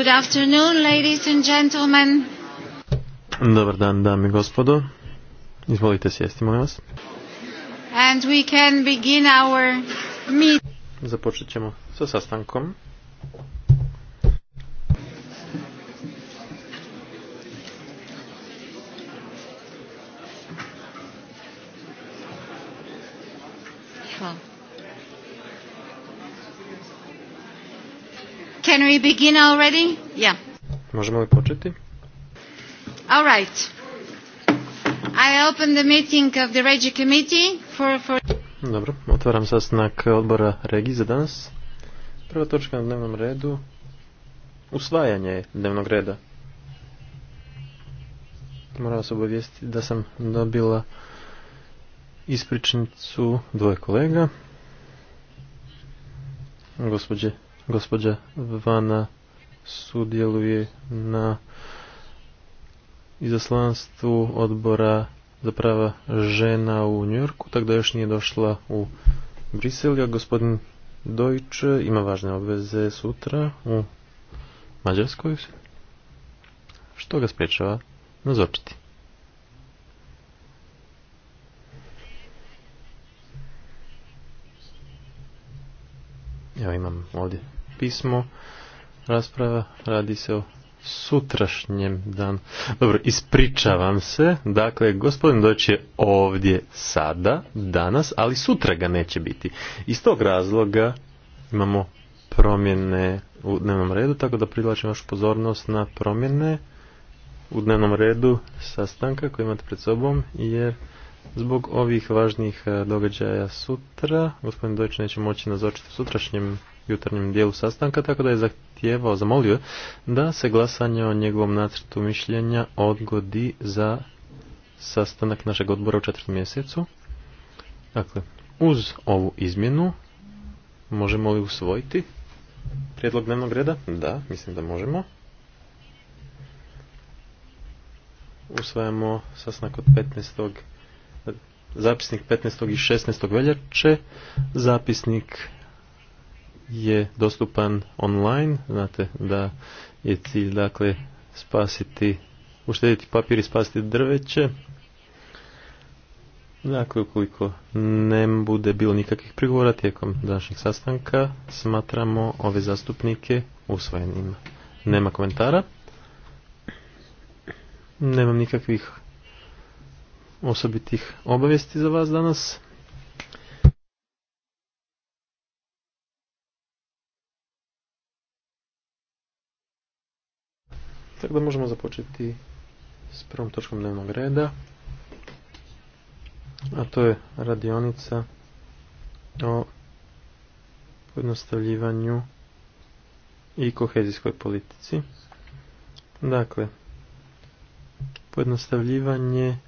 Good afternoon, ladies and gentlemen. Dobar dan, dame i gospodo. Izvolite sjesti, molim vas. And we can begin our meet. Započet ćemo sa sastankom. we begin already? Yeah. Možemo li početi? All right. I open the meeting of the Regi Committee for, for... Dobro, otvaram sastanak odbora Regi za danas. Prva točka na dnevnom redu usvajanje dnevnog reda. Moram vas obavijestiti da sam dobila ispričnicu dvoje kolega. Gospodje Gospođa Vana sudjeluje na izaslanstvu odbora za prava žena u Njurku, tako da još nije došla u Briselja. gospodin Dojč ima važne obveze sutra u Mađarskoj. Što ga sprečava nazočiti? Evo imam ovdje pismo rasprava. Radi se o sutrašnjem danu. Dobro, ispričavam se. Dakle, gospodin Doć je ovdje sada, danas, ali sutra ga neće biti. Iz tog razloga imamo promjene u dnevnom redu, tako da privlačim vašu pozornost na promjene u dnevnom redu sastanka koji imate pred sobom, jer zbog ovih važnih e, događaja sutra, gospodin Dojč neće moći nazočiti sutrašnjim sutrašnjem jutarnjem dijelu sastanka, tako da je zahtijevao, zamolio da se glasanje o njegovom nacrtu mišljenja odgodi za sastanak našeg odbora u četvrtom mjesecu. Dakle, uz ovu izmjenu možemo li usvojiti prijedlog dnevnog reda? Da, mislim da možemo. Usvajamo sastanak od 15. zapisnik 15. i 16. veljače, zapisnik je dostupan online, znate da je cilj dakle spasiti, uštediti papir i spasiti drveće. Dakle, ukoliko ne bude bilo nikakvih prigovora tijekom današnjeg sastanka, smatramo ove zastupnike usvojenima. Nema komentara. Nemam nikakvih osobitih obavijesti za vas danas. Tako da možemo započeti s prvom točkom dnevnog reda, a to je radionica o pojednostavljivanju i kohezijskoj politici. Dakle, pojednostavljivanje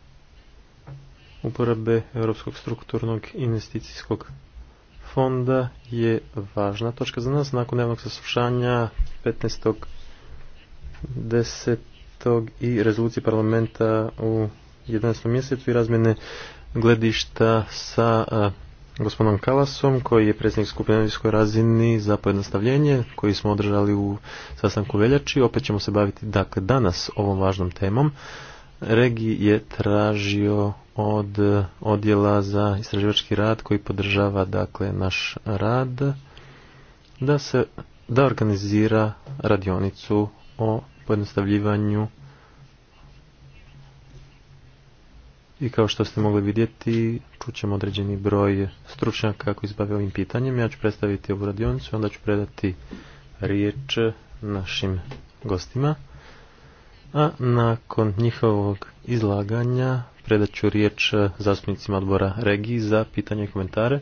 uporabe Europskog strukturnog investicijskog fonda je važna točka za nas. Nakon dnevnog saslušanja 15. 10. i rezoluciji parlamenta u 11. mjesecu i razmjene gledišta sa gospodinom Kalasom koji je predsjednik skupine na razini za pojednostavljenje koji smo održali u sastanku veljači. Opet ćemo se baviti dakle danas ovom važnom temom. Regi je tražio od odjela za istraživački rad koji podržava dakle naš rad da se da organizira radionicu o pojednostavljivanju i kao što ste mogli vidjeti čućemo određeni broj stručnjaka kako izbave ovim pitanjem. Ja ću predstaviti ovu radionicu, onda ću predati riječ našim gostima. A nakon njihovog izlaganja predat ću riječ zastupnicima odbora regiji za pitanje i komentare.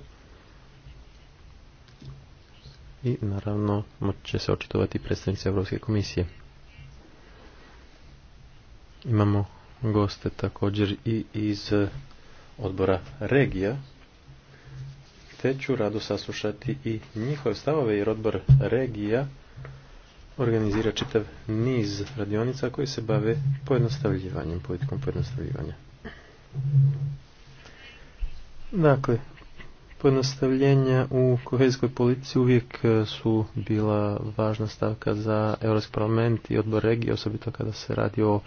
I naravno moće će se očitovati predstavnici Europske komisije. Imamo goste također i iz eh, odbora regija, te ću rado saslušati i njihove stavove jer odbor regija organizira čitav niz radionica koji se bave pojednostavljivanjem, politikom pojednostavljivanja. Dakle, Pojednostavljenja u kohezijskoj policiji uvijek e, su bila važna stavka za Europski parlament i odbor regije, osobito kada se radi o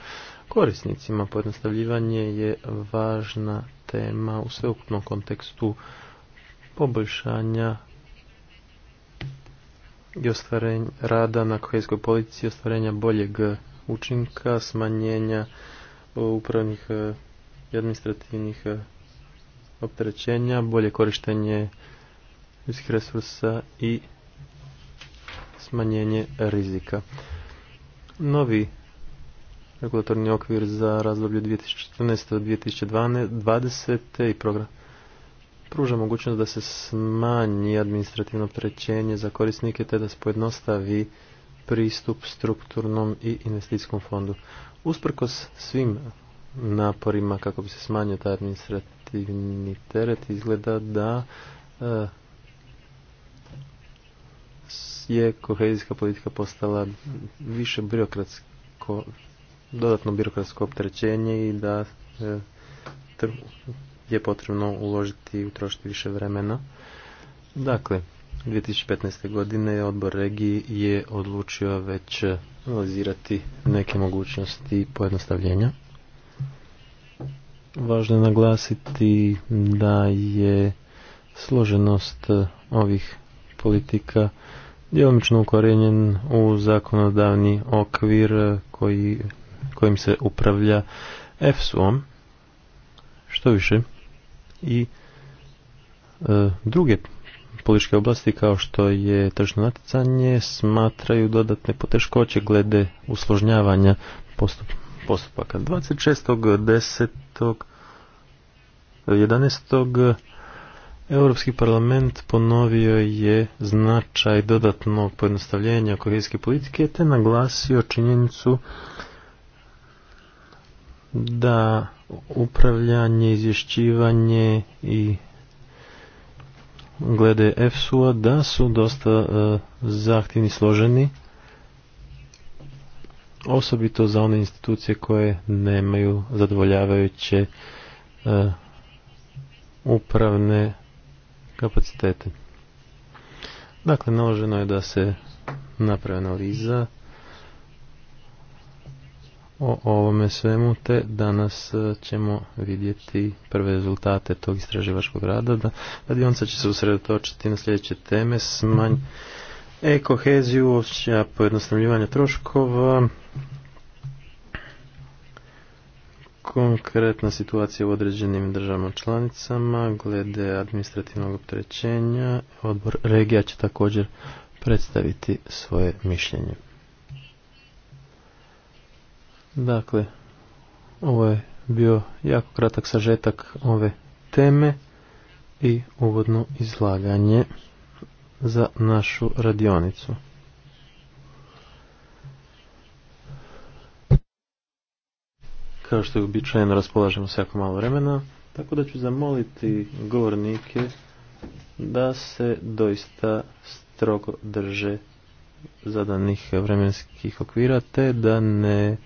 korisnicima. Pojednostavljivanje je važna tema u sveukupnom kontekstu poboljšanja i ostvarenja rada na kohezijskoj politici, ostvarenja boljeg učinka, smanjenja e, upravnih e, i administrativnih opterećenja, bolje korištenje ljudskih resursa i smanjenje rizika. Novi regulatorni okvir za razdoblje 2014-2020 i program pruža mogućnost da se smanji administrativno opterećenje za korisnike te da se pojednostavi pristup strukturnom i investicijskom fondu. Usprkos svim naporima kako bi se smanjio ta administrativna administrativni teret izgleda da e, je kohezijska politika postala više birokratsko, dodatno birokratsko opterećenje i da e, je potrebno uložiti i utrošiti više vremena. Dakle, 2015. godine odbor regiji je odlučio već analizirati neke mogućnosti pojednostavljenja. Važno je naglasiti da je složenost e, ovih politika djelomično ukorenjen u zakonodavni okvir e, koji, kojim se upravlja EFSU-om, što više i e, druge političke oblasti kao što je tržno natjecanje smatraju dodatne poteškoće glede usložnjavanja postupka postupaka. 26. 11. Europski parlament ponovio je značaj dodatnog pojednostavljenja kohezijske politike te naglasio činjenicu da upravljanje, izvješćivanje i glede EFSU-a da su dosta e, zahtjevni složeni osobito za one institucije koje nemaju zadovoljavajuće e, upravne kapacitete. Dakle, naloženo je da se napravi analiza o ovome svemu, te danas e, ćemo vidjeti prve rezultate tog istraživačkog rada. Radionca će se usredotočiti na sljedeće teme, smanj, ekoheziju, osjeća pojednostavljivanja troškova, konkretna situacija u određenim državama članicama, glede administrativnog opterećenja, odbor regija će također predstaviti svoje mišljenje. Dakle, ovo je bio jako kratak sažetak ove teme i uvodno izlaganje za našu radionicu. Kao što je običajno raspolažemo s jako malo vremena, tako da ću zamoliti govornike da se doista strogo drže zadanih vremenskih okvira, te da ne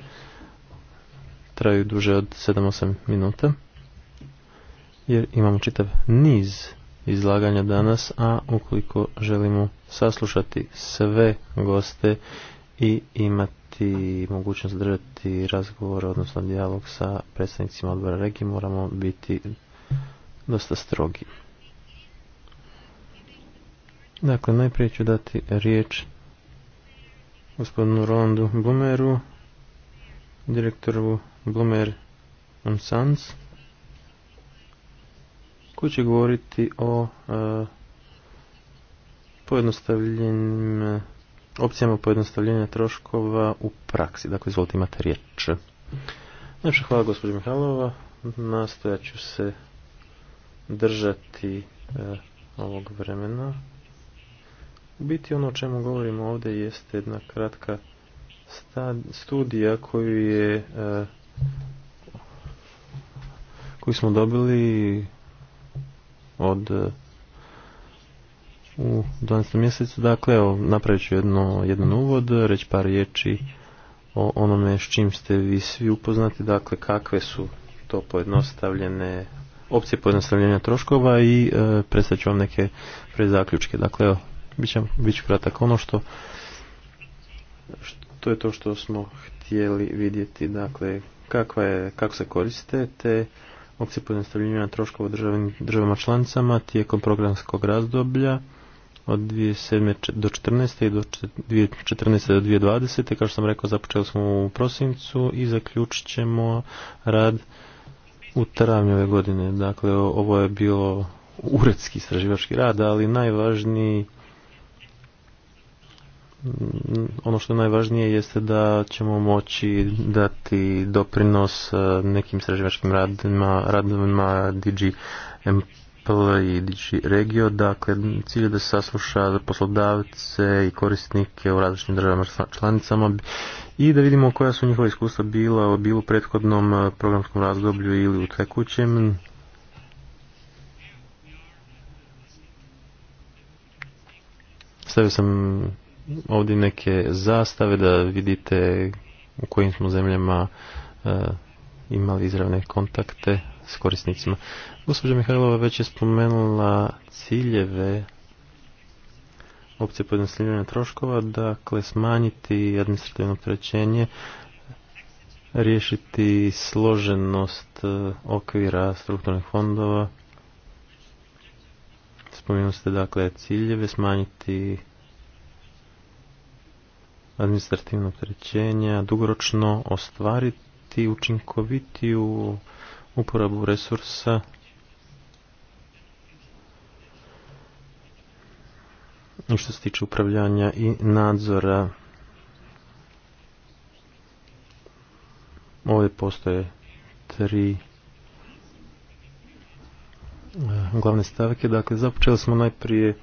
traju duže od 7-8 minuta, jer imamo čitav niz izlaganja danas, a ukoliko želimo saslušati sve goste i imati mogućnost držati razgovor, odnosno dijalog sa predstavnicima odbora regije, moramo biti dosta strogi. Dakle, najprije ću dati riječ gospodinu Rolandu Blumeru, direktoru Blumer Sons koji će govoriti o e, pojednostavljenim e, opcijama pojednostavljenja troškova u praksi. Dakle, izvolite imate riječ. Najprej hvala gospođo Mihajlova. Nastojat ću se držati e, ovog vremena. U biti ono o čemu govorimo ovdje jeste jedna kratka studija koju je koju smo dobili od e, u 12. mjesecu. Dakle, evo, napravit ću jedno, jedan uvod, reći par riječi o onome s čim ste vi svi upoznati, dakle, kakve su to pojednostavljene opcije pojednostavljenja troškova i e, predstavit ću vam neke prezaključke. Dakle, evo, bit ću, kratak. Ono što, što je to što smo htjeli vidjeti, dakle, kakva je, kako se koriste te opcije pojednostavljivanja troškova državama članicama tijekom programskog razdoblja od 2007. do 14. i do 2014. do 2020. Kao što sam rekao, započeli smo u prosincu i zaključit ćemo rad u travnju ove godine. Dakle, ovo je bilo uredski istraživački rad, ali najvažniji ono što je najvažnije jeste da ćemo moći dati doprinos e, nekim istraživačkim radima, radovima DG MPL i DG Regio. Dakle, cilj je da se sasluša poslodavce i korisnike u različitim državama članicama i da vidimo koja su njihova iskustva bila bilo u prethodnom e, programskom razdoblju ili u tekućem. Stavio sam ovdje neke zastave da vidite u kojim smo zemljama e, imali izravne kontakte s korisnicima. Gospođa Mihajlova već je spomenula ciljeve opcije pojednostavljanja troškova, dakle smanjiti administrativno opterećenje, riješiti složenost e, okvira strukturnih fondova, spomenuli ste dakle ciljeve, smanjiti administrativno opterećenja dugoročno ostvariti učinkovitiju uporabu resursa i što se tiče upravljanja i nadzora ovdje postoje tri eh, glavne stavke. Dakle, započeli smo najprije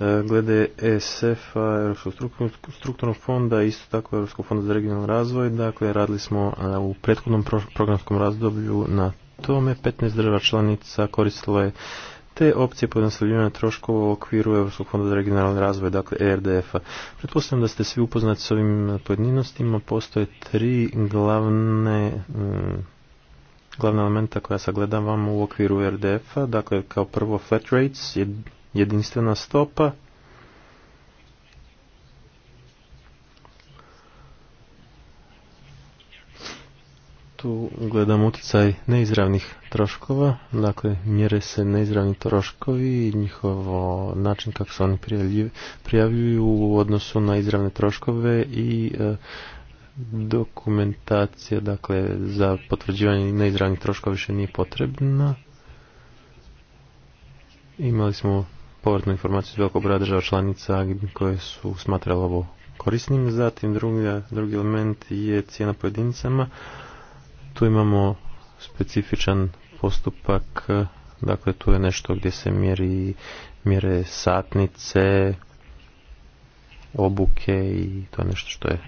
E, glede ESF-a, Europskog strukturnog fonda, isto tako Europskog fonda za regionalni razvoj. Dakle, radili smo e, u prethodnom programskom razdoblju na tome. 15 država članica koristilo je te opcije pojednostavljivanja troškova u okviru Europskog fonda za regionalni razvoj, dakle ERDF-a. Pretpostavljam da ste svi upoznati s ovim pojedinostima. Postoje tri glavne mm, glavna elementa koja sagledavamo u okviru e RDF-a, dakle kao prvo flat rates, jedinstvena stopa. Tu gledam utjecaj neizravnih troškova, dakle mjere se neizravni troškovi i njihovo način kako se oni prijavljuju u odnosu na izravne troškove i e, dokumentacija dakle za potvrđivanje neizravnih troškova više nije potrebna imali smo povratnu informaciju iz velikog broja država članica koje su smatrali ovo korisnim. Zatim drugi, drugi element je cijena pojedinicama. Tu imamo specifičan postupak, dakle tu je nešto gdje se mjeri, mjere satnice, obuke i to je nešto što je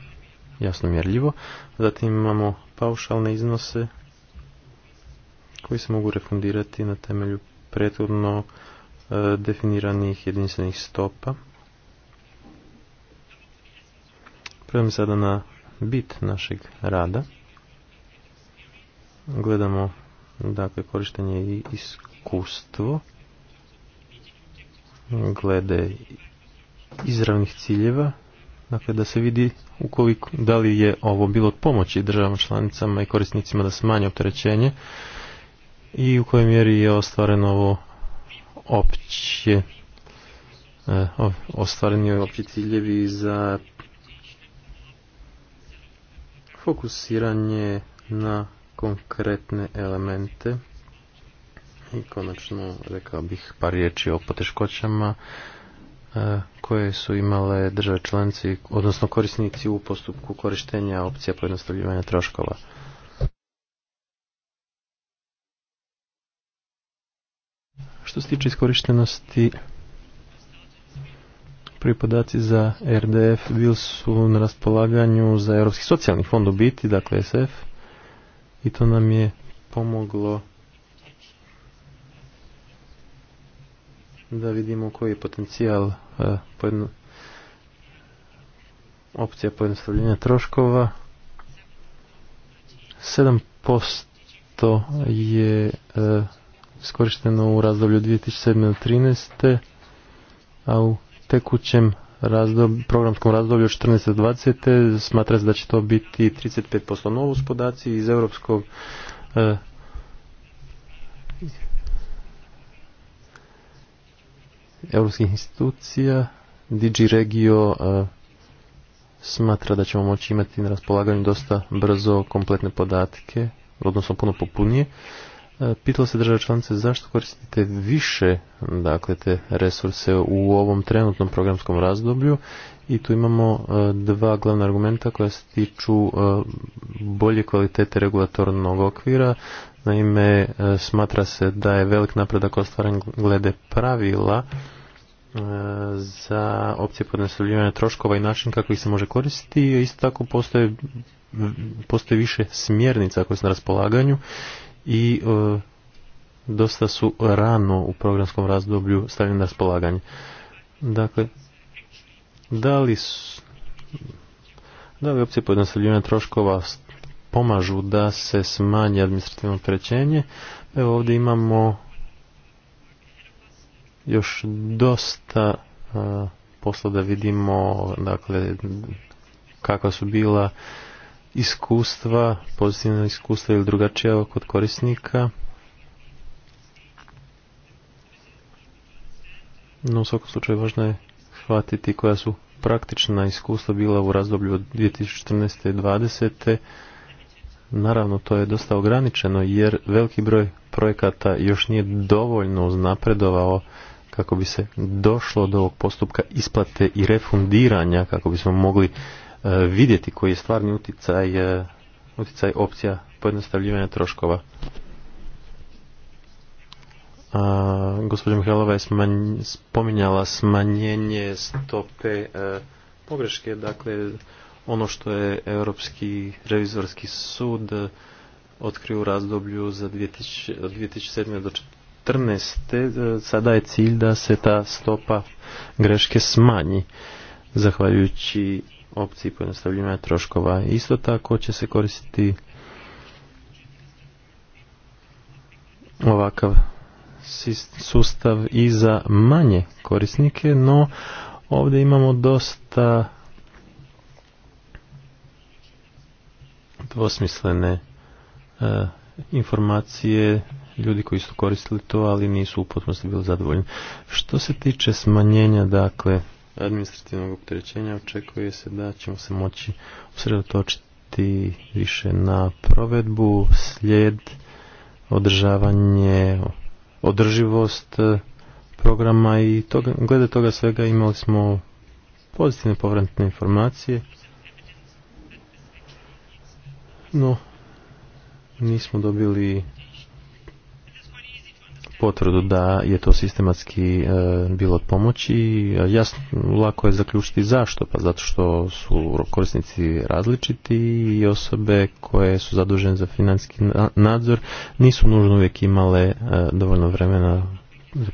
jasno mjerljivo. Zatim imamo paušalne iznose koji se mogu refundirati na temelju prethodno E, definiranih jedinstvenih stopa. Prvim sada na bit našeg rada. Gledamo dakle korištenje i iskustvo glede izravnih ciljeva dakle da se vidi ukoliko, da li je ovo bilo od pomoći državama članicama i korisnicima da smanje opterećenje i u kojoj mjeri je ostvareno ovo opće eh, ostvareni opći ciljevi za fokusiranje na konkretne elemente i konačno rekao bih par riječi o poteškoćama eh, koje su imale države članice, odnosno korisnici u postupku korištenja opcija pojednostavljivanja troškova. Što se tiče iskorištenosti, pripadaci za RDF bili su na raspolaganju za Europski socijalni fond u biti, dakle SF, i to nam je pomoglo da vidimo koji je potencijal e, opcija pojednostavljenja troškova. 7% je e, iskorišteno u razdoblju 2007-2013, a u tekućem programskom razdoblju 14-20 smatra se da će to biti 35% novu uz podaci iz europskog e, europskih institucija DG Regio e, smatra da ćemo moći imati na raspolaganju dosta brzo kompletne podatke odnosno puno popunije E, pitalo se država članice zašto koristite više dakle, te resurse u ovom trenutnom programskom razdoblju i tu imamo e, dva glavna argumenta koja se tiču e, bolje kvalitete regulatornog okvira. Naime, smatra se da je velik napredak ostvaren glede pravila za opcije podnestavljivanja troškova i način kako ih se može koristiti. Isto tako postoje, postoje više smjernica koje su na raspolaganju i e, dosta su rano u programskom razdoblju stavljeni na raspolaganje. Dakle, da li su, da li opcije pojednostavljivanja troškova pomažu da se smanji administrativno opterećenje? Evo ovdje imamo još dosta e, posla da vidimo dakle kakva su bila iskustva, pozitivna iskustva ili drugačija kod korisnika. No u svakom slučaju važno je shvatiti koja su praktična iskustva bila u razdoblju od 2014. i 2020. Naravno, to je dosta ograničeno jer veliki broj projekata još nije dovoljno uznapredovao kako bi se došlo do ovog postupka isplate i refundiranja, kako bismo mogli E, vidjeti koji je stvarni utjecaj, e, utjecaj opcija pojednostavljivanja troškova. A, gospođa Mihajlova je smanj, spominjala smanjenje stope e, pogreške, dakle ono što je Europski revizorski sud otkrio u razdoblju za 2000, 2007. do 2014. Sada je cilj da se ta stopa greške smanji, zahvaljujući opciji pojednostavljivanja troškova. Isto tako će se koristiti ovakav sustav i za manje korisnike, no ovdje imamo dosta dvosmislene e, informacije ljudi koji su koristili to, ali nisu u potpunosti bili zadovoljni. Što se tiče smanjenja, dakle, administrativnog opterećenja očekuje se da ćemo se moći usredotočiti više na provedbu, slijed, održavanje, održivost e, programa i glede toga svega imali smo pozitivne povratne informacije. No, nismo dobili potvrdu da je to sistematski e, bilo od pomoći. Jasno, lako je zaključiti zašto, pa zato što su korisnici različiti i osobe koje su zadužene za financijski nadzor nisu nužno uvijek imale e, dovoljno vremena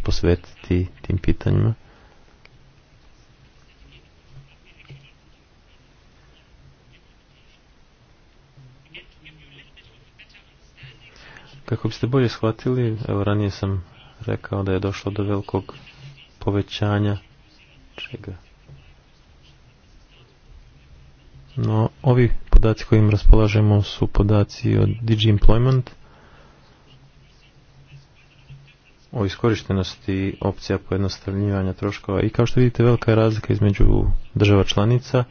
posvetiti tim pitanjima. Kako biste bolje shvatili, evo ranije sam rekao da je došlo do velikog povećanja čega. No, ovi podaci kojim raspolažemo su podaci od Digi Employment o iskorištenosti opcija pojednostavljivanja troškova i kao što vidite velika je razlika između država članica.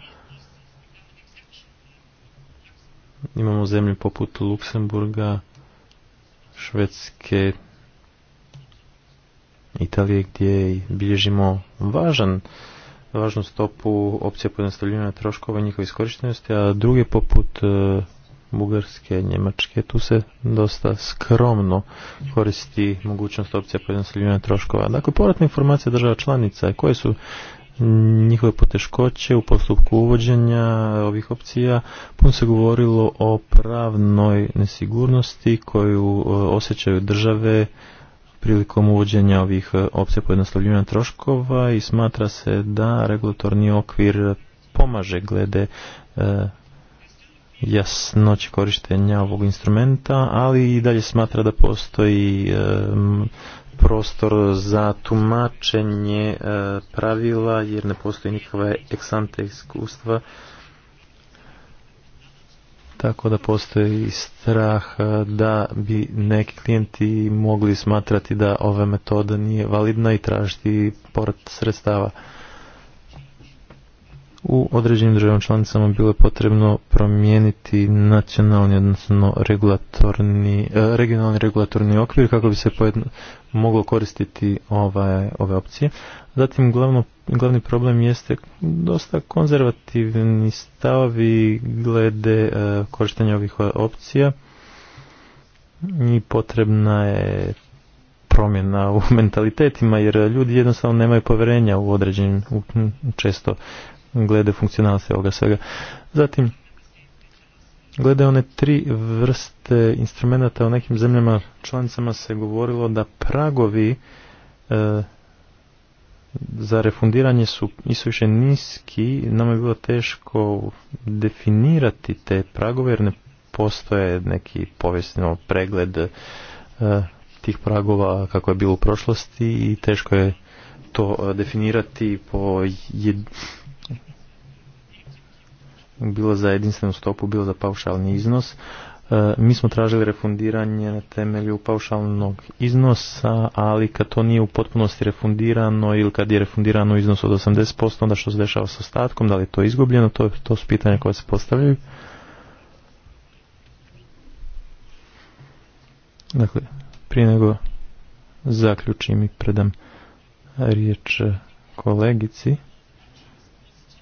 Imamo zemlje poput Luksemburga, Švedske, Italije gdje bilježimo važan važnu stopu opcija pojednostavljivanja troškova i njihove iskorištenosti, a druge poput e, Bugarske, Njemačke, tu se dosta skromno koristi mogućnost opcija pojednostavljivanja troškova. Dakle, povratna informacija država članica koje su njihove poteškoće u postupku uvođenja ovih opcija. Puno se govorilo o pravnoj nesigurnosti koju e, osjećaju države prilikom uvođenja ovih e, opcija pojednostavljivanja troškova i smatra se da regulatorni okvir pomaže glede e, jasnoći korištenja ovog instrumenta, ali i dalje smatra da postoji prostor za tumačenje e, pravila jer ne postoji nikakva eksante iskustva tako da postoji strah e, da bi neki klijenti mogli smatrati da ova metoda nije validna i tražiti povrat sredstava u određenim državama članicama bilo je potrebno promijeniti nacionalni, odnosno regulatorni, e, regionalni regulatorni okvir kako bi se pojedno, moglo koristiti ovaj, ove opcije. Zatim glavni problem jeste dosta konzervativni stavovi glede e, korištenja ovih opcija i potrebna je promjena u mentalitetima jer ljudi jednostavno nemaju povjerenja u određenim, često glede funkcionalnosti ovoga svega. Zatim, glede one tri vrste instrumenta u nekim zemljama članicama se govorilo da pragovi e, za refundiranje su više niski, nam je bilo teško definirati te pragove jer ne postoje neki povijesno pregled e, tih pragova kako je bilo u prošlosti i teško je to e, definirati po bilo za jedinstvenu stopu, bilo za paušalni iznos. E, mi smo tražili refundiranje na temelju paušalnog iznosa, ali kad to nije u potpunosti refundirano ili kad je refundirano iznos od 80%, onda što se dešava s ostatkom, da li je to izgubljeno, to, to su pitanja koja se postavljaju. Dakle, prije nego zaključim i predam riječ kolegici,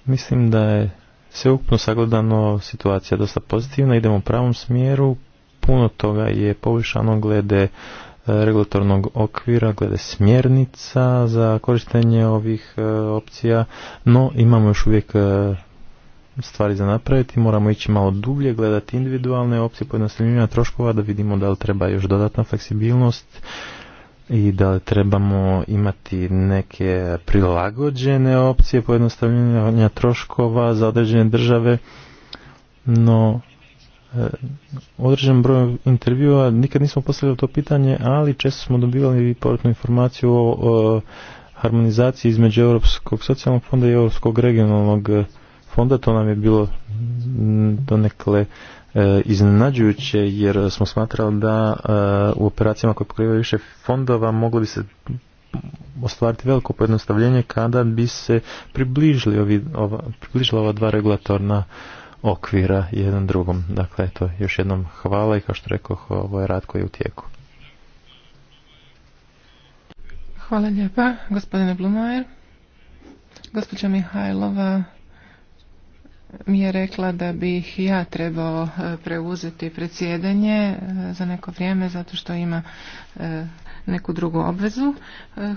mislim da je sveukupno sagledano situacija je dosta pozitivna, idemo u pravom smjeru, puno toga je poboljšano glede e, regulatornog okvira, glede smjernica za korištenje ovih e, opcija, no imamo još uvijek e, stvari za napraviti, moramo ići malo dublje, gledati individualne opcije pojednostavljenja troškova da vidimo da li treba još dodatna fleksibilnost i da li trebamo imati neke prilagođene opcije pojednostavljanja troškova za određene države, no e, određen broj intervjua nikad nismo postavili to pitanje, ali često smo dobivali i povratnu informaciju o, o harmonizaciji između Europskog socijalnog fonda i Europskog regionalnog fonda, to nam je bilo donekle E, iznenađujuće jer smo smatrali da e, u operacijama koje pokrivaju više fondova moglo bi se ostvariti veliko pojednostavljenje kada bi se približili ovi, ova, približila ova dva regulatorna okvira jedan drugom. Dakle, eto, još jednom hvala i kao što rekao, ovo je rad koji je u tijeku. Hvala lijepa, gospodine Blumajer. Gospođa Mihajlova mi je rekla da bih ja trebao e, preuzeti predsjedanje e, za neko vrijeme zato što ima e, neku drugu obvezu.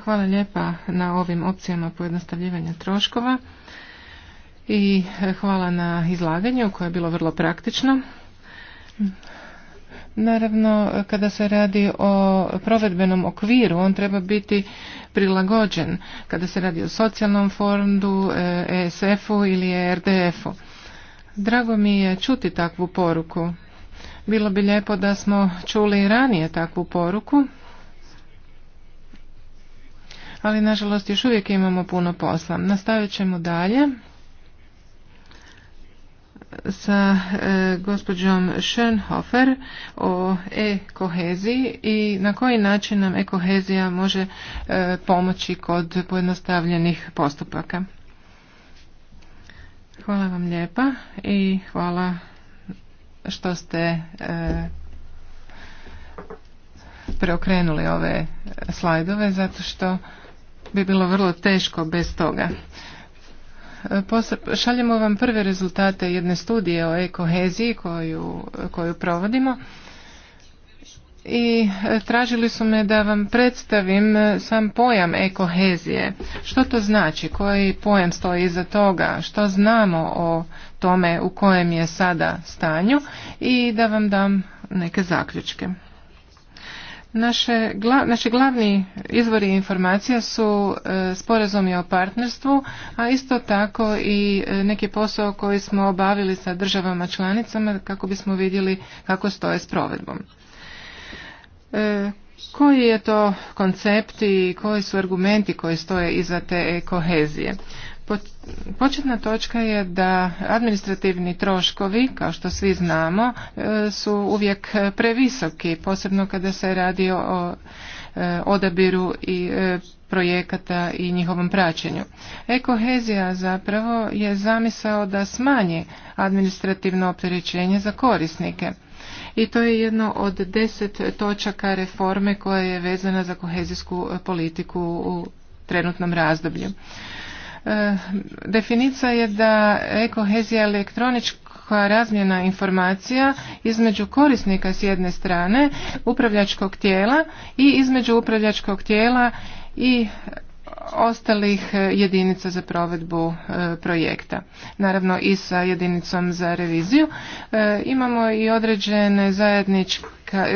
Hvala lijepa na ovim opcijama pojednostavljivanja troškova i hvala na izlaganju koje je bilo vrlo praktično. Naravno, kada se radi o provedbenom okviru, on treba biti prilagođen kada se radi o socijalnom fondu, ESF-u e ili e RDF-u. Drago mi je čuti takvu poruku. Bilo bi lijepo da smo čuli i ranije takvu poruku, ali nažalost još uvijek imamo puno posla. Nastavit ćemo dalje sa e, gospođom Schönhofer o e-koheziji i na koji način nam e-kohezija može e, pomoći kod pojednostavljenih postupaka. Hvala vam lijepa i hvala što ste e, preokrenuli ove slajdove zato što bi bilo vrlo teško bez toga šaljemo vam prve rezultate jedne studije o ekoheziji koju, koju provodimo i e, tražili su me da vam predstavim e, sam pojam ekohezije. Što to znači? Koji pojam stoji iza toga? Što znamo o tome u kojem je sada stanju? I da vam dam neke zaključke. Naše, naši glavni izvori informacija su e, sporazumi o partnerstvu, a isto tako i e, neki posao koji smo obavili sa državama članicama kako bismo vidjeli kako stoje s provedbom. E, koji je to koncept i koji su argumenti koji stoje iza te kohezije? Početna točka je da administrativni troškovi, kao što svi znamo, e, su uvijek previsoki, posebno kada se radi o e, odabiru i e, projekata i njihovom praćenju. Ekohezija zapravo je zamisao da smanji administrativno opterećenje za korisnike. I to je jedno od deset točaka reforme koja je vezana za kohezijsku politiku u trenutnom razdoblju. E, definicija je da ekohezija elektronička razmjena informacija između korisnika s jedne strane upravljačkog tijela i između upravljačkog tijela i ostalih e, jedinica za provedbu e, projekta. Naravno i sa jedinicom za reviziju. imamo i određene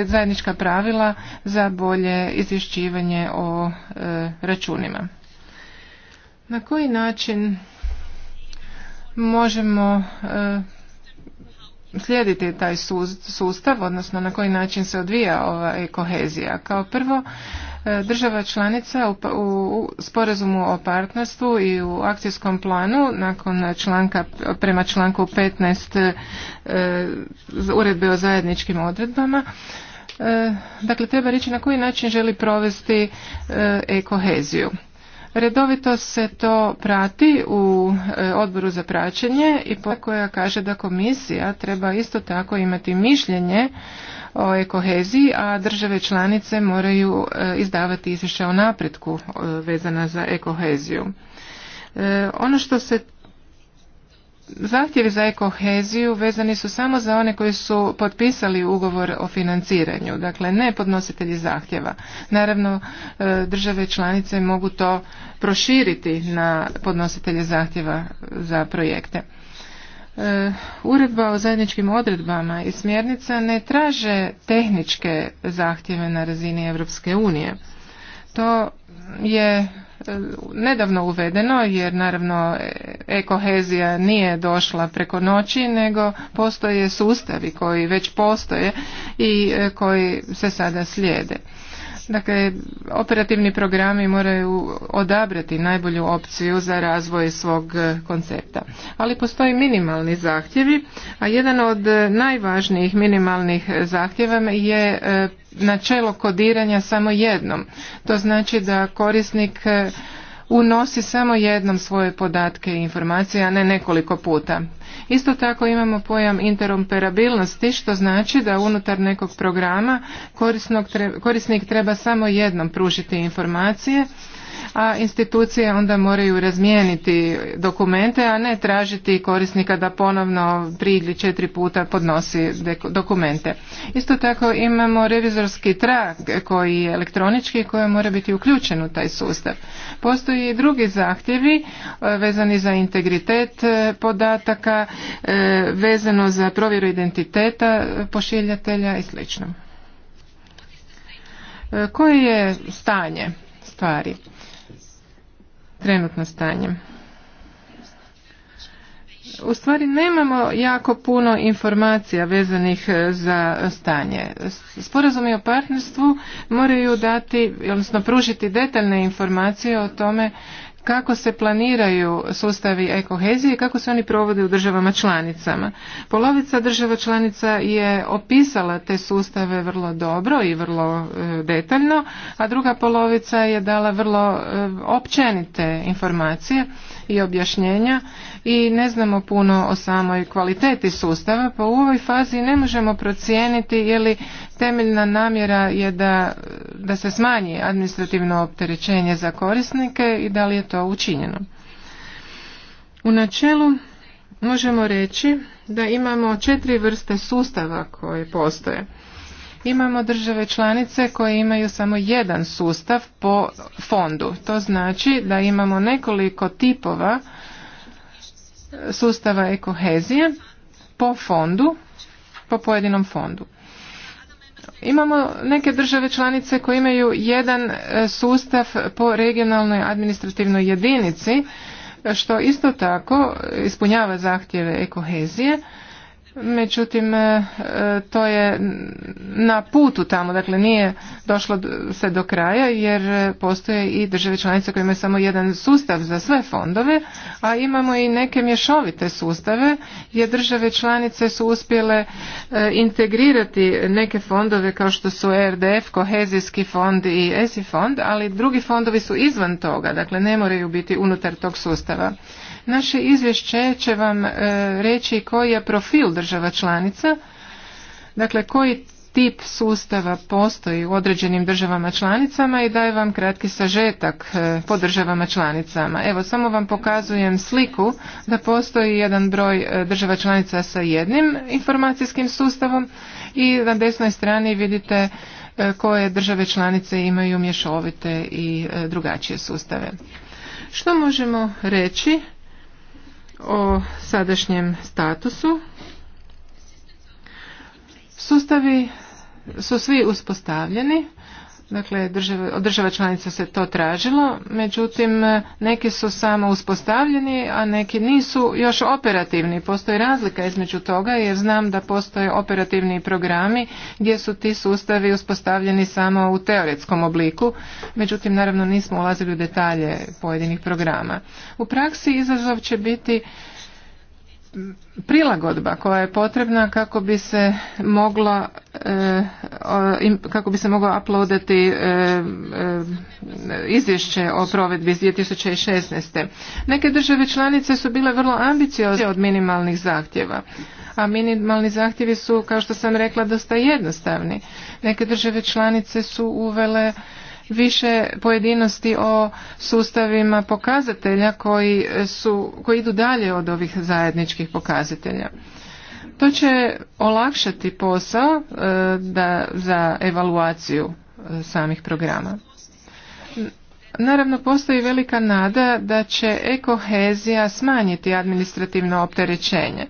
zajednička, pravila za bolje izvješćivanje o računima. Na koji način možemo e, slijediti taj sustav, odnosno na koji način se odvija ova kohezija. Kao prvo, e, država članica pa-, u sporazumu o partnerstvu i u akcijskom planu nakon članka, prema članku 15 e, uredbe o zajedničkim odredbama dakle treba reći na koji način želi provesti ekoheziju. Redovito se to prati u e, odboru za praćenje i koja kaže da komisija treba isto tako imati mišljenje o ekoheziji, a države članice moraju e, izdavati izvješća o napretku e, vezana za ekoheziju. Ono što se zahtjevi za ekoheziju vezani su samo za one koji su potpisali ugovor o financiranju, dakle ne podnositelji zahtjeva. Naravno, e, države članice mogu to proširiti na podnositelje zahtjeva za projekte. E, uredba o zajedničkim odredbama i smjernica ne traže tehničke zahtjeve na razini Europske unije. To je nedavno uvedeno jer naravno e, ekohezija nije došla preko noći nego postoje sustavi koji već postoje i e, koji se sada slijede. Dakle, operativni programi moraju odabrati najbolju opciju za razvoj svog e, koncepta. Ali postoji minimalni zahtjevi, a jedan od e, najvažnijih minimalnih zahtjeva je e, načelo kodiranja samo jednom. To znači da korisnik unosi samo jednom svoje podatke i informacije, a ne nekoliko puta. Isto tako imamo pojam interoperabilnosti, što znači da unutar nekog programa korisnik treba samo jednom pružiti informacije a institucije onda moraju razmijeniti dokumente, a ne tražiti korisnika da ponovno tri ili četiri puta podnosi dokumente. Isto tako imamo revizorski trag koji je elektronički koji mora biti uključen u taj sustav. Postoji i drugi zahtjevi e, vezani za integritet e, podataka, e, vezano za provjeru identiteta pošiljatelja i sl. Koje je stanje stvari? trenutno stanje. U stvari nemamo jako puno informacija vezanih e, za stanje. Sporazumi o partnerstvu moraju dati, odnosno pružiti detaljne informacije o tome kako se planiraju sustavi ekohezije i kako se oni provode u državama članicama. Polovica država članica je opisala te sustave vrlo dobro i vrlo e, detaljno, a druga polovica je dala vrlo e, općenite informacije i objašnjenja i ne znamo puno o samoj kvaliteti sustava, pa u ovoj fazi ne možemo procijeniti je li temeljna namjera je da, da se smanji administrativno opterećenje za korisnike i da li je to učinjeno. U načelu možemo reći da imamo četiri vrste sustava koje postoje. Imamo države članice koje imaju samo jedan sustav po fondu. To znači da imamo nekoliko tipova sustava ekohezije po fondu, po pojedinom fondu. Imamo neke države članice koje imaju jedan e, sustav po regionalnoj administrativnoj jedinici, što isto tako ispunjava zahtjeve ekohezije, međutim e, to je na putu tamo, dakle nije došlo se do kraja jer postoje i države članice koje imaju samo jedan sustav za sve fondove, a imamo i neke mješovite sustave jer države članice su uspjele e, integrirati neke fondove kao što su e RDF, kohezijski fond i ESI fond, ali drugi fondovi su izvan toga, dakle ne moraju biti unutar tog sustava. Naše izvješće će vam e, reći koji je profil država članica, dakle koji tip sustava postoji u određenim državama članicama i daje vam kratki sažetak e, po državama članicama. Evo, samo vam pokazujem sliku da postoji jedan broj e, država članica sa jednim informacijskim sustavom i na desnoj strani vidite koje države članice imaju mješovite i drugačije sustave. Što možemo reći o sadašnjem statusu. Sustavi su svi uspostavljeni Dakle, od država članica se to tražilo, međutim neki su samo uspostavljeni, a neki nisu još operativni. Postoji razlika između toga jer znam da postoje operativni programi gdje su ti sustavi uspostavljeni samo u teoretskom obliku, međutim naravno nismo ulazili u detalje pojedinih programa. U praksi izazov će biti prilagodba koja je potrebna kako bi se mogla eh, kako bi se moglo uploadati eh, eh, izvješće o provedbi iz 2016. Neke države članice su bile vrlo ambiciozne od minimalnih zahtjeva a minimalni zahtjevi su, kao što sam rekla, dosta jednostavni. Neke države članice su uvele više pojedinosti o sustavima pokazatelja koji, su, koji idu dalje od ovih zajedničkih pokazatelja. To će olakšati posao e, da, za evaluaciju e, samih programa. Naravno, postoji velika nada da će ekohezija smanjiti administrativno opterećenje.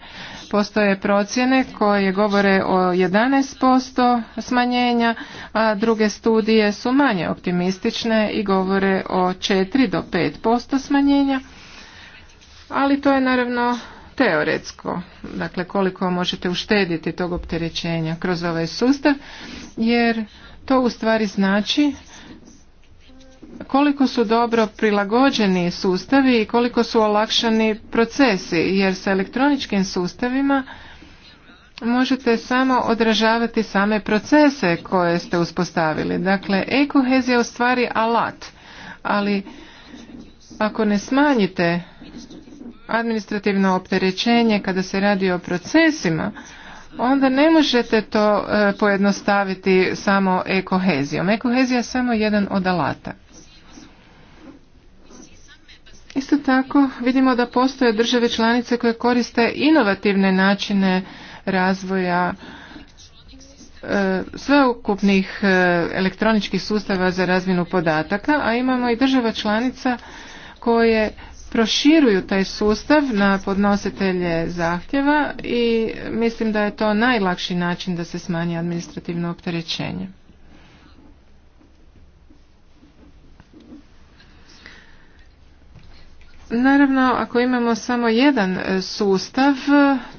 Postoje procjene koje govore o 11% smanjenja, a druge studije su manje optimistične i govore o 4 do 5% smanjenja. Ali to je naravno teoretsko, dakle koliko možete uštediti tog opterećenja kroz ovaj sustav, jer to u stvari znači koliko su dobro prilagođeni sustavi i koliko su olakšani procesi jer sa elektroničkim sustavima možete samo odražavati same procese koje ste uspostavili. Dakle, ekohezija je u stvari alat, ali ako ne smanjite administrativno opterećenje kada se radi o procesima, onda ne možete to e, pojednostaviti samo ekohezijom. Ekohezija je samo jedan od alata. Isto tako vidimo da postoje države članice koje koriste inovativne načine razvoja e, sveukupnih e, elektroničkih sustava za razvinu podataka, a imamo i država članica koje proširuju taj sustav na podnositelje zahtjeva i mislim da je to najlakši način da se smanji administrativno opterećenje. Naravno, ako imamo samo jedan e, sustav,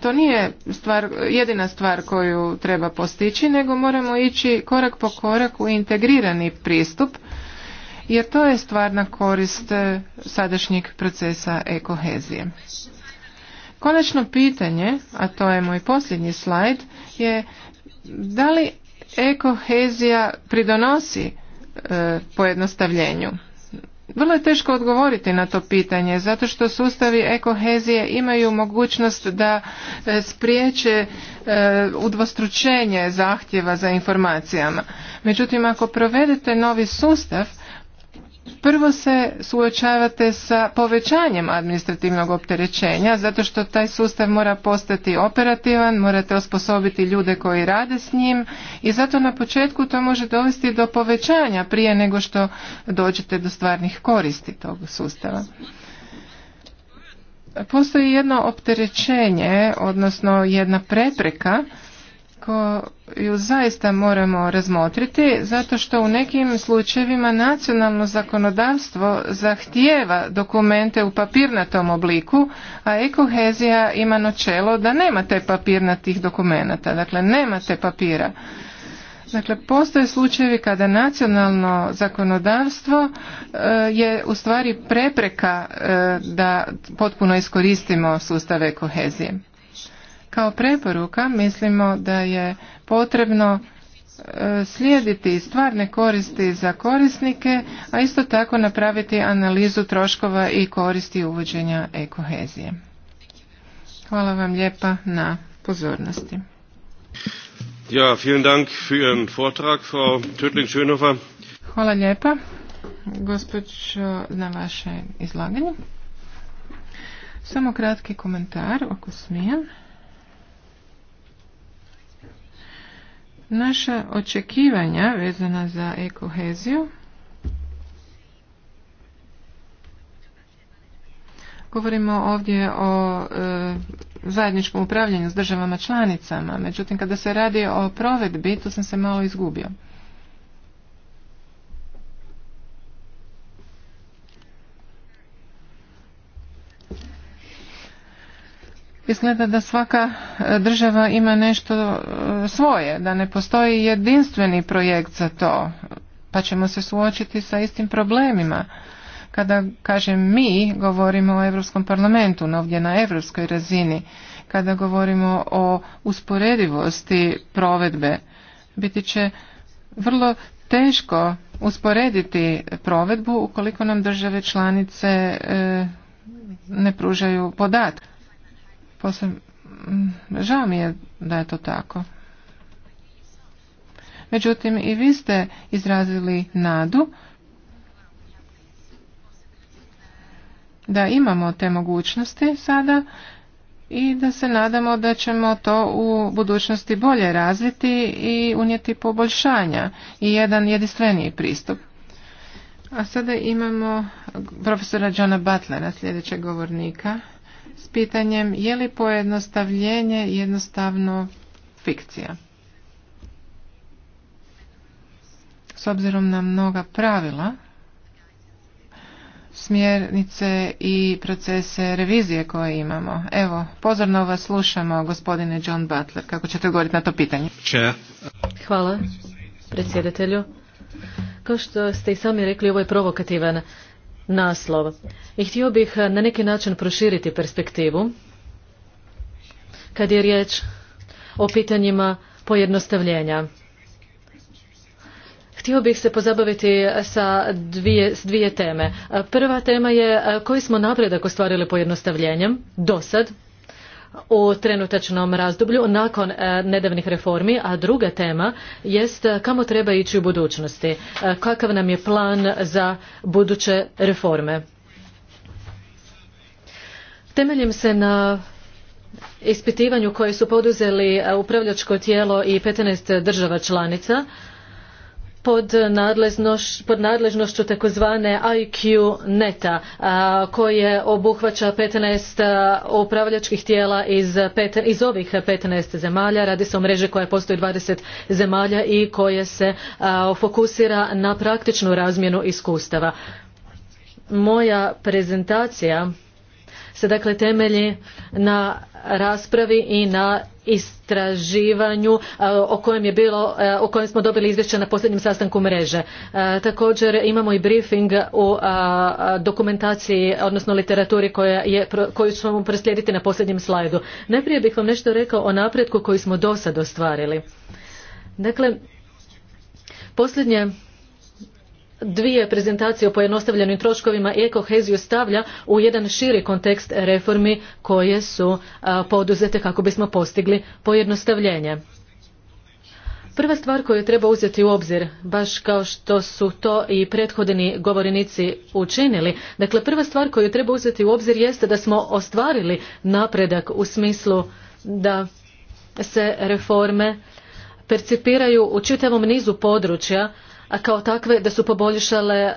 to nije stvar, jedina stvar koju treba postići, nego moramo ići korak po korak u integrirani pristup, jer to je stvarna korist e, sadašnjeg procesa ekohezije. Konačno pitanje, a to je moj posljednji slajd, je da li ekohezija pridonosi e, pojednostavljenju? vrlo je teško odgovoriti na to pitanje zato što sustavi ekohezije imaju mogućnost da e, spriječe e, udvostručenje zahtjeva za informacijama međutim ako provedete novi sustav prvo se suočavate sa povećanjem administrativnog opterećenja zato što taj sustav mora postati operativan, morate osposobiti ljude koji rade s njim i zato na početku to može dovesti do povećanja prije nego što dođete do stvarnih koristi tog sustava. Postoji jedno opterećenje, odnosno jedna prepreka koju zaista moramo razmotriti zato što u nekim slučajevima nacionalno zakonodavstvo zahtijeva dokumente u papirnatom obliku, a ekohezija ima načelo da nema te papirnatih dokumenata, dakle nema te papira. Dakle, postoje slučajevi kada nacionalno zakonodavstvo e, je u stvari prepreka e, da potpuno iskoristimo sustave kohezije. Kao preporuka mislimo da je potrebno e, slijediti stvarne koristi za korisnike, a isto tako napraviti analizu troškova i koristi uvođenja ekohezije. Hvala vam lijepa na pozornosti. Ja, vielen Dank für Ihren Vortrag, schönhofer Hvala lijepa, gospođo, na vaše izlaganje. Samo kratki komentar, ako smijem. Naša očekivanja vezana za ekoheziju Govorimo ovdje o e, zajedničkom upravljanju s državama članicama, međutim kada se radi o provedbi, tu sam se malo izgubio. izgleda da svaka e, država ima nešto e, svoje, da ne postoji jedinstveni projekt za to, pa ćemo se suočiti sa istim problemima. Kada kažem mi, govorimo o Europskom parlamentu, no ovdje na europskoj razini, kada govorimo o usporedivosti provedbe, biti će vrlo teško usporediti provedbu ukoliko nam države članice e, ne pružaju podatke. Posebno, mm, žao mi je da je to tako. Međutim, i vi ste izrazili nadu da imamo te mogućnosti sada i da se nadamo da ćemo to u budućnosti bolje razviti i unijeti poboljšanja i jedan jedinstveniji pristup. A sada imamo profesora Johna Butlera, sljedećeg govornika pitanjem je li pojednostavljenje jednostavno fikcija. S obzirom na mnoga pravila, smjernice i procese revizije koje imamo. Evo, pozorno vas slušamo, gospodine John Butler. Kako ćete govoriti na to pitanje? Hvala, predsjedatelju. Kao što ste i sami rekli, ovo je provokativan naslov. I htio bih eh, na neki način proširiti perspektivu kad je riječ o pitanjima pojednostavljenja. Htio bih se pozabaviti eh, sa dvije, s dvije teme. Eh, prva tema je koji smo napredak ostvarili pojednostavljenjem do sad u trenutačnom razdoblju nakon e, nedavnih reformi, a druga tema jest e, kamo treba ići u budućnosti, e, kakav nam je plan za buduće reforme. Temeljem se na ispitivanju koje su poduzeli upravljačko tijelo i 15 država članica, pod, nadležnošću takozvane IQ neta koje obuhvaća 15 upravljačkih tijela iz, ovih 15 zemalja. Radi se o mreži koja postoji 20 zemalja i koje se fokusira na praktičnu razmjenu iskustava. Moja prezentacija se dakle temelji na raspravi i na istraživanju e, o kojem je bilo, e, o kojem smo dobili izvješće na posljednjem sastanku mreže. E, također imamo i briefing u dokumentaciji, odnosno literaturi koja je, koju ćemo preslijediti na posljednjem slajdu. Najprije bih vam nešto rekao o napretku koji smo do sad ostvarili. Dakle, posljednje dvije prezentacije o pojednostavljenim troškovima i ekoheziju stavlja u jedan širi kontekst reformi koje su poduzete kako bismo postigli pojednostavljenje. Prva stvar koju treba uzeti u obzir, baš kao što su to i prethodni govornici učinili, dakle prva stvar koju treba uzeti u obzir jeste da smo ostvarili napredak u smislu da se reforme percipiraju u čitavom nizu područja kao takve da su poboljšale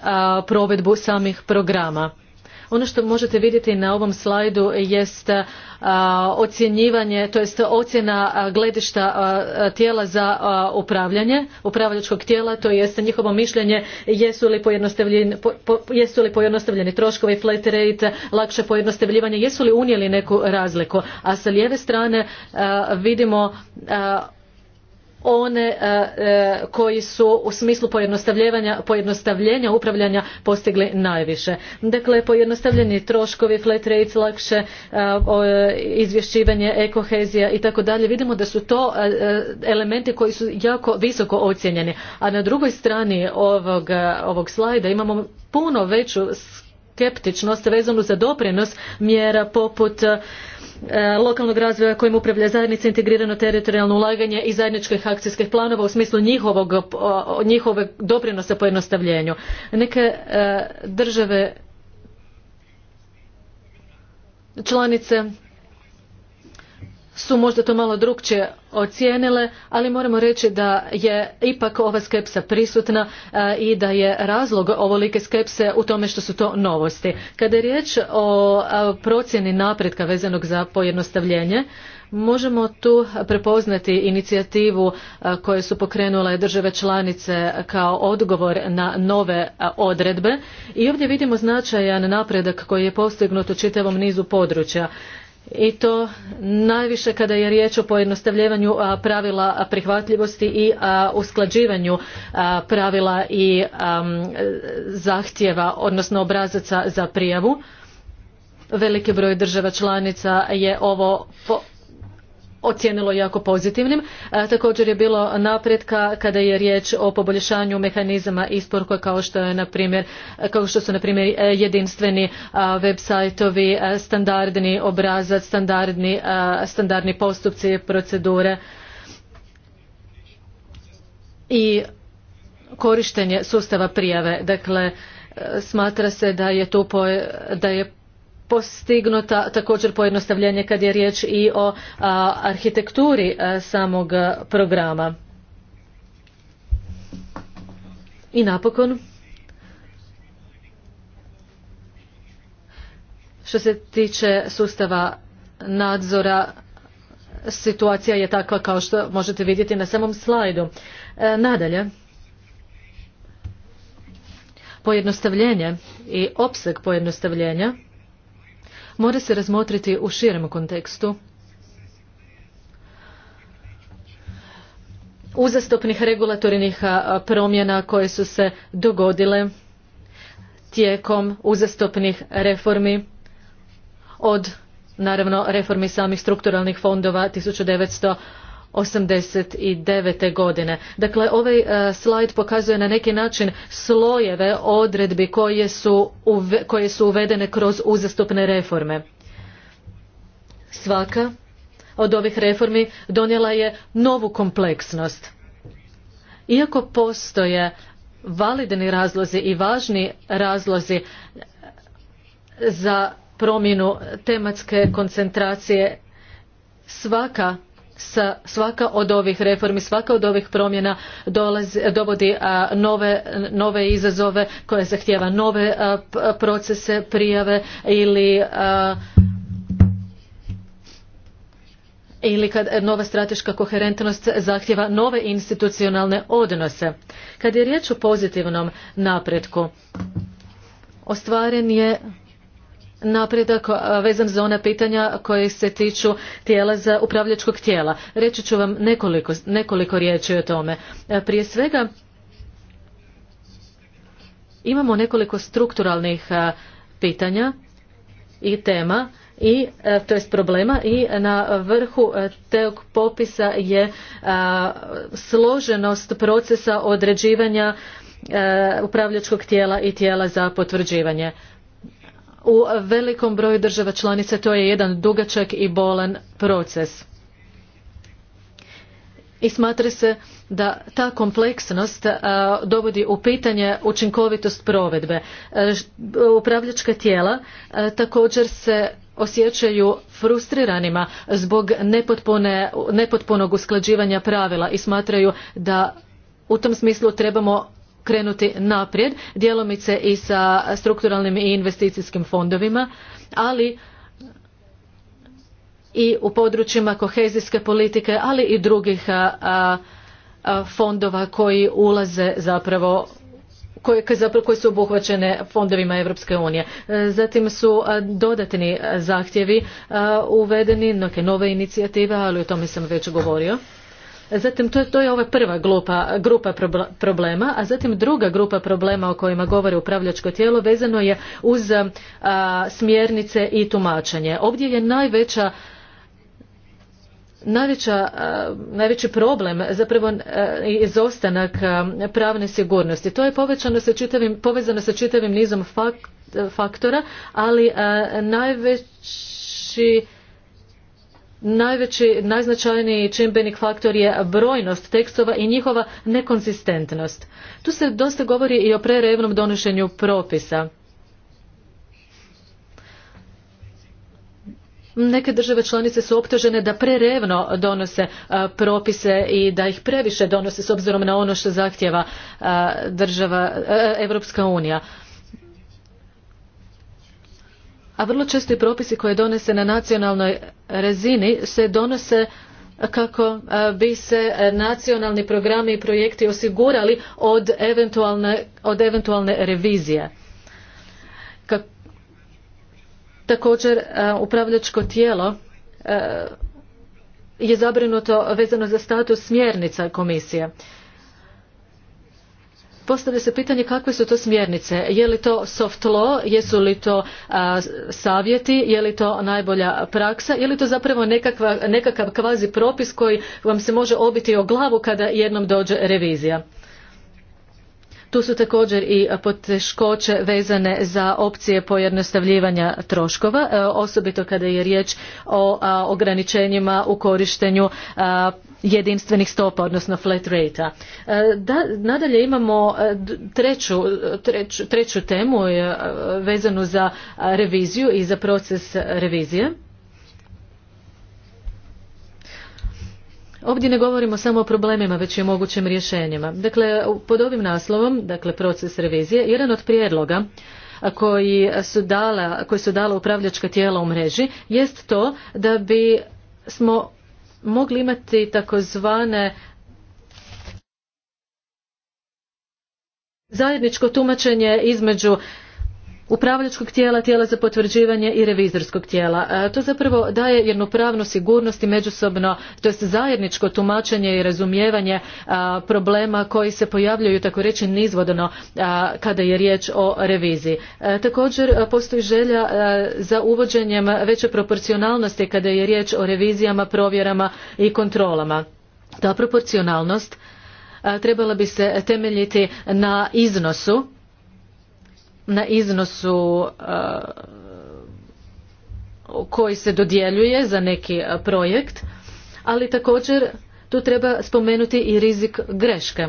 provedbu samih programa. Ono što možete vidjeti na ovom slajdu jest ocjenjivanje, to jest ocjena gledišta tijela za upravljanje, upravljačkog tijela, to jest njihovo mišljenje jesu li pojednostavljeni, jesu li pojednostavljeni troškovi, flat rate, lakše pojednostavljivanje, jesu li unijeli neku razliku. A sa lijeve strane vidimo one e, e, koji su u smislu pojednostavljenja upravljanja postigli najviše. Dakle, pojednostavljeni troškovi, flat rates, lakše e, izvješćivanje, ekohezija i tako dalje. Vidimo da su to elementi koji su jako visoko ocijenjeni. A na drugoj strani ovog, ovog slajda imamo puno veću skeptičnost vezanu za doprinos mjera poput E, lokalnog razvoja kojim upravlja zajednica integrirano teritorijalno ulaganje i zajedničkih akcijskih planova u smislu njihovog, njihove doprinosa pojednostavljenju. Neke e, države članice su možda to malo drukčije ocijenile, ali moramo reći da je ipak ova skepsa prisutna e, i da je razlog ovolike skepse u tome što su to novosti. Kada je riječ o e, procjeni napretka vezanog za pojednostavljenje, možemo tu prepoznati inicijativu e, koje su pokrenule države članice kao odgovor na nove odredbe i ovdje vidimo značajan napredak koji je postignut u čitavom nizu područja i to najviše kada je riječ o pojednostavljivanju pravila prihvatljivosti i usklađivanju pravila i zahtjeva odnosno obrazaca za prijavu veliki broj država članica je ovo ocijenilo jako pozitivnim. E, također je bilo napretka kada je riječ o poboljšanju mehanizama isporuka kao što je na primjer kao što su na primjer e, jedinstveni e, web sajtovi, standardni obrazac, standardni, standardni postupci, procedure i korištenje sustava prijave. Dakle, smatra se da je tu po, da je postignuta također pojednostavljenje kad je riječ i o arhitekturi samog programa. I napokon, što se tiče sustava nadzora, situacija je takva kao što možete vidjeti na samom slajdu. E, nadalje, pojednostavljenje i opseg pojednostavljenja mora se razmotriti u širem kontekstu uzastopnih regulatornih promjena koje su se dogodile tijekom uzastopnih reformi od naravno reformi samih strukturalnih fondova 1989. godine. Dakle, ovaj e, slajd pokazuje na neki način slojeve odredbi koje su, uvedene kroz uzastupne reforme. Svaka od ovih reformi donijela je novu kompleksnost. Iako postoje validni razlozi i važni razlozi za promjenu tematske koncentracije, svaka sa svaka od ovih reformi, svaka od ovih promjena dolazi, dovodi nove, nove izazove koje zahtjeva nove procese prijave ili ili kad nova strateška koherentnost zahtjeva nove institucionalne odnose. Kad je riječ o pozitivnom napretku, ostvaren je napredak vezan za ona pitanja koje se tiču tijela za upravljačkog tijela. Reći ću vam nekoliko, nekoliko riječi o tome. E, prije svega imamo nekoliko strukturalnih pitanja i tema i e, to jest problema i na vrhu e, tog popisa je složenost procesa određivanja upravljačkog tijela i tijela za potvrđivanje u velikom broju država članica to je jedan dugačak i bolan proces. I smatra se da ta kompleksnost dovodi u pitanje učinkovitost provedbe. E, upravljačka tijela također se osjećaju frustriranima zbog nepotpunog usklađivanja pravila i smatraju da u tom smislu trebamo krenuti naprijed, djelomice i sa strukturalnim i investicijskim fondovima, ali i u područjima kohezijske politike, ali i drugih fondova koji ulaze zapravo koje, zapravo, su obuhvaćene fondovima Europske unije. E, zatim su dodatni zahtjevi uvedeni, neke nove inicijative, ali o tome sam već govorio. Zatim to, to je ova prva grupa, problema, a zatim druga grupa problema o kojima govori upravljačko tijelo vezano je uz smjernice i tumačenje. Ovdje je najveća Najveća, najveći problem zapravo izostanak pravne sigurnosti. To je povećano sa čitavim, povezano sa čitavim nizom faktora, ali najveći najveći, najznačajniji čimbenik faktor je brojnost tekstova i njihova nekonzistentnost. Tu se dosta govori i o prerevnom donošenju propisa. Neke države članice su optužene da prerevno donose propise i da ih previše donose s obzirom na ono što zahtjeva država, e, Evropska unija a vrlo često i propisi koje donese na nacionalnoj razini se donose kako e, bi se e, nacionalni programi i projekti osigurali od eventualne, od eventualne revizije. također e, upravljačko tijelo je zabrinuto vezano za status smjernica komisije postavlja se pitanje kakve su to smjernice je li to soft law jesu li to savjeti je li to najbolja praksa je li to zapravo nekakva, nekakav kvazi propis koji vam se može obiti o glavu kada jednom dođe revizija tu su također i poteškoće vezane za opcije pojednostavljivanja troškova, e, osobito kada je riječ o ograničenjima u korištenju jedinstvenih stopa, odnosno flat rate-a. E, nadalje imamo e, treću, temu e, vezanu za reviziju i za proces revizije. Ovdje ne govorimo samo o problemima, već i o mogućim rješenjima. Dakle, pod ovim naslovom, dakle proces revizije, jedan od prijedloga koji su dala, koji su dala upravljačka tijela u mreži jest to da bi smo mogli imati takozvane zajedničko tumačenje između upravljačkog tijela, tijela za potvrđivanje i revizorskog tijela. E, to zapravo daje jednu pravnu sigurnost i međusobno, to jest zajedničko tumačenje i razumijevanje e, problema koji se pojavljuju tako reći nizvodno e, kada je riječ o reviziji. Također postoji želja za uvođenjem veće proporcionalnosti kada je riječ o revizijama, provjerama i kontrolama. Ta proporcionalnost trebala bi se temeljiti na iznosu na iznosu uh, koji se dodjeljuje za neki uh, projekt, ali također tu treba spomenuti i rizik greške.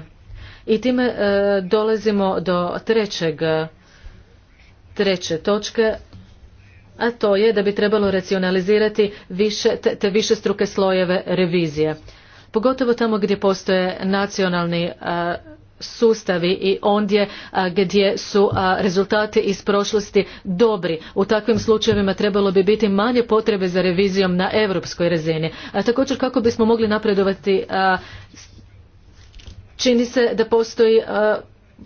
I time uh, dolazimo do trećeg, treće točke, a to je da bi trebalo racionalizirati više, te višestruke slojeve revizije pogotovo tamo gdje postoje nacionalni sustavi i ondje gdje su rezultati iz prošlosti dobri. U takvim slučajevima trebalo bi biti manje potrebe za revizijom na europskoj razini. također kako bismo mogli napredovati čini se da postoji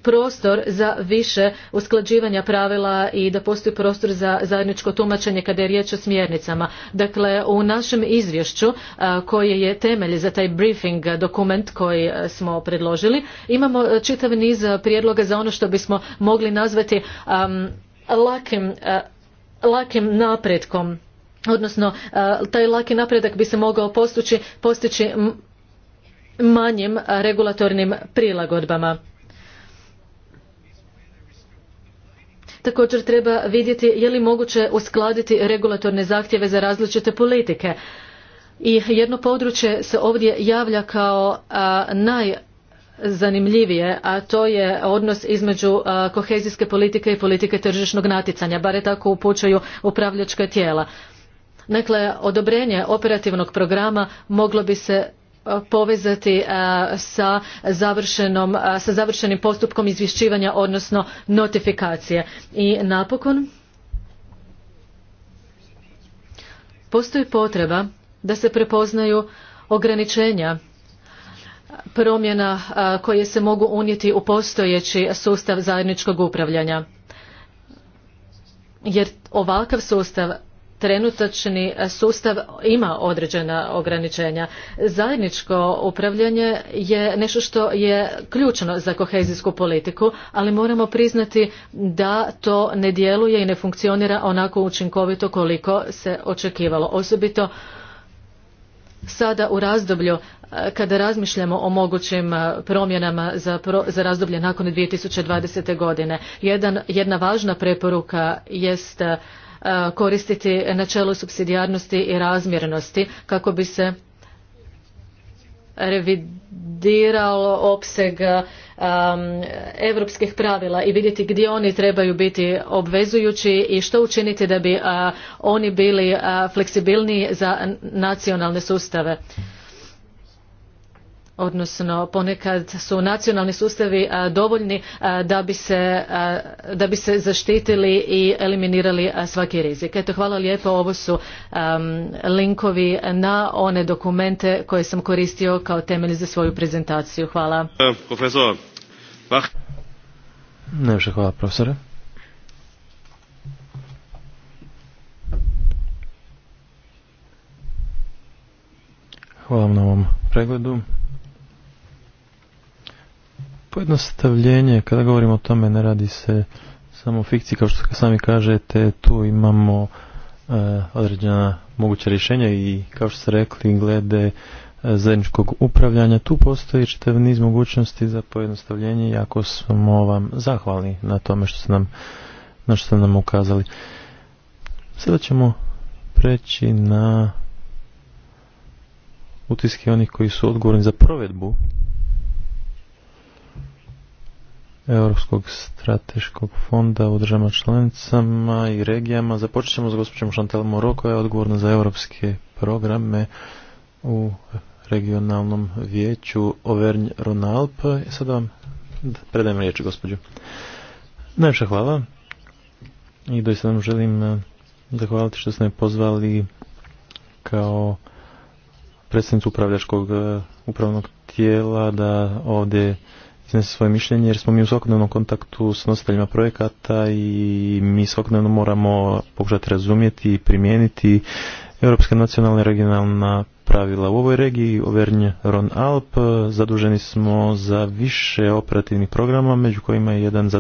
prostor za više usklađivanja pravila i da postoji prostor za zajedničko tumačenje kada je riječ o smjernicama. Dakle, u našem izvješću koje je temelj za taj briefing dokument koji smo predložili, imamo čitav niz prijedloga za ono što bismo mogli nazvati lakim, uh, lakim napretkom odnosno taj laki napredak bi se mogao postići manjim regulatornim prilagodbama. Također treba vidjeti je li moguće uskladiti regulatorne zahtjeve za različite politike. I jedno područje se ovdje javlja kao najzanimljivije, a to je odnos između kohezijske politike i politike tržišnog natjecanja, bare tako upućaju upravljačka tijela. Dakle, odobrenje operativnog programa moglo bi se povezati e, sa, završenom, e, sa završenim postupkom izvješćivanja odnosno notifikacije. I napokon postoji potreba da se prepoznaju ograničenja promjena e, koje se mogu unijeti u postojeći sustav zajedničkog upravljanja jer ovakav sustav trenutačni sustav ima određena ograničenja. Zajedničko upravljanje je nešto što je ključno za kohezijsku politiku, ali moramo priznati da to ne djeluje i ne funkcionira onako učinkovito koliko se očekivalo. Osobito sada u razdoblju e, kada razmišljamo o mogućim e, promjenama za, pro, za razdoblje nakon 2020. godine. Jedan, jedna važna preporuka jest e, E, koristiti načelo subsidijarnosti i razmjernosti kako bi se revidiralo opseg europskih pravila i vidjeti gdje oni trebaju biti obvezujući i što učiniti da bi e, oni bili e, fleksibilniji za nacionalne sustave odnosno ponekad su nacionalni sustavi dovoljni da bi, se, da bi se zaštitili i eliminirali svaki rizik. Eto, hvala lijepo, ovo su linkovi na one dokumente koje sam koristio kao temelj za svoju prezentaciju. Hvala. E, profesor, hvala profesore. Hvala vam na ovom pregledu. Pojednostavljenje, kada govorimo o tome, ne radi se samo o fikciji, kao što sami kažete, tu imamo e, određena moguća rješenja i kao što ste rekli, glede e, zajedničkog upravljanja. Tu postoji čitav niz mogućnosti za pojednostavljenje i smo vam zahvalni na tome što ste nam, na što ste nam ukazali. Sada ćemo preći na utiske onih koji su odgovorni za provedbu Europskog strateškog fonda u državama članicama i regijama. Započet ćemo s gospođom Šantel Moro koja je odgovorna za europske programe u regionalnom vijeću Overnj Ronalp. E, sada vam predajem riječ gospođu. Najviše hvala i doista vam želim e, zahvaliti što ste me pozvali kao predsjednicu upravljačkog e, upravnog tijela da ovdje iznese svoje mišljenje jer smo mi u svakodnevnom kontaktu s nositeljima projekata i mi svakodnevno moramo pokušati razumjeti i primijeniti europska nacionalna i regionalna pravila. U ovoj regiji Overnje Ron Alp zaduženi smo za više operativnih programa, među kojima je jedan,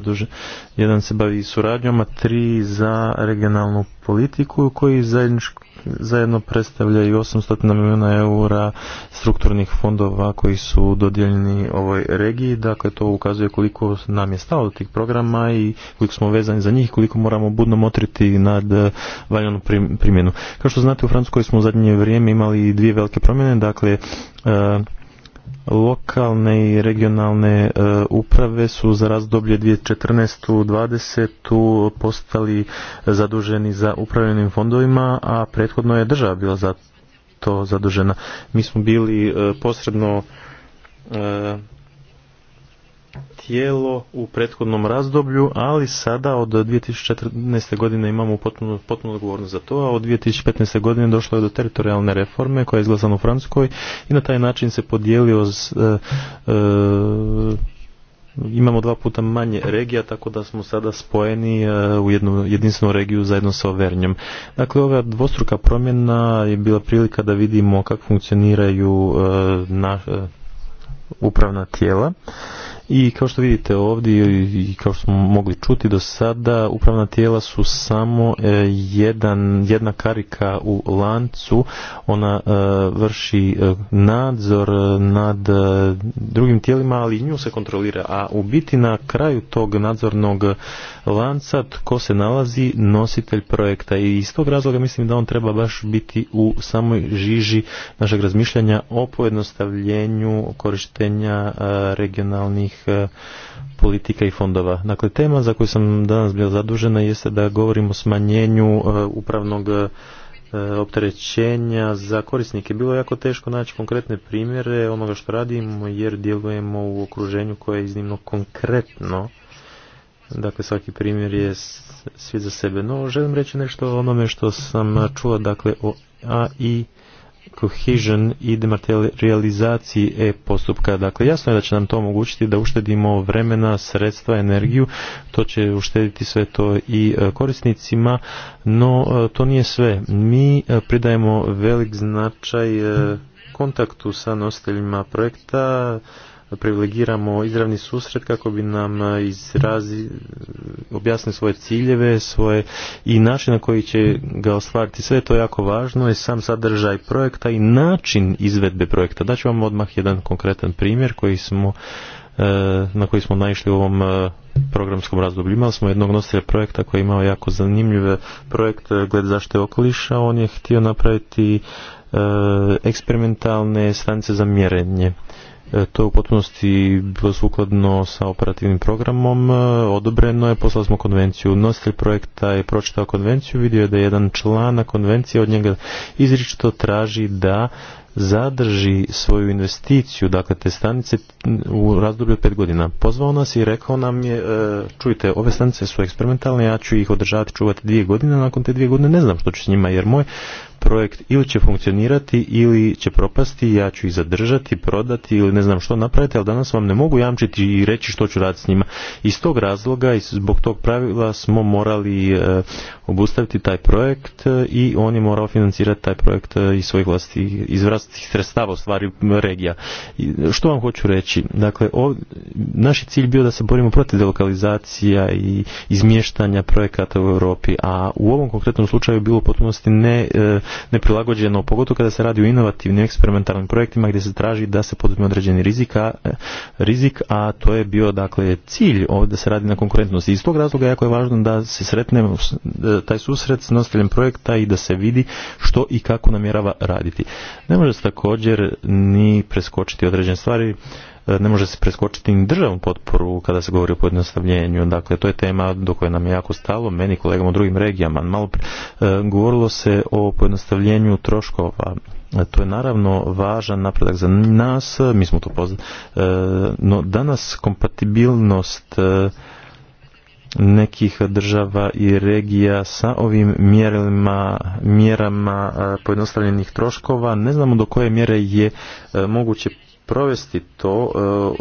jedan se bavi suradnjom, a tri za regionalnu politiku koji zajednički zajedno predstavlja i 800 milijuna eura strukturnih fondova koji su dodijeljeni ovoj regiji. Dakle, to ukazuje koliko nam je stalo tih programa i koliko smo vezani za njih, koliko moramo budno motriti nad eh, valjanu primjenu. Kao što znate, u Francuskoj smo u zadnje vrijeme imali dvije velike promjene, dakle, eh, lokalne i regionalne e, uprave su za razdoblje 2014-2020 postali zaduženi za upravljenim fondovima, a prethodno je država bila za to zadužena. Mi smo bili e, posredno e, tijelo u prethodnom razdoblju, ali sada od 2014. godine imamo potpuno, potpuno odgovornost za to, a od 2015. godine došlo je do teritorijalne reforme koja je izglasana u Francuskoj i na taj način se podijelio s, e, e, imamo dva puta manje regija, tako da smo sada spojeni e, u jednu jedinstvenu regiju zajedno sa Overnjom. Dakle, ova dvostruka promjena je bila prilika da vidimo kako funkcioniraju na upravna tijela i kao što vidite ovdje i kao što smo mogli čuti do sada, upravna tijela su samo e, jedan, jedna karika u lancu. Ona e, vrši e, nadzor nad drugim tijelima, ali nju se kontrolira. A u biti na kraju tog nadzornog lanca tko se nalazi nositelj projekta. I iz tog razloga mislim da on treba baš biti u samoj žiži našeg razmišljanja o pojednostavljenju korištenja regionalnih E, politika i fondova. Dakle, tema za koju sam danas bio zadužena jeste da govorimo o smanjenju e, upravnog e, opterećenja za korisnike. Bilo je jako teško naći konkretne primjere onoga što radimo jer djelujemo u okruženju koje je iznimno konkretno. Dakle, svaki primjer je svi za sebe. No, želim reći nešto o onome što sam čula, dakle, o AI cohesion i dematerializaciji e-postupka. Dakle, jasno je da će nam to omogućiti da uštedimo vremena, sredstva, energiju. To će uštediti sve to i e, korisnicima, no e, to nije sve. Mi e, pridajemo velik značaj kontaktu sa nositeljima projekta, privilegiramo izravni susret kako bi nam e, izrazi, objasnili svoje ciljeve svoje i način na koji će ga ostvariti. Sve je to jako važno i sam sadržaj projekta i način izvedbe projekta. Daću vam odmah jedan konkretan primjer koji smo e, na koji smo naišli u ovom e, programskom razdoblju. Imali smo jednog nositelja projekta koji je imao jako zanimljiv projekt gled zaštite okoliša. On je htio napraviti eksperimentalne stanice za mjerenje E, to je u potpunosti sukladno sa operativnim programom. E, odobreno je, poslali smo konvenciju. Nositelj projekta je pročitao konvenciju, vidio je da je jedan na konvencije od njega izričito traži da zadrži svoju investiciju, dakle te stanice u razdoblju pet godina. Pozvao nas i rekao nam je, e, čujte, ove stanice su eksperimentalne, ja ću ih održavati, čuvati dvije godine, nakon te dvije godine ne znam što ću s njima, jer moj projekt ili će funkcionirati ili će propasti, ja ću ih zadržati, prodati ili ne znam što napraviti, ali danas vam ne mogu jamčiti i reći što ću raditi s njima. Iz tog razloga i zbog tog pravila smo morali e, obustaviti taj projekt e, i on je morao financirati taj projekt e, iz svojih vlasti, iz vlastitih sredstava u stvari regija. Što vam hoću reći? Dakle, ov, naš je cilj bio da se borimo protiv delokalizacija i izmještanja projekata u Europi, a u ovom konkretnom slučaju je bilo potpunosti ne neprilagođeno, pogotovo kada se radi o inovativnim eksperimentalnim projektima gdje se traži da se poduzme određeni rizik a, e, rizik, a to je bio dakle cilj ovdje se radi na konkurentnosti. Iz tog razloga jako je važno da se sretne e, taj susret s nositeljem projekta i da se vidi što i kako namjerava raditi. Ne može se također ni preskočiti određene stvari E, ne može se preskočiti ni državnu potporu kada se govori o pojednostavljenju. Dakle, to je tema do koje nam je jako stalo, meni i kolegama u drugim regijama. Malo pre, e, govorilo se o pojednostavljenju troškova. E, to je naravno važan napredak za nas, mi smo to poznali. No, danas kompatibilnost nekih država i regija sa ovim mjerima, mjerama pojednostavljenih troškova. Ne znamo do koje mjere je moguće provesti to e,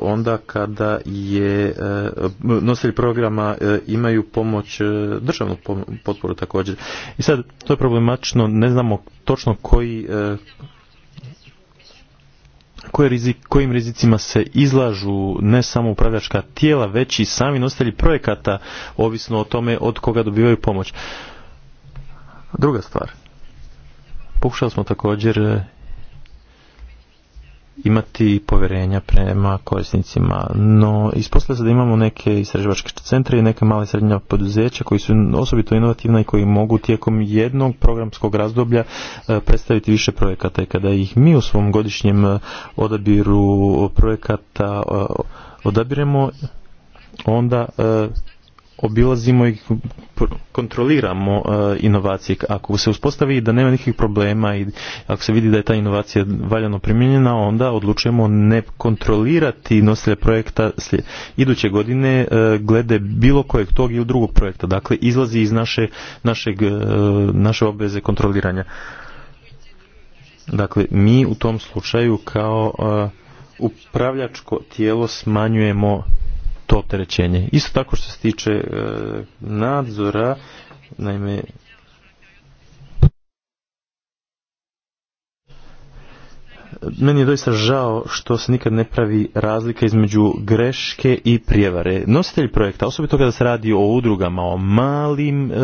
onda kada je e, nositelji programa e, imaju pomoć, državnu potporu također. I sad, to je problematično, ne znamo točno koji koje rizik, kojim rizicima se izlažu ne samo upravljačka tijela, već i sami nositelji projekata, ovisno o tome od koga dobivaju pomoć. Druga stvar, pokušali smo također imati povjerenja prema korisnicima. No, ispostavlja se da imamo neke istraživačke centre i neke male srednja poduzeća koji su osobito inovativna i koji mogu tijekom jednog programskog razdoblja e, predstaviti više projekata i kada ih mi u svom godišnjem e, odabiru projekata e, odabiremo, onda obilazimo i kontroliramo e, inovacije. Ako se uspostavi da nema nikakvih problema i ako se vidi da je ta inovacija valjano primijenjena, onda odlučujemo ne kontrolirati nositelja projekta iduće godine e, glede bilo kojeg tog ili drugog projekta. Dakle, izlazi iz naše, našeg, e, naše obveze kontroliranja. Dakle, mi u tom slučaju kao upravljačko tijelo smanjujemo to opterećenje. Isto tako što se tiče e, nadzora, naime, meni je doista žao što se nikad ne pravi razlika između greške i prijevare. Nositelj projekta, osobito kada se radi o udrugama, o malim e,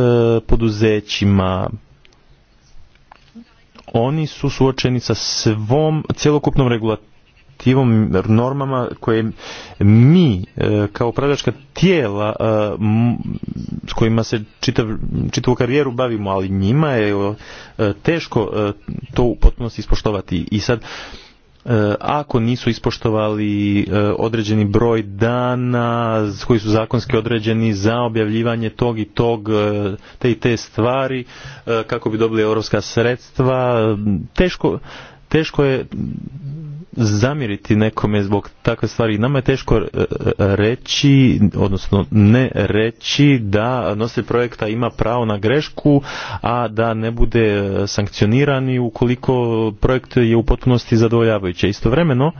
poduzećima, oni su suočeni sa svom cjelokupnom regulatorom direktivom, normama koje mi e, kao upravljačka tijela e, s kojima se čitav, čitavu karijeru bavimo, ali njima je e, teško to u potpunosti ispoštovati. I sad, ako nisu ispoštovali određeni broj dana koji su zakonski određeni za objavljivanje tog i tog te i te stvari kako bi dobili europska sredstva teško, teško je zamjeriti nekome zbog takve stvari. Nama je teško e, e, reći, odnosno ne reći da nositelj projekta ima pravo na grešku, a da ne bude e, sankcionirani ukoliko projekt je u potpunosti zadovoljavajući. Istovremeno,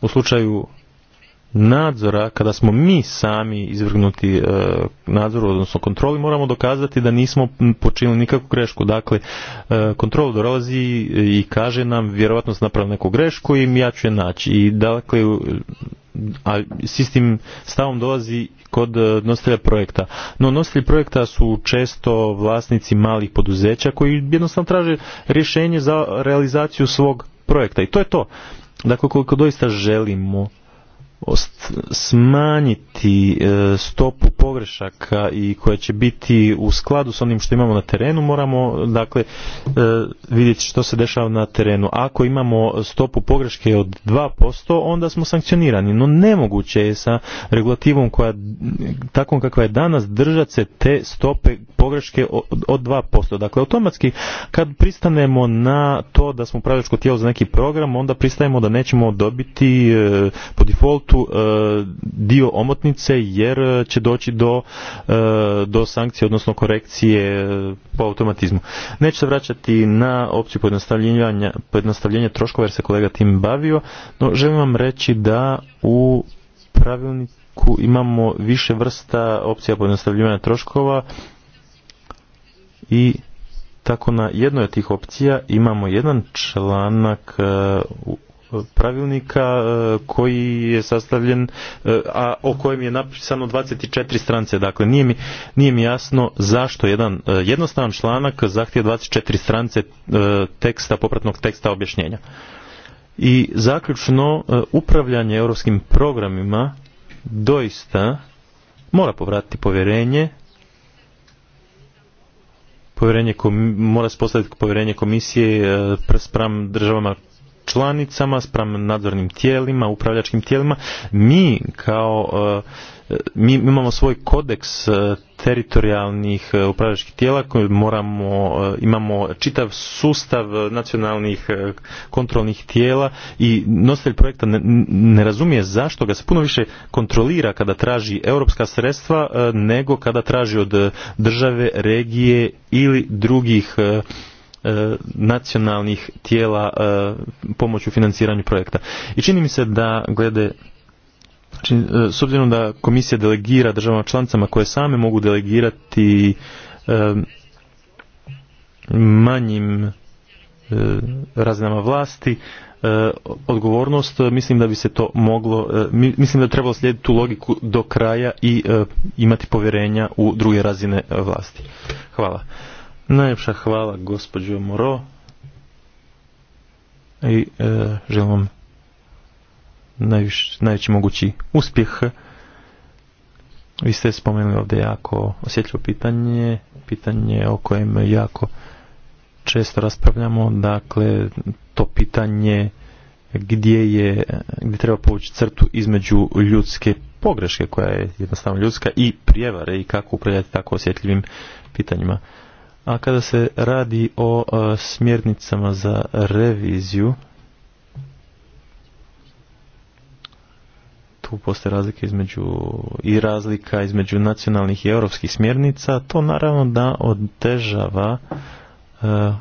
u slučaju nadzora, kada smo mi sami izvrgnuti e, nadzoru, odnosno kontroli, moramo dokazati da nismo počinili nikakvu grešku. Dakle, e, kontrol dolazi i kaže nam, vjerovatno sam napravio neku grešku i ja ću je naći. I dakle, a s istim stavom dolazi kod e, nositelja projekta. No, nositelji projekta su često vlasnici malih poduzeća koji jednostavno traže rješenje za realizaciju svog projekta. I to je to. Dakle, koliko doista želimo smanjiti e, stopu pogrešaka i koja će biti u skladu s onim što imamo na terenu, moramo dakle e, vidjeti što se dešava na terenu. Ako imamo stopu pogreške od 2%, onda smo sankcionirani. No nemoguće je sa regulativom koja takvom kakva je danas držat se te stope pogreške od 2%. Dakle, automatski kad pristanemo na to da smo pravičko tijelo za neki program, onda pristajemo da nećemo dobiti e, po defaultu putu e, dio omotnice jer će doći do, e, do sankcije, odnosno korekcije e, po automatizmu. Neću se vraćati na opciju pojednostavljenja, pojednostavljenja troškova jer se kolega tim bavio, no želim vam reći da u pravilniku imamo više vrsta opcija pojednostavljivanja troškova i tako na jednoj od tih opcija imamo jedan članak pravilnika e, koji je sastavljen, e, a o kojem je napisano 24 strance. Dakle, nije mi, nije mi jasno zašto jedan e, jednostavan članak zahtije 24 strance teksta, popratnog teksta objašnjenja. I zaključno, upravljanje europskim programima doista mora povratiti povjerenje povjerenje mora se povjerenje komisije spram državama članicama, spram nadzornim tijelima, upravljačkim tijelima. Mi kao e, e, mi imamo svoj kodeks e, teritorijalnih upravljačkih tijela koji moramo, imamo čitav sustav nacionalnih kontrolnih tijela i nositelj projekta ne, ne razumije zašto ga se puno više kontrolira kada traži europska sredstva nego kada traži od države, regije ili drugih E, nacionalnih tijela e, pomoć u financiranju projekta. I čini mi se da glede e, s obzirom da komisija delegira državama člancama koje same mogu delegirati manjim razinama vlasti odgovornost, mislim da bi se to moglo, mislim da bi trebalo slijediti tu logiku do kraja i imati povjerenja u druge razine vlasti. Hvala. Najljepša hvala gospođo Moro i e, želim vam najveći mogući uspjeh. Vi ste spomenuli ovdje jako osjetljivo pitanje, pitanje o kojem jako često raspravljamo, dakle to pitanje gdje je, gdje treba povući crtu između ljudske pogreške koja je jednostavno ljudska i prijevare i kako upravljati tako osjetljivim pitanjima. A kada se radi o e, smjernicama za reviziju, tu postoje razlike između i razlika između nacionalnih i europskih smjernica, to naravno da otežava e,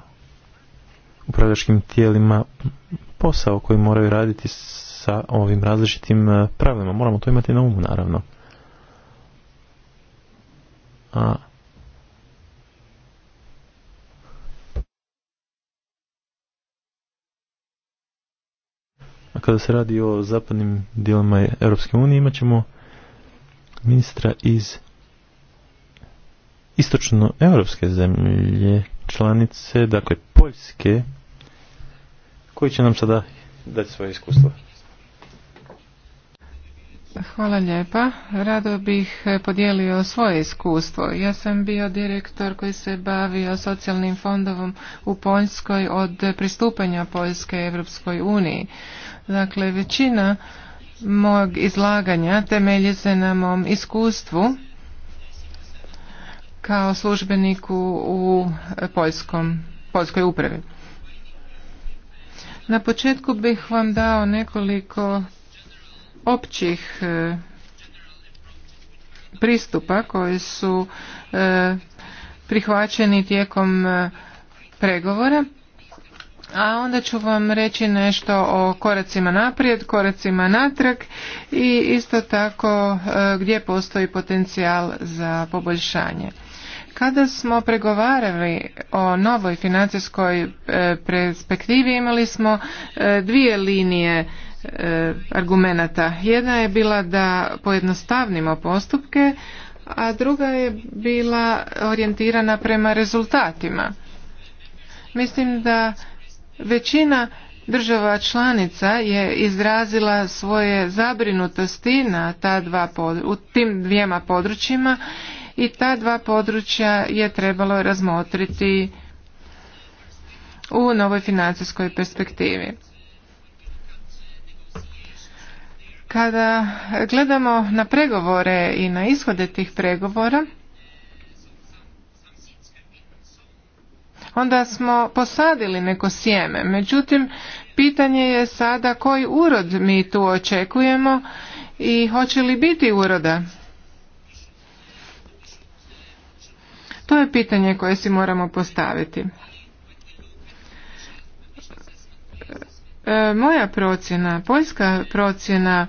upravljačkim tijelima posao koji moraju raditi sa ovim različitim e, pravilima. Moramo to imati na umu naravno. A A kada se radi o zapadnim dijelama Europske unije, imat ćemo ministra iz istočno-europske zemlje, članice, dakle Poljske, koji će nam sada dati svoje iskustvo. Hvala lijepa. Rado bih podijelio svoje iskustvo. Ja sam bio direktor koji se bavio socijalnim fondovom u Poljskoj od pristupanja Poljske Europskoj uniji. Dakle, većina mog izlaganja temelji se na mom iskustvu kao službeniku u poljskoj upravi. Na početku bih vam dao nekoliko općih e, pristupa koji su e, prihvaćeni tijekom e, pregovora a onda ću vam reći nešto o koracima naprijed, koracima natrag i isto tako e, gdje postoji potencijal za poboljšanje. Kada smo pregovarali o novoj financijskoj e, perspektivi imali smo e, dvije linije argumenata. Jedna je bila da pojednostavnimo postupke, a druga je bila orijentirana prema rezultatima. Mislim da Većina država članica je izrazila svoje zabrinutosti na ta dva u tim dvijema područjima i ta dva područja je trebalo razmotriti u novoj financijskoj perspektivi. Kada gledamo na pregovore i na ishode tih pregovora, onda smo posadili neko sjeme. Međutim, pitanje je sada koji urod mi tu očekujemo i hoće li biti uroda. To je pitanje koje si moramo postaviti. E, moja procjena, poljska procjena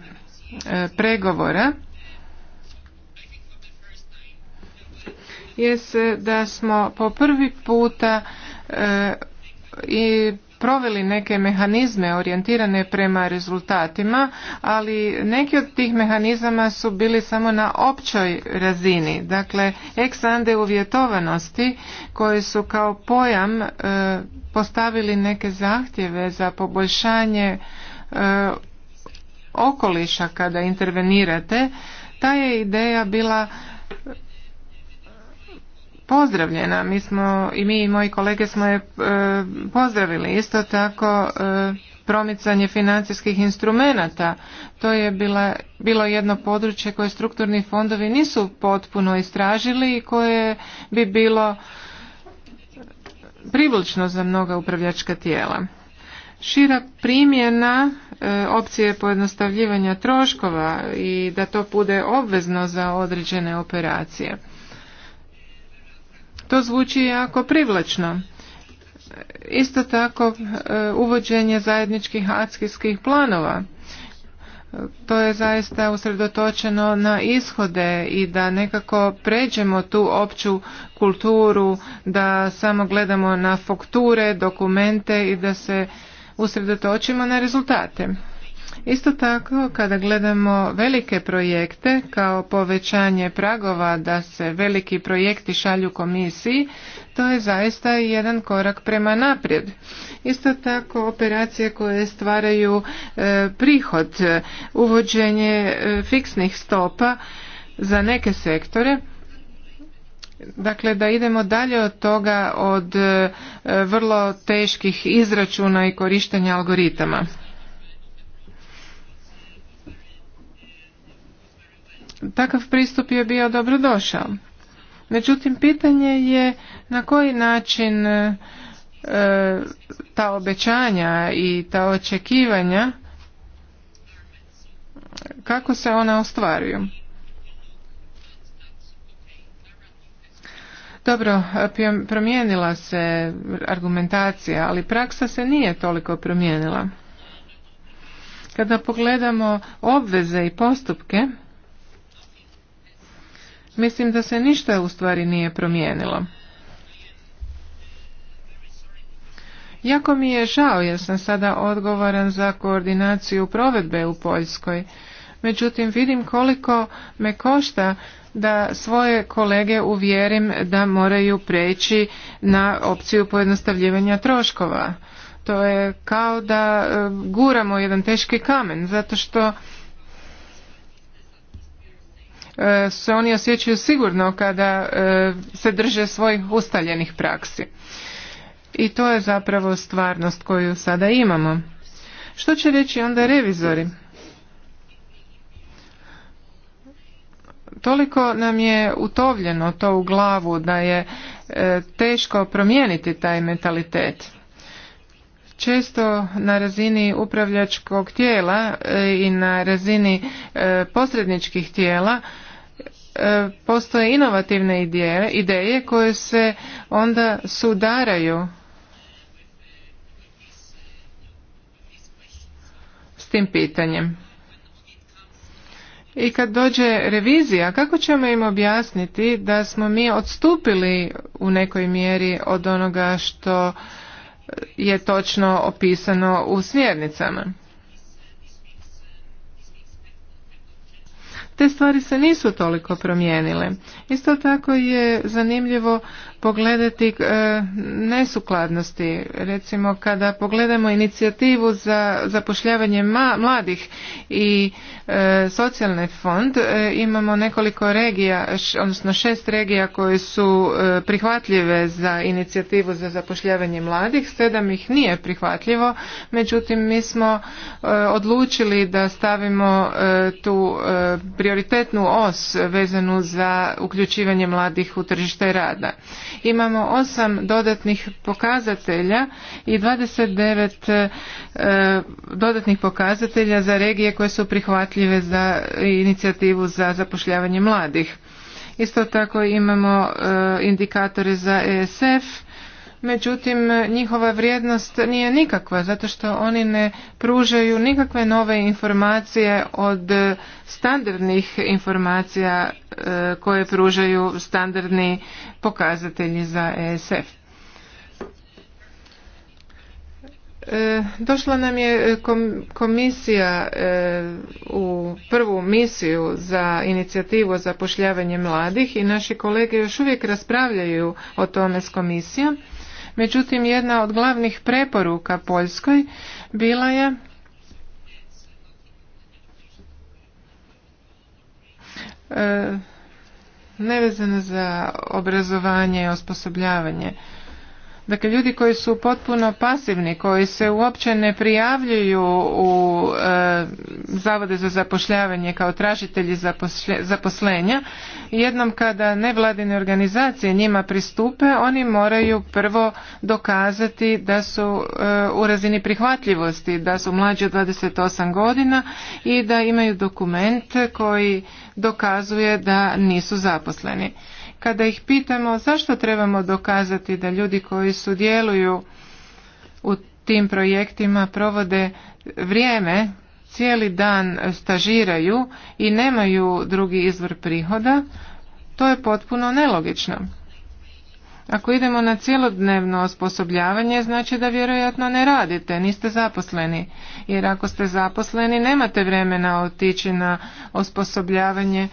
e, pregovora jest da smo po prvi puta e, i proveli neke mehanizme orijentirane prema rezultatima, ali neki od tih mehanizama su bili samo na općoj razini. Dakle, eksande uvjetovanosti koje su kao pojam e, postavili neke zahtjeve za poboljšanje e, okoliša kada intervenirate, ta je ideja bila pozdravljena. Mi smo i mi i moji kolege smo je e, pozdravili. Isto tako e, promicanje financijskih instrumenata. To je bila, bilo jedno područje koje strukturni fondovi nisu potpuno istražili i koje bi bilo privlačno za mnoga upravljačka tijela. Šira primjena e, opcije pojednostavljivanja troškova i da to bude obvezno za određene operacije. To zvuči jako privlačno. Isto tako e, uvođenje zajedničkih akcijskih planova. E, to je zaista usredotočeno na ishode i da nekako pređemo tu opću kulturu, da samo gledamo na fakture, dokumente i da se usredotočimo na rezultate. Isto tako, kada gledamo velike projekte kao povećanje pragova da se veliki projekti šalju komisiji, to je zaista jedan korak prema naprijed. Isto tako, operacije koje stvaraju e, prihod, uvođenje e, fiksnih stopa za neke sektore, Dakle, da idemo dalje od toga od e, vrlo teških izračuna i korištenja algoritama. takav pristup je bio dobrodošao. Međutim, pitanje je na koji način e, ta obećanja i ta očekivanja kako se ona ostvaruju. Dobro, promijenila se argumentacija, ali praksa se nije toliko promijenila. Kada pogledamo obveze i postupke, Mislim da se ništa u stvari nije promijenilo. Jako mi je žao jer sam sada odgovoran za koordinaciju provedbe u Poljskoj. Međutim, vidim koliko me košta da svoje kolege uvjerim da moraju preći na opciju pojednostavljivanja troškova. To je kao da e, guramo jedan teški kamen, zato što E, se oni osjećaju sigurno kada e, se drže svojih ustaljenih praksi. I to je zapravo stvarnost koju sada imamo. Što će reći onda revizori? Toliko nam je utovljeno to u glavu da je e, teško promijeniti taj mentalitet. Često na razini upravljačkog tijela i na razini posredničkih tijela postoje inovativne ideje, ideje koje se onda sudaraju s tim pitanjem. I kad dođe revizija, kako ćemo im objasniti da smo mi odstupili u nekoj mjeri od onoga što je točno opisano u smjernicama? te stvari se nisu toliko promijenile. Isto tako je zanimljivo pogledati e, nesukladnosti. Recimo kada pogledamo inicijativu za zapošljavanje mladih i e, socijalni fond e, imamo nekoliko regija, odnosno šest regija koje su prihvatljive za inicijativu za zapošljavanje mladih, sedam ih nije prihvatljivo, međutim mi smo odlučili da stavimo tu prioritetnu os vezanu za uključivanje mladih u tržište rada imamo osam dodatnih pokazatelja i 29 e, dodatnih pokazatelja za regije koje su prihvatljive za inicijativu za zapošljavanje mladih. Isto tako imamo e, indikatore za ESF međutim njihova vrijednost nije nikakva zato što oni ne pružaju nikakve nove informacije od standardnih informacija e, koje pružaju standardni pokazatelji za ESF. E, došla nam je komisija e, u prvu misiju za inicijativu za pošljavanje mladih i naši kolege još uvijek raspravljaju o tome s komisijom. Međutim, jedna od glavnih preporuka Poljskoj bila je e, nevezana za obrazovanje i osposobljavanje. Dakle, ljudi koji su potpuno pasivni, koji se uopće ne prijavljuju u e, zavode za zapošljavanje kao tražitelji zaposlenja, jednom kada nevladine organizacije njima pristupe, oni moraju prvo dokazati da su e, u razini prihvatljivosti, da su mlađi od 28 godina i da imaju dokument koji dokazuje da nisu zaposleni kada ih pitamo zašto trebamo dokazati da ljudi koji sudjeluju u tim projektima provode vrijeme, cijeli dan stažiraju i nemaju drugi izvor prihoda, to je potpuno nelogično. Ako idemo na cjelodnevno osposobljavanje, znači da vjerojatno ne radite, niste zaposleni. Jer ako ste zaposleni, nemate vremena otići na osposobljavanje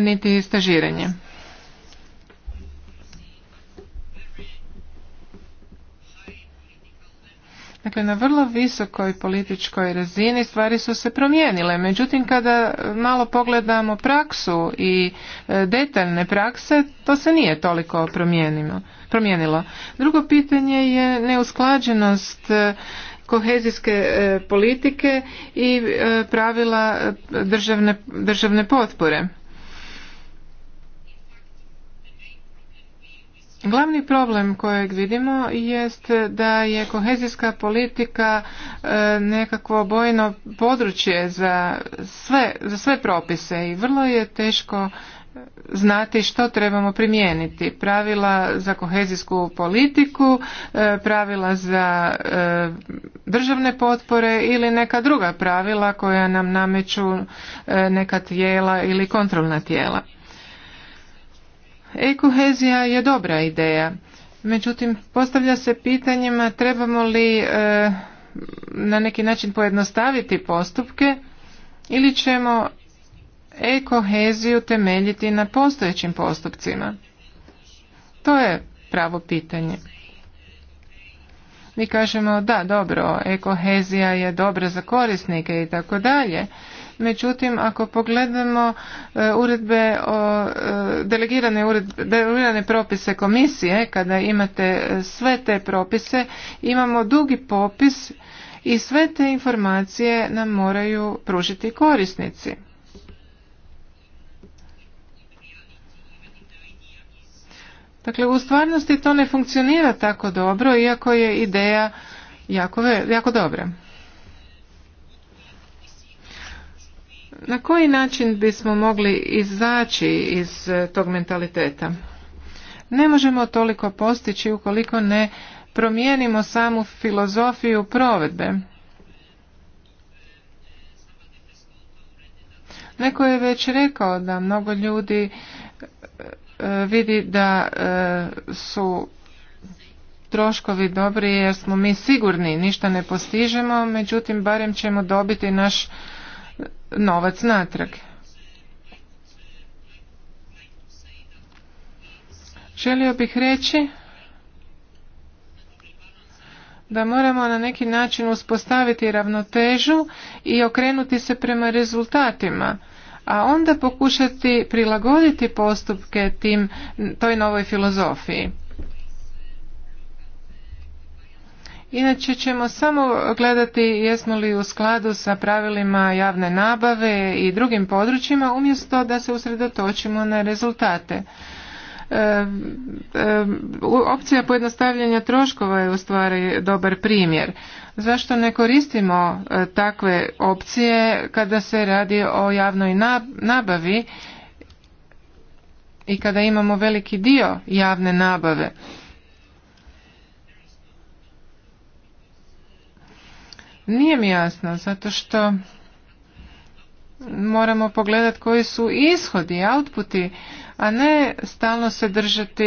niti stažiranje. Dakle, na vrlo visokoj političkoj razini stvari su se promijenile. Međutim, kada malo pogledamo praksu i e, detaljne prakse, to se nije toliko promijenilo. Drugo pitanje je neusklađenost e, kohezijske e, politike i pravila državne, državne potpore. Glavni problem kojeg vidimo jest da je kohezijska politika e, nekakvo bojno područje za sve, za sve propise i vrlo je teško e, znati što trebamo primijeniti. Pravila za kohezijsku politiku, e, pravila za državne potpore ili neka druga pravila koja nam nameću neka tijela ili kontrolna tijela. Ekohezija je dobra ideja, međutim postavlja se pitanjima trebamo li e, na neki način pojednostaviti postupke ili ćemo ekoheziju temeljiti na postojećim postupcima. To je pravo pitanje. Mi kažemo da, dobro, ekohezija je dobra za korisnike i tako dalje, međutim ako pogledamo e, uredbe o e, delegirane uredbe, delegirane propise komisije kada imate e, sve te propise imamo dugi popis i sve te informacije nam moraju pružiti korisnici. Dakle, u stvarnosti to ne funkcionira tako dobro, iako je ideja jako, jako dobra. na koji način bismo mogli izaći iz e, tog mentaliteta? Ne možemo toliko postići ukoliko ne promijenimo samu filozofiju provedbe. Neko je već rekao da mnogo ljudi e, e, vidi da su troškovi dobri jer smo mi sigurni, ništa ne postižemo, međutim barem ćemo dobiti naš novac natrag. Želio bih reći da moramo na neki način uspostaviti ravnotežu i okrenuti se prema rezultatima, a onda pokušati prilagoditi postupke tim, toj novoj filozofiji. Inače ćemo samo gledati jesmo li u skladu sa pravilima javne nabave i drugim područjima umjesto da se usredotočimo na rezultate. E, e, opcija pojednostavljanja troškova je u stvari dobar primjer. Zašto ne koristimo e, takve opcije kada se radi o javnoj nabavi i kada imamo veliki dio javne nabave? Nije mi jasno, zato što moramo pogledati koji su ishodi, outputi, a ne stalno se držati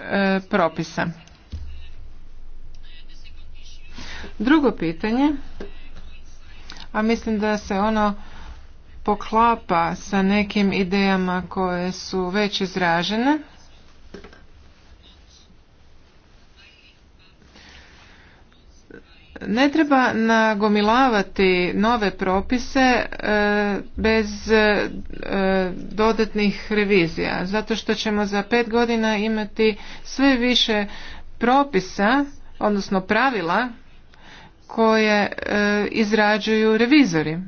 e, propisa. Drugo pitanje, a mislim da se ono poklapa sa nekim idejama koje su već izražene. Ne treba nagomilavati nove propise e, bez e, dodatnih revizija, zato što ćemo za pet godina imati sve više propisa, odnosno pravila koje e, izrađuju revizori.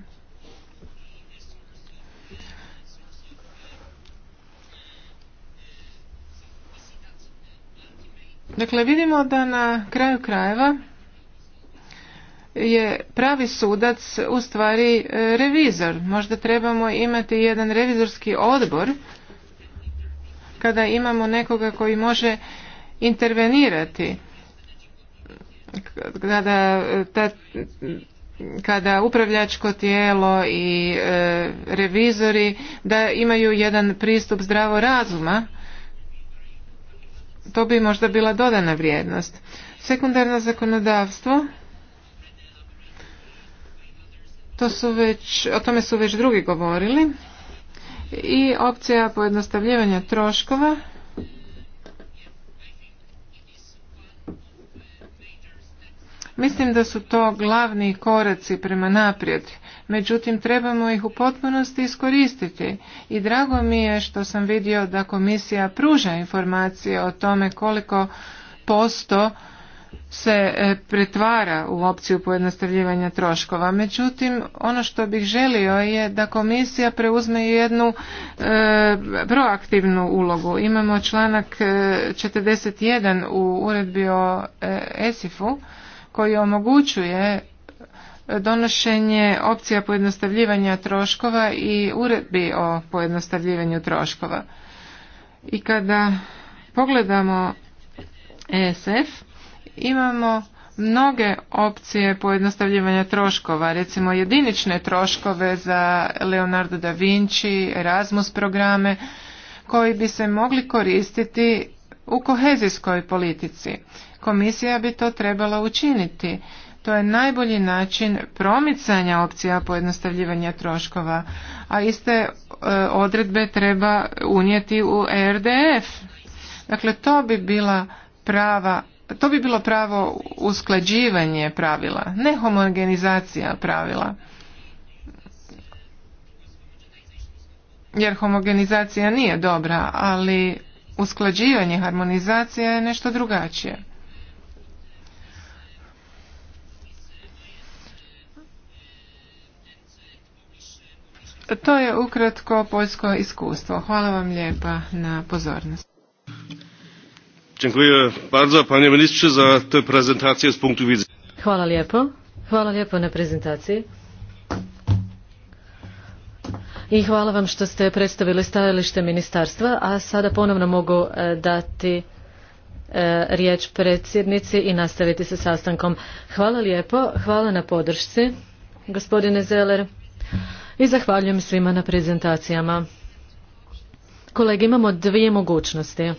Dakle, vidimo da na kraju krajeva je pravi sudac u stvari e, revizor. Možda trebamo imati jedan revizorski odbor kada imamo nekoga koji može intervenirati kada ta kada upravljačko tijelo i e, revizori da imaju jedan pristup zdravo razuma to bi možda bila dodana vrijednost sekundarno zakonodavstvo to su već, o tome su već drugi govorili. I opcija pojednostavljivanja troškova. Mislim da su to glavni koraci prema naprijed, međutim trebamo ih u potpunosti iskoristiti i drago mi je što sam vidio da komisija pruža informacije o tome koliko posto se e, pretvara u opciju pojednostavljivanja troškova. Međutim, ono što bih želio je da komisija preuzme jednu e, proaktivnu ulogu. Imamo članak 41 e, u uredbi o ESIF-u koji omogućuje donošenje opcija pojednostavljivanja troškova i uredbi o pojednostavljivanju troškova. I kada pogledamo ESF, Imamo mnoge opcije pojednostavljivanja troškova, recimo jedinične troškove za Leonardo da Vinci, Erasmus programe, koji bi se mogli koristiti u kohezijskoj politici. Komisija bi to trebala učiniti. To je najbolji način promicanja opcija pojednostavljivanja troškova, a iste e, odredbe treba unijeti u ERDF. Dakle, to bi bila prava to bi bilo pravo usklađivanje pravila, ne homogenizacija pravila. Jer homogenizacija nije dobra, ali usklađivanje, harmonizacija je nešto drugačije. To je ukratko poljsko iskustvo. Hvala vam lijepa na pozornost za punktu Hvala lijepo. na prezentaciji. I hvala vam što ste predstavili stajalište ministarstva, a sada ponovno mogu e, dati e, riječ predsjednici i nastaviti sa sastankom. Hvala lijepo, hvala na podršci, gospodine Zeller, i zahvaljujem svima na prezentacijama. Kolegi, imamo dvije mogućnosti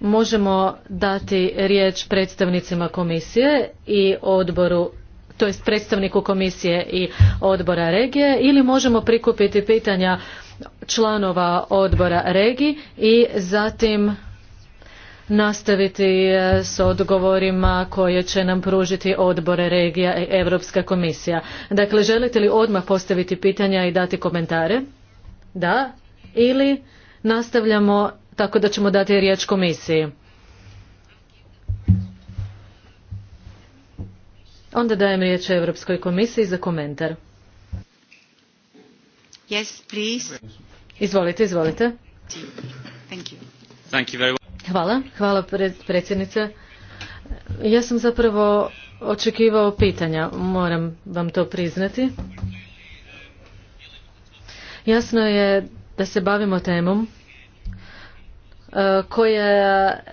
možemo dati riječ predstavnicima komisije i odboru to jest predstavniku komisije i odbora regije ili možemo prikupiti pitanja članova odbora regiji i zatim nastaviti e, s odgovorima koje će nam pružiti odbore regija i Europska komisija. Dakle, želite li odmah postaviti pitanja i dati komentare? Da. Ili nastavljamo tako da ćemo dati riječ komisiji. Onda dajem riječ Europskoj komisiji za komentar. Yes, please. Izvolite, izvolite. Thank you. Thank you very Hvala, hvala predsjednice. Ja sam zapravo očekivao pitanja, moram vam to priznati. Jasno je da se bavimo temom E, koja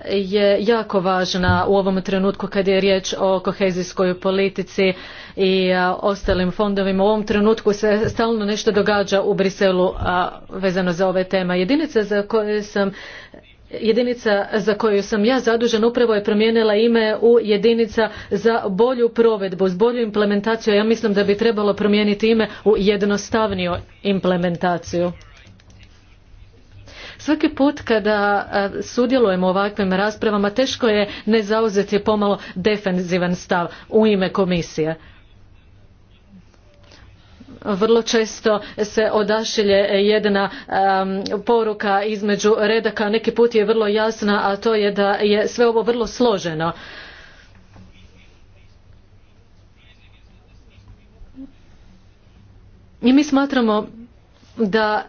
je jako važna u ovom trenutku kad je riječ o kohezijskoj politici i e, ostalim fondovima. U ovom trenutku se stalno nešto događa u Briselu vezano za ove tema. Jedinica za koje sam Jedinica za koju sam ja zadužen upravo je promijenila ime u jedinica za bolju provedbu, s bolju implementaciju. Ja mislim da bi trebalo promijeniti ime u jednostavniju implementaciju. Svaki put kada sudjelujemo u ovakvim raspravama teško je ne zauzeti pomalo defenzivan stav u ime komisije vrlo često se odašilje jedna poruka između redaka neki put je vrlo jasna a to je da je sve ovo vrlo složeno i mi smatramo da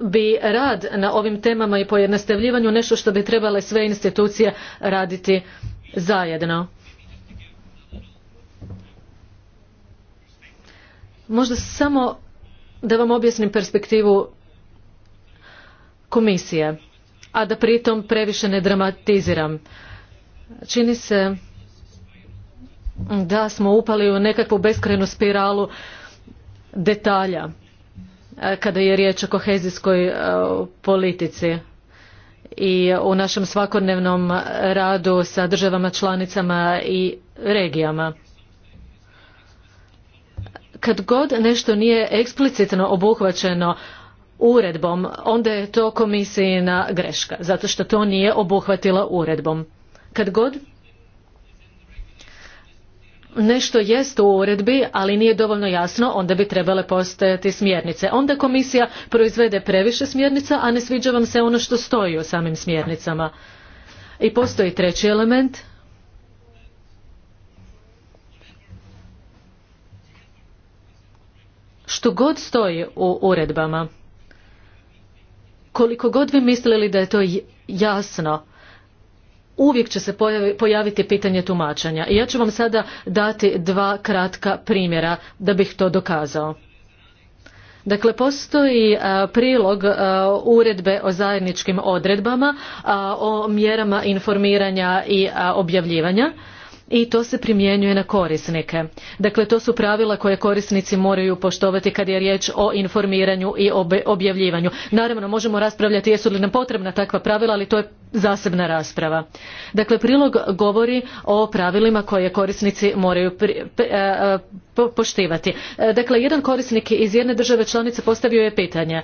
bi rad na ovim temama i pojednostavljivanju nešto što bi trebale sve institucije raditi zajedno. Možda samo da vam objasnim perspektivu komisije, a da pritom previše ne dramatiziram. Čini se da smo upali u nekakvu beskrenu spiralu detalja E, kada je riječ o kohezijskoj e, politici i u našem svakodnevnom radu sa državama članicama i regijama. Kad god nešto nije eksplicitno obuhvaćeno uredbom, onda je to komisijina greška, zato što to nije obuhvatila uredbom. Kad god nešto jest u uredbi, ali nije dovoljno jasno, onda bi trebale postojati smjernice. Onda komisija proizvede previše smjernica, a ne sviđa vam se ono što stoji u samim smjernicama. I postoji treći element. Što god stoji u uredbama, koliko god vi mislili da je to jasno, uvijek će se pojaviti pitanje tumačenja. I ja ću vam sada dati dva kratka primjera da bih to dokazao. Dakle, postoji e, prilog e, uredbe o zajedničkim odredbama, o mjerama informiranja i objavljivanja i to se primjenjuje na korisnike. Dakle, to su pravila koje korisnici moraju poštovati kad je riječ o informiranju i objavljivanju. Naravno, možemo raspravljati jesu li nam potrebna takva pravila, ali to je zasebna rasprava. Dakle, prilog govori o pravilima koje korisnici moraju pri, e, e, poštivati. E, dakle, jedan korisnik iz jedne države članice postavio je pitanje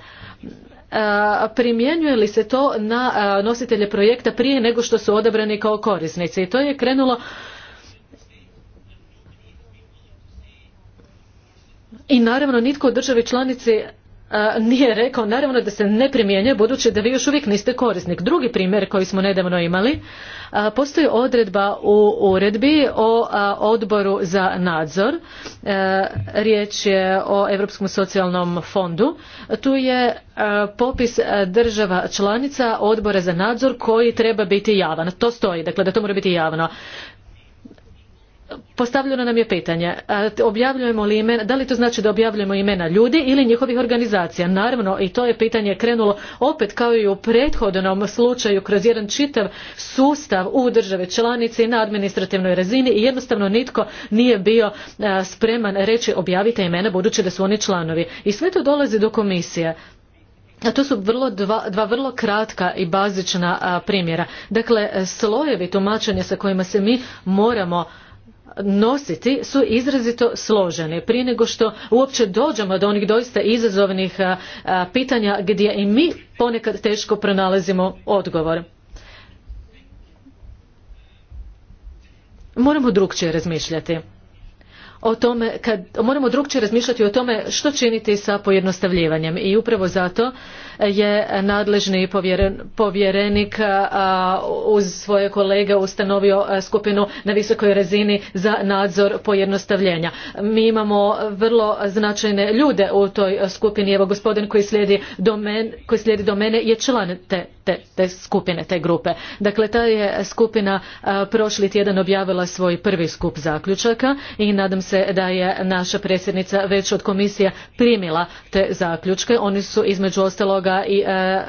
primjenjuje li se to na nositelje projekta prije nego što su odabrani kao korisnici i to je krenulo I naravno nitko u državi članici e, nije rekao naravno da se ne primjenjuje budući da vi još uvijek niste korisnik. Drugi primjer koji smo nedavno imali, e, postoji odredba u uredbi o e, odboru za nadzor. Riječ je o Europskom socijalnom fondu. Tu je popis država članica odbora za nadzor koji treba biti javan. To stoji, dakle da to mora biti javno postavljeno nam je pitanje objavljujemo li imena, da li to znači da objavljujemo imena ljudi ili njihovih organizacija naravno i to je pitanje krenulo opet kao i u prethodnom slučaju kroz jedan čitav sustav u državi i na administrativnoj razini i jednostavno nitko nije bio spreman reći objavite imena budući da su oni članovi i sve to dolazi do komisije a to su vrlo dva, vrlo kratka i bazična primjera. Dakle, e, slojevi tumačenja sa kojima se mi moramo nositi su izrazito složene. Prije nego što uopće dođemo do onih doista izazovnih pitanja gdje i mi ponekad teško pronalazimo odgovor. Moramo drugčije razmišljati o tome kad moramo drugčije razmišljati o tome što činiti sa pojednostavljivanjem i upravo zato je nadležni povjerenik uz svoje kolege ustanovio skupinu na visokoj razini za nadzor pojednostavljenja. Mi imamo vrlo značajne ljude u toj skupini. Evo gospodin koji slijedi do, koji mene je član te, skupine, te grupe. Dakle, ta je skupina prošli tjedan objavila svoj prvi skup zaključaka i nadam se da je naša predsjednica već od komisije primila te zaključke. Oni su između ostaloga i e, e,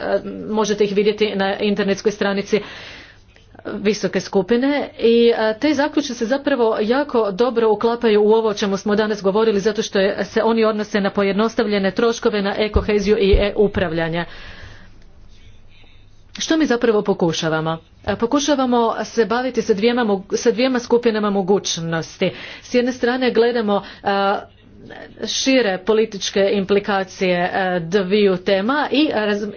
možete ih vidjeti na internetskoj stranici visoke skupine i e, te zaključci se zapravo jako dobro uklapaju u ovo o čemu smo danas govorili zato što se oni odnose na pojednostavljene troškove na ekoheziju i e upravljanje. Što mi zapravo pokušavamo? Pokušavamo se baviti sa dvjema sa dvijema skupinama mogućnosti. S jedne strane gledamo šire političke implikacije e, dviju tema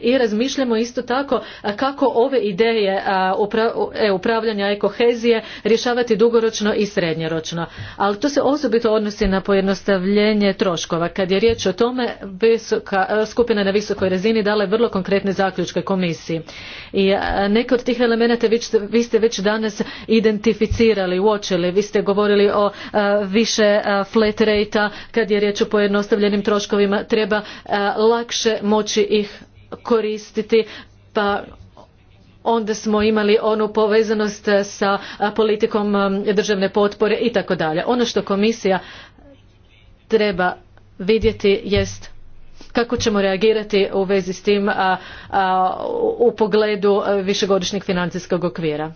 i razmišljamo isto tako e, kako ove ideje e, upravljanja i rješavati dugoročno i srednjeročno. Ali to se osobito odnosi na pojednostavljenje troškova. Kad je riječ o tome, visoka, skupina na visokoj razini dala je vrlo konkretne zaključke komisiji. I neke od tih elemenata vi ste već danas identificirali, uočili. Vi ste govorili o više flat rate kad je riječ o pojednostavljenim troškovima treba e, lakše moći ih koristiti pa onda smo imali onu povezanost e, sa e, politikom državne potpore i tako dalje. Ono što komisija treba vidjeti jest kako ćemo reagirati u vezi s tim u pogledu višegodišnjeg financijskog okvira.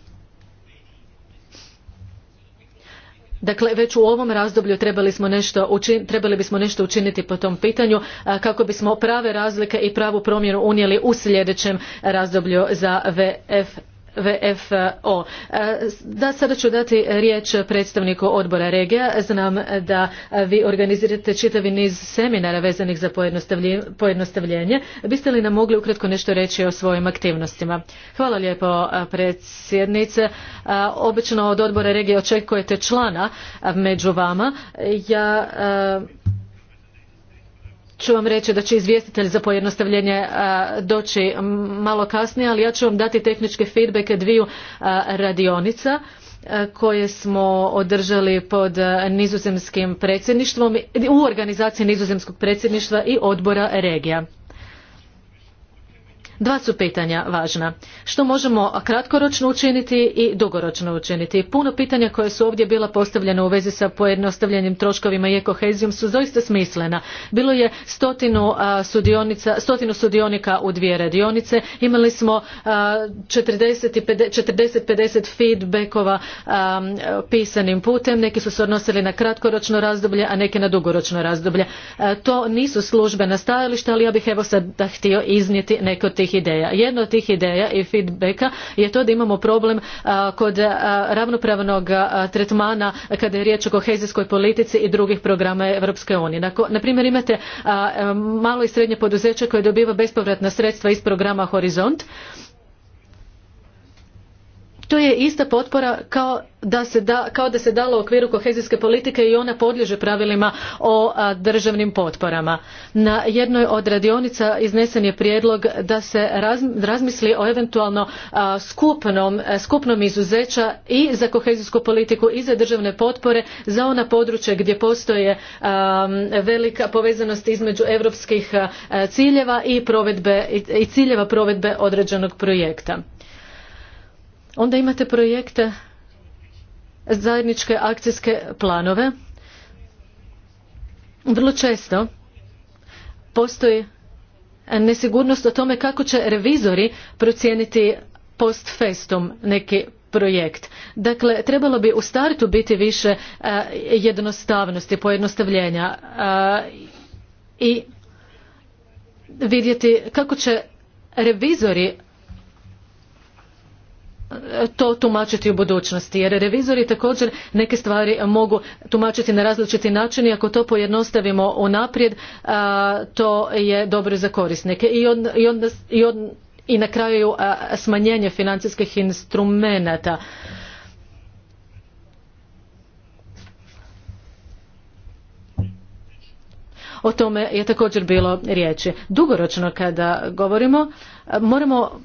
Dakle, već u ovom razdoblju trebali, smo nešto učin, trebali bismo nešto učiniti po tom pitanju kako bismo prave razlike i pravu promjenu unijeli u sljedećem razdoblju za VF. VFO. E, da, sada ću dati riječ predstavniku odbora regija. Znam da vi organizirate čitavi niz seminara vezanih za pojednostavljenje. Biste li nam mogli ukratko nešto reći o svojim aktivnostima? Hvala lijepo e, predsjednice. E, obično od odbora regije očekujete člana među vama. Ja ću vam reći da će izvjestitelj za pojednostavljenje doći malo kasnije, ali ja ću vam dati tehničke feedbacke dviju radionica koje smo održali pod nizozemskim predsjedništvom u organizaciji nizozemskog predsjedništva i odbora regija. Dva su pitanja važna. Što možemo kratkoročno učiniti i dugoročno učiniti? Puno pitanja koje su ovdje bila postavljena u vezi sa pojednostavljenim troškovima i ekohezijom su zaista smislena. Bilo je stotinu, stotinu sudionika u dvije radionice. Imali smo 40-50 feedbackova pisanim putem. Neki su se odnosili na kratkoročno razdoblje, a neki na dugoročno razdoblje. To nisu službena stajališta, ali ja bih evo sada htio iznijeti neko ti tih ideja. Jedna od tih ideja i feedbacka je to da imamo problem kod ravnopravnog tretmana kada je riječ o kohezijskoj politici i drugih programa Europske unije. Na primjer imate malo i srednje poduzeće koje dobiva bespovratna sredstva iz programa Horizont to je ista potpora kao da se, da, kao da se dalo u okviru kohezijske politike i ona podliježe pravilima o državnim potporama. Na jednoj od radionica iznesen je prijedlog da se razmisli o eventualno skupnom, skupnom izuzeća i za kohezijsku politiku i za državne potpore za ona područja gdje postoje velika povezanost između europskih ciljeva i, provedbe, i ciljeva provedbe određenog projekta. Onda imate projekte zajedničke akcijske planove. Vrlo često postoji nesigurnost o tome kako će revizori procijeniti post festum neki projekt. Dakle, trebalo bi u startu biti više e, jednostavnosti, pojednostavljenja e, i vidjeti kako će revizori to tumačiti u budućnosti jer revizori također neke stvari mogu tumačiti na različiti način i ako to pojednostavimo unaprijed to je dobro za korisnike i, i, i, na kraju smanjenje financijskih instrumenata o tome je također bilo riječi dugoročno kada govorimo moramo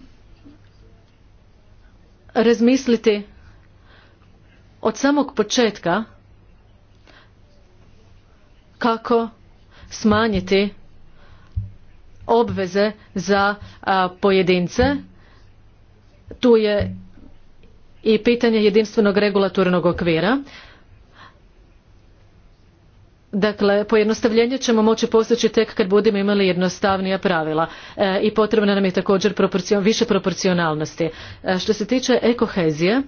razmisliti od samog početka kako smanjiti obveze za pojedince tu je i pitanje jedinstvenog regulatornog okvira Dakle, pojednostavljenje ćemo moći postići tek kad budemo imali jednostavnija pravila e, i potrebna nam je također proporcion, više proporcionalnosti. E, što se tiče ekohezije,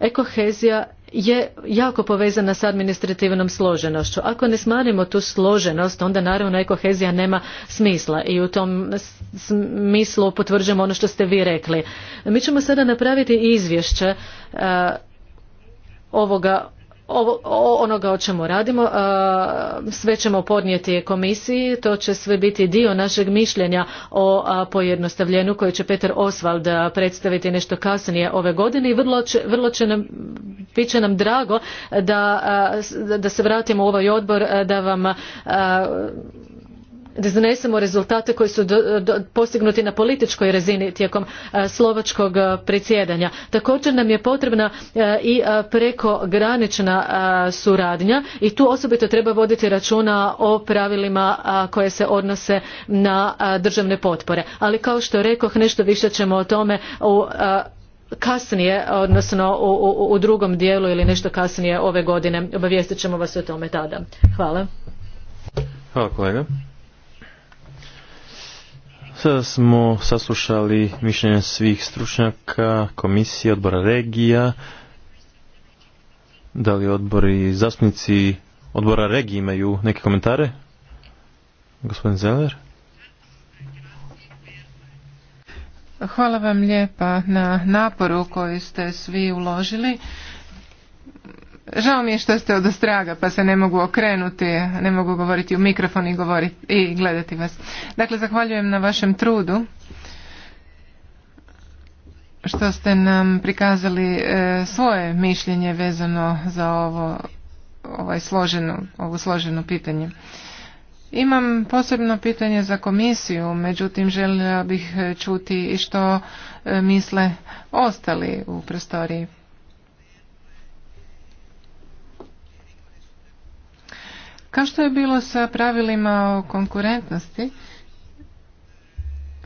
ekohezija je jako povezana s administrativnom složenošću. Ako ne smanjimo tu složenost, onda naravno ekohezija nema smisla i u tom smislu potvrđujemo ono što ste vi rekli. Mi ćemo sada napraviti izvješće e, ovoga ovo, onoga o čemu radimo. Sve ćemo podnijeti komisiji, to će sve biti dio našeg mišljenja o pojednostavljenju koje će Peter Oswald predstaviti nešto kasnije ove godine i vrlo će, nam, bit će nam drago da, da se vratimo u ovaj odbor da vam iznesemo rezultate koji su postignuti na političkoj razini tijekom e, slovačkog e, predsjedanja. Također nam je potrebna e, i prekogranična suradnja i tu osobito treba voditi računa o pravilima koja koje se odnose na državne potpore. Ali kao što rekoh, nešto više ćemo o tome u kasnije, odnosno u, drugom dijelu ili nešto kasnije ove godine. Obavijestit ćemo vas o tome tada. Hvala. Hvala kolega. Sada smo saslušali mišljenje svih stručnjaka, komisije, odbora regija, da li odbori zastupnici odbora regije imaju neke komentare? Gospodin Zeller? Hvala vam lijepa na naporu koji ste svi uložili. Žao mi je što ste ostraga, pa se ne mogu okrenuti, ne mogu govoriti u mikrofon i, govoriti, i gledati vas. Dakle, zahvaljujem na vašem trudu što ste nam prikazali e, svoje mišljenje vezano za ovo ovaj složeno, ovo složeno pitanje. Imam posebno pitanje za komisiju, međutim želio bih čuti i što e, misle ostali u prostoriji. Kao što je bilo sa pravilima o konkurentnosti,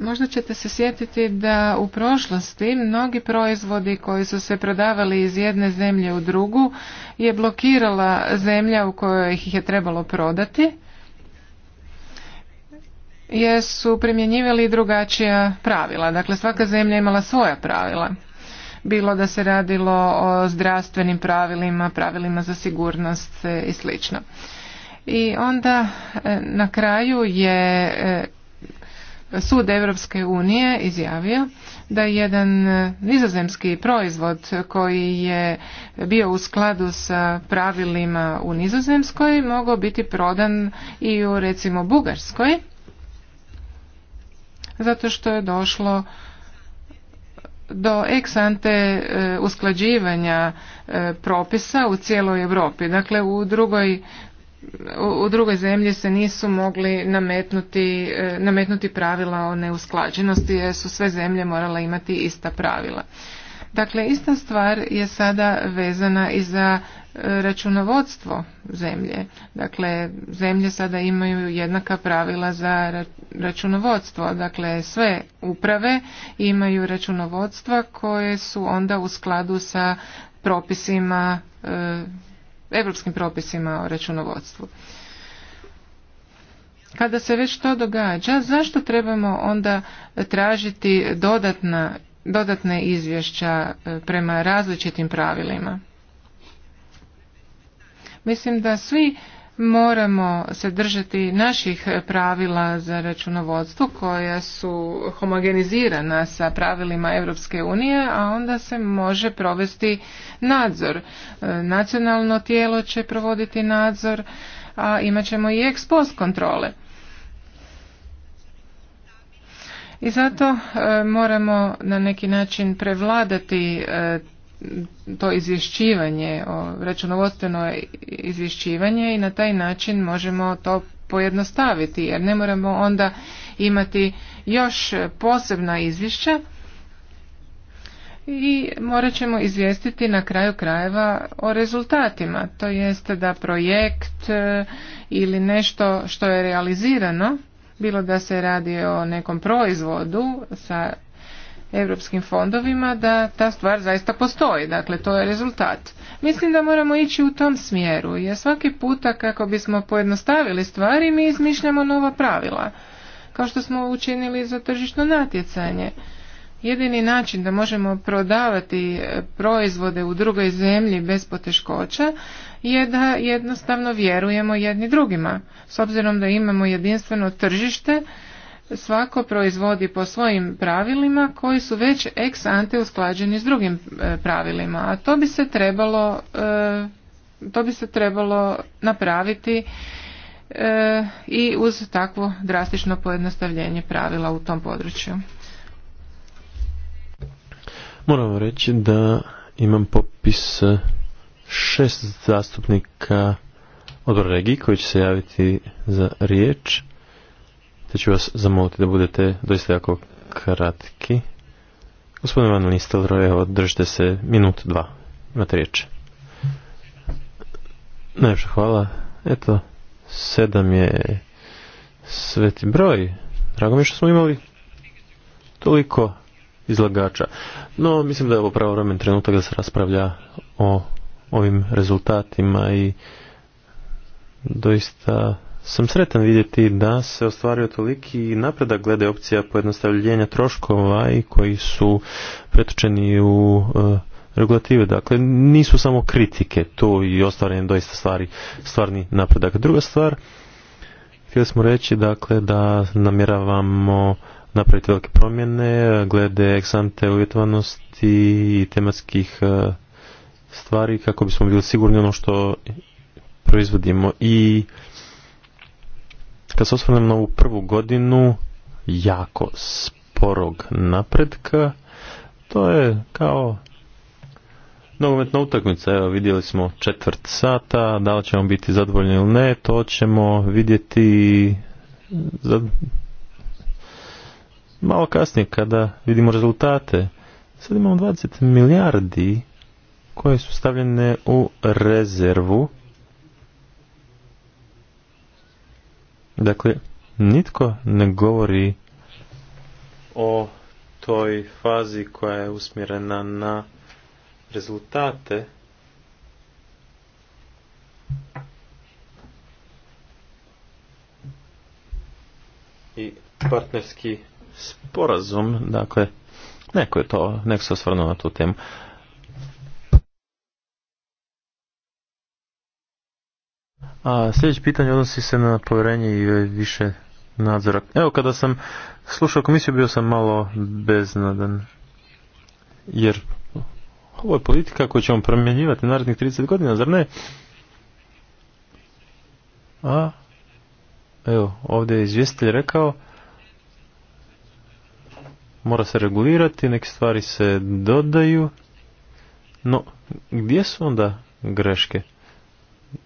možda ćete se sjetiti da u prošlosti mnogi proizvodi koji su se prodavali iz jedne zemlje u drugu je blokirala zemlja u kojoj ih je trebalo prodati jer su primjenjivali drugačija pravila. Dakle, svaka zemlja imala svoja pravila. Bilo da se radilo o zdravstvenim pravilima, pravilima za sigurnost i sl. I onda e, na kraju je e, sud Europske unije izjavio da jedan e, nizozemski proizvod koji je bio u skladu sa pravilima u nizozemskoj mogao biti prodan i u recimo Bugarskoj zato što je došlo do eksante usklađivanja propisa u cijeloj Europi. Dakle, u drugoj u drugoj zemlji se nisu mogli nametnuti, e, nametnuti pravila o neusklađenosti jer su sve zemlje morale imati ista pravila. Dakle, ista stvar je sada vezana i za e, računovodstvo zemlje. Dakle, zemlje sada imaju jednaka pravila za računovodstvo. Dakle, sve uprave imaju računovodstva koje su onda u skladu sa propisima e, europskim propisima o računovodstvu. Kada se već to događa, zašto trebamo onda tražiti dodatna, dodatne izvješća e, prema različitim pravilima? Mislim da svi moramo se držati naših pravila za računovodstvo koja su homogenizirana sa pravilima Europske unije, a onda se može provesti nadzor. E, nacionalno tijelo će provoditi nadzor, a imat ćemo i ex post kontrole. I zato e, moramo na neki način prevladati e, to izvješćivanje, računovodstveno izvješćivanje i na taj način možemo to pojednostaviti jer ne moramo onda imati još posebna izvješća i morat ćemo izvijestiti na kraju krajeva o rezultatima. To jest da projekt e, ili nešto što je realizirano, bilo da se radi o nekom proizvodu sa europskim fondovima da ta stvar zaista postoji. Dakle, to je rezultat. Mislim da moramo ići u tom smjeru jer svaki puta kako bismo pojednostavili stvari mi izmišljamo nova pravila. Kao što smo učinili za tržišno natjecanje. Jedini način da možemo prodavati e, proizvode u drugoj zemlji bez poteškoća je da jednostavno vjerujemo jedni drugima. S obzirom da imamo jedinstveno tržište, svako proizvodi po svojim pravilima koji su već ex ante usklađeni s drugim e, pravilima, a to bi se trebalo, e, to bi se trebalo napraviti e, i uz takvo drastično pojednostavljenje pravila u tom području. Moramo reći da imam popis šest zastupnika od regiji koji će se javiti za riječ, te ću vas zamoliti da budete doista jako kratki. Gospodin Van Nistelro, evo, držite se minut, dva. Imate riječ. Najljepša hvala. Eto, sedam je sveti broj. Drago mi što smo imali toliko izlagača. No, mislim da je ovo vremen trenutak da se raspravlja o ovim rezultatima i doista sam sretan vidjeti da se ostvario toliki napredak glede opcija pojednostavljenja troškova i koji su pretočeni u e, regulative. Dakle, nisu samo kritike to i ostvaren doista stvari, stvarni napredak. Druga stvar, htjeli smo reći dakle, da namjeravamo napraviti velike promjene glede eksante uvjetovanosti i tematskih e, stvari kako bismo bili sigurni ono što proizvodimo i kad se osvrnem na ovu prvu godinu jako sporog napretka, to je kao nogometna utakmica. Evo, vidjeli smo četvrt sata, da li ćemo biti zadovoljni ili ne, to ćemo vidjeti za... malo kasnije kada vidimo rezultate. Sad imamo 20 milijardi koje su stavljene u rezervu Dakle, nitko ne govori o toj fazi koja je usmjerena na rezultate i partnerski sporazum, dakle, neko je to, neko se osvrnuo na tu temu. A sljedeće pitanje odnosi se na povjerenje i više nadzora. Evo, kada sam slušao komisiju, bio sam malo beznadan. Jer ovo je politika koju ćemo promjenjivati narednih 30 godina, zar ne? A, evo, ovdje je izvjestitelj rekao, mora se regulirati, neke stvari se dodaju, no gdje su onda greške?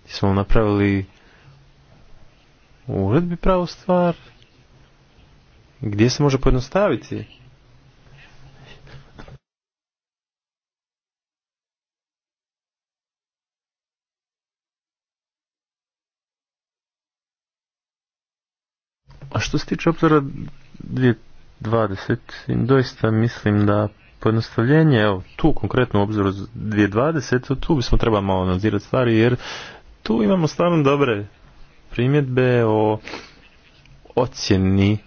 smo napravili u uredbi pravu stvar, gdje se može pojednostaviti? A što se tiče obzora 2020, doista mislim da pojednostavljenje, evo, tu konkretno u obzoru 2020, tu bismo trebali malo analizirati stvari, jer tu imamo stvarno dobre primjedbe o ocjeni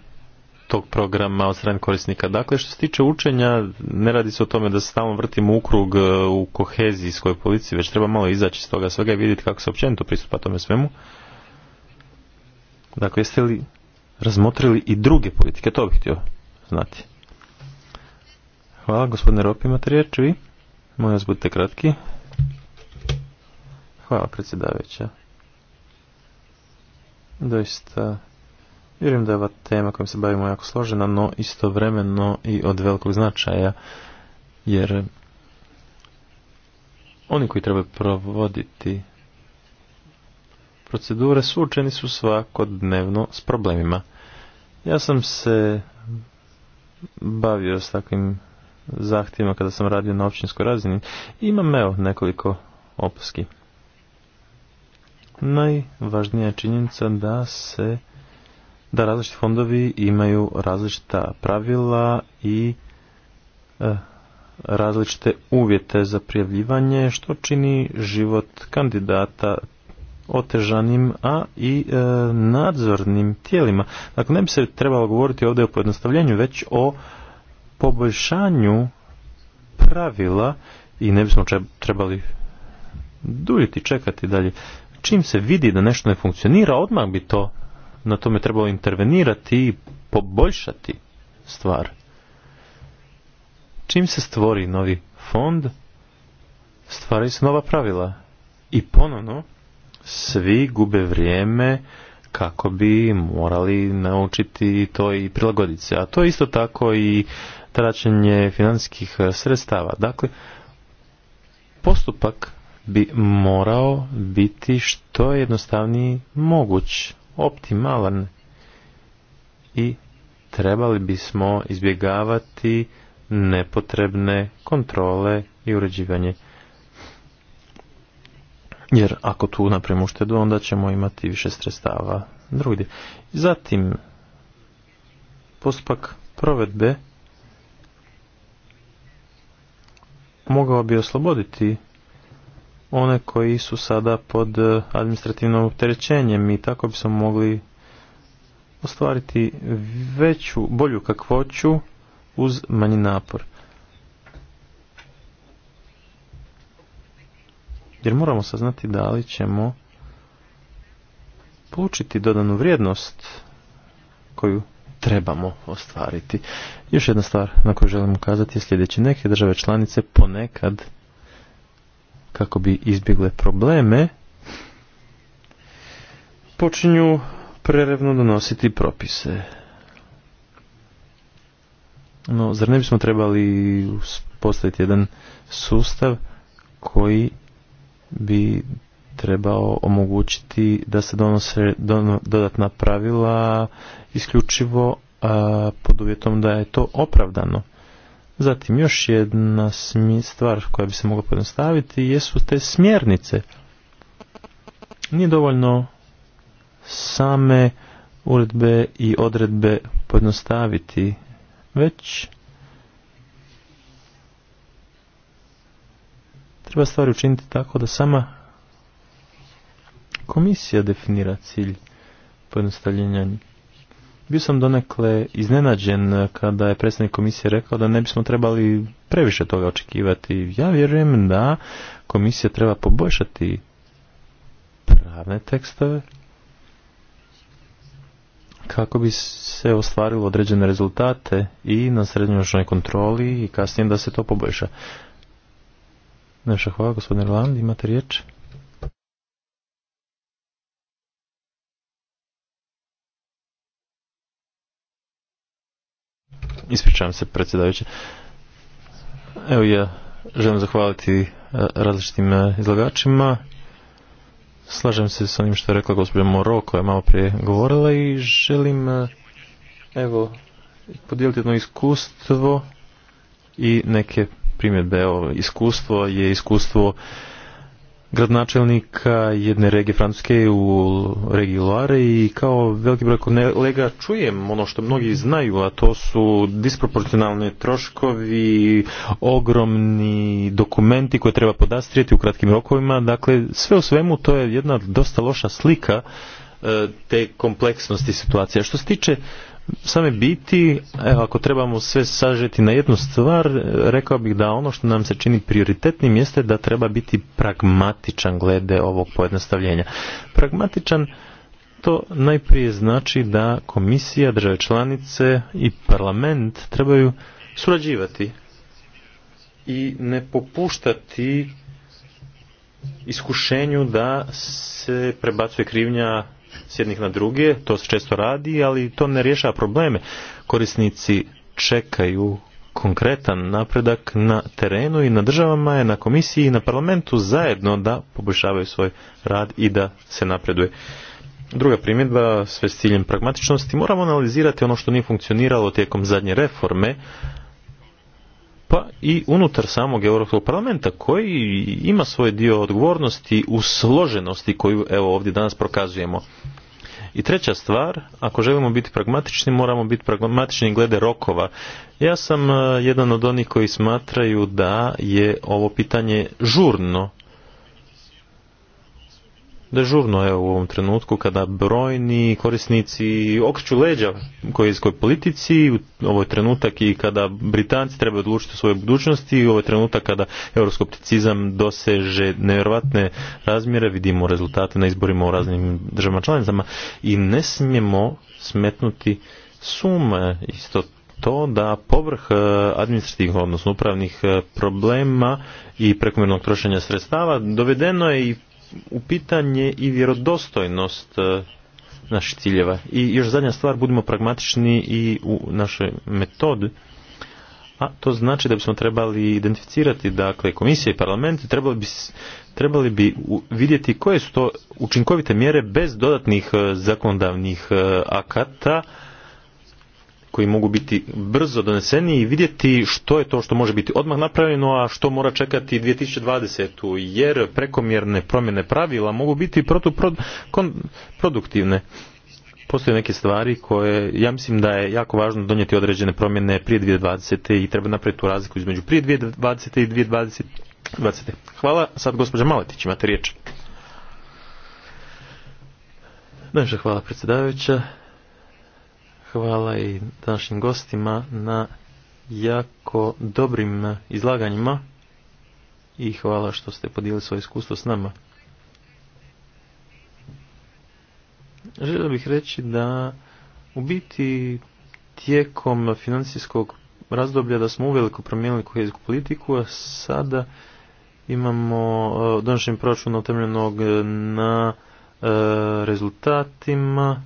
tog programa od strane korisnika. Dakle, što se tiče učenja, ne radi se o tome da se stalno vrtimo u krug e, u kohezijskoj policiji, već treba malo izaći iz toga svega i vidjeti kako se općenito pristupa tome svemu. Dakle, jeste li razmotrili i druge politike? To bih htio znati. Hvala, gospodine Rop, imate riječ vi? Molim vas, budite kratki. Hvala, predsjedavajuća. Doista, vjerujem da je ova tema kojom se bavimo jako složena, no istovremeno i od velikog značaja, jer oni koji trebaju provoditi procedure suočeni su svakodnevno s problemima. Ja sam se bavio s takvim zahtjevima kada sam radio na općinskoj razini. Imam evo nekoliko opski. Najvažnija je činjenica da se da različiti fondovi imaju različita pravila i e, različite uvjete za prijavljivanje što čini život kandidata otežanim, a i e, nadzornim tijelima. Dakle, ne bi se trebalo govoriti ovdje o pojednostavljenju, već o poboljšanju pravila i ne bismo trebali duljiti, čekati dalje. Čim se vidi da nešto ne funkcionira, odmah bi to na tome trebalo intervenirati i poboljšati stvar. Čim se stvori novi fond, stvaraju se nova pravila. I ponovno, svi gube vrijeme kako bi morali naučiti to i prilagoditi se. A to je isto tako i tračenje financijskih e, sredstava. Dakle, postupak bi morao biti što jednostavniji moguć, optimalan i trebali bismo izbjegavati nepotrebne kontrole i uređivanje. Jer ako tu napravimo uštedu, onda ćemo imati više sredstava drugdje. Zatim, postupak provedbe mogao bi osloboditi one koji su sada pod eh, administrativnom opterećenjem i tako bi smo mogli ostvariti veću, bolju kakvoću uz manji napor. Jer moramo saznati da li ćemo polučiti dodanu vrijednost koju trebamo ostvariti. Još jedna stvar na koju želim ukazati je sljedeći. Neke države članice ponekad, kako bi izbjegle probleme, počinju prerevno donositi propise. No, zar ne bismo trebali postaviti jedan sustav koji bi trebao omogućiti da se donose dodatna pravila isključivo pod uvjetom da je to opravdano. Zatim još jedna stvar koja bi se mogla pojednostaviti jesu te smjernice. Nije dovoljno same uredbe i odredbe pojednostaviti, već treba stvari učiniti tako da sama komisija definira cilj pojednostavljenja bio sam donekle iznenađen kada je predsjednik komisije rekao da ne bismo trebali previše toga očekivati. Ja vjerujem da komisija treba poboljšati pravne tekstove kako bi se ostvarilo određene rezultate i na srednjoročnoj kontroli i kasnije da se to poboljša. Naša hvala, gospodine Roland, imate riječ? Ispričavam se predsjedavajući. Evo ja želim zahvaliti e, različitim e, izlagačima. Slažem se s onim što je rekla gospođa Moro koja je malo prije govorila i želim e, evo podijeliti jedno iskustvo i neke primjedbe. Evo, iskustvo je iskustvo gradonačelnika jedne regije Francuske u regiji i kao veliki broj kolega čujem ono što mnogi znaju, a to su disproporcionalni troškovi, ogromni dokumenti koje treba podastrijeti u kratkim rokovima. Dakle, sve u svemu to je jedna dosta loša slika e, te kompleksnosti situacije. Što se tiče same biti, evo, ako trebamo sve sažeti na jednu stvar, rekao bih da ono što nam se čini prioritetnim jeste da treba biti pragmatičan glede ovog pojednostavljenja. Pragmatičan to najprije znači da komisija, države članice i parlament trebaju surađivati i ne popuštati iskušenju da se prebacuje krivnja s jednih na druge, to se često radi, ali to ne rješava probleme. Korisnici čekaju konkretan napredak na terenu i na državama je, na komisiji i na parlamentu zajedno da poboljšavaju svoj rad i da se napreduje. Druga primjedba, sve s ciljem pragmatičnosti, moramo analizirati ono što nije funkcioniralo tijekom zadnje reforme, pa i unutar samog Europskog parlamenta koji ima svoj dio odgovornosti u složenosti koju evo ovdje danas prokazujemo. I treća stvar, ako želimo biti pragmatični, moramo biti pragmatični glede rokova. Ja sam e, jedan od onih koji smatraju da je ovo pitanje žurno dežurno je u ovom trenutku kada brojni korisnici okreću leđa kojeskoj politici, u ovoj trenutak i kada Britanci trebaju odlučiti o svojoj budućnosti, u ovaj trenutak kada euroskopticizam doseže nevjerojatne razmjere, vidimo rezultate na izborima u raznim državama članicama i ne smijemo smetnuti sume isto to da povrh e, administrativnih, odnosno upravnih e, problema i prekomjernog trošenja sredstava dovedeno je i u pitanje i vjerodostojnost e, naših ciljeva. I još zadnja stvar, budimo pragmatični i u našoj metodi. A to znači da bismo trebali identificirati, dakle, komisije i parlamenti trebali bi, trebali bi vidjeti koje su to učinkovite mjere bez dodatnih e, zakonodavnih e, akata, koji mogu biti brzo doneseni i vidjeti što je to što može biti odmah napravljeno, a što mora čekati 2020. jer prekomjerne promjene pravila mogu biti produktivne. Postoje neke stvari koje, ja mislim da je jako važno donijeti određene promjene prije 2020. i treba napraviti tu razliku između prije 2020. i 2020. Hvala. Sad gospođa Maletić, imate riječ. Najviše hvala predsjedavajuća. Hvala i današnjim gostima na jako dobrim izlaganjima i hvala što ste podijeli svoje iskustvo s nama. Želio bih reći da u biti tijekom financijskog razdoblja da smo uveliko promijenili kohezijsku politiku, a sada imamo e, donošenje proračuna utemljenog na e, rezultatima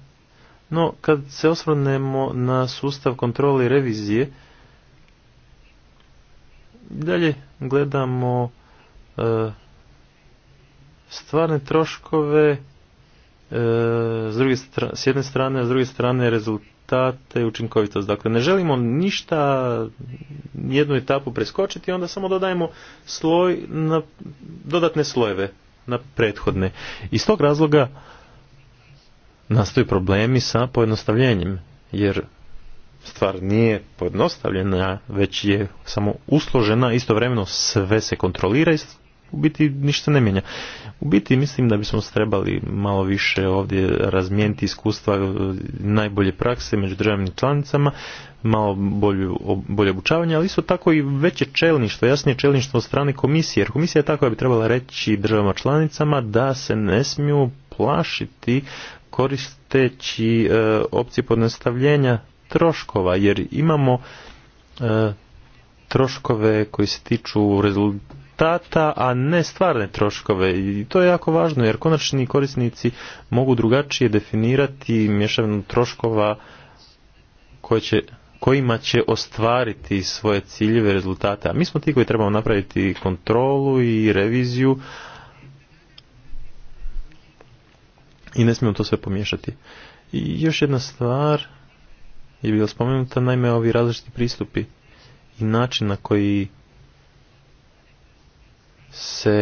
no, kad se osvrnemo na sustav kontrole i revizije, dalje gledamo e, stvarne troškove e, s, s jedne strane, a s druge strane rezultate i učinkovitost. Dakle, ne želimo ništa, jednu etapu preskočiti, onda samo dodajemo sloj na, dodatne slojeve na prethodne. Iz tog razloga nastaju problemi sa pojednostavljenjem, jer stvar nije pojednostavljena, već je samo usložena, istovremeno sve se kontrolira i u biti ništa ne mijenja. U biti mislim da bismo trebali malo više ovdje razmijeniti iskustva e, najbolje prakse među državnim članicama, malo bolje obučavanje, ali isto tako i veće čelništvo, jasnije čelništvo od strane komisije, jer komisija je tako, koja bi trebala reći državama članicama da se ne smiju plašiti koristeći e, opcije podnastavljenja troškova, jer imamo e, troškove koji se tiču rezultata, a ne stvarne troškove. I to je jako važno, jer konačni korisnici mogu drugačije definirati mješavinu troškova koje će kojima će ostvariti svoje ciljeve rezultate. A mi smo ti koji trebamo napraviti kontrolu i reviziju, i ne smijemo to sve pomiješati. I još jedna stvar je bila spomenuta, naime ovi različiti pristupi i način na koji se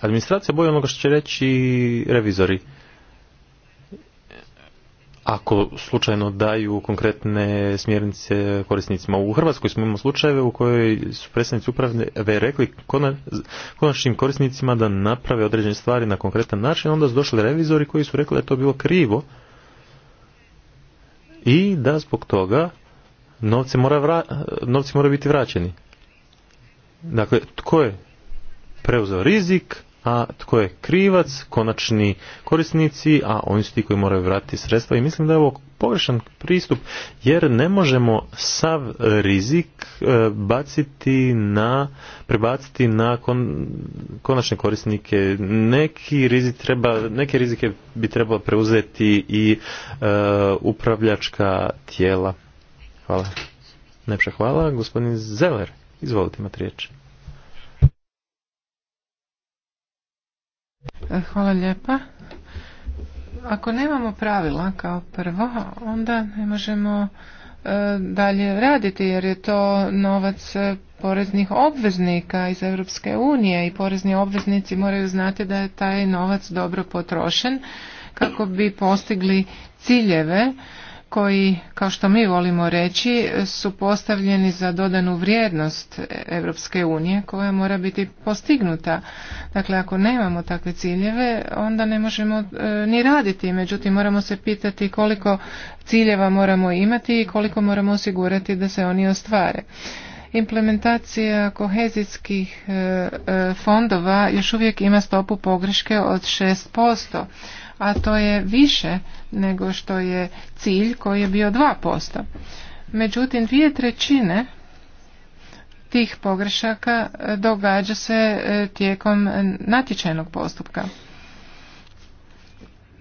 administracija boji onoga što će reći revizori ako slučajno daju konkretne smjernice korisnicima. U Hrvatskoj smo imali slučajeve u kojoj su predstavnici uprave rekli konačnim korisnicima da naprave određene stvari na konkretan način, onda su došli revizori koji su rekli da je to bilo krivo i da zbog toga novci moraju mora biti vraćeni. Dakle, tko je preuzeo rizik, a tko je krivac, konačni korisnici, a oni su ti koji moraju vratiti sredstva i mislim da je ovo površan pristup jer ne možemo sav rizik e, baciti na prebaciti na konačne korisnike neki rizik treba neke rizike bi trebalo preuzeti i e, upravljačka tijela hvala najprije hvala gospodin Zeller izvolite imate riječ E, hvala lijepa. Ako nemamo pravila kao prvo, onda ne možemo e, dalje raditi jer je to novac e, poreznih obveznika iz Europske unije i porezni obveznici moraju znati da je taj novac dobro potrošen kako bi postigli ciljeve koji, kao što mi volimo reći, su postavljeni za dodanu vrijednost Europske unije koja mora biti postignuta. Dakle, ako nemamo takve ciljeve, onda ne možemo e, ni raditi. Međutim, moramo se pitati koliko ciljeva moramo imati i koliko moramo osigurati da se oni ostvare. Implementacija kohezijskih e, e, fondova još uvijek ima stopu pogreške od 6% a to je više nego što je cilj koji je bio 2%. Međutim, dvije trećine tih pogrešaka događa se e, tijekom e, natječajnog postupka.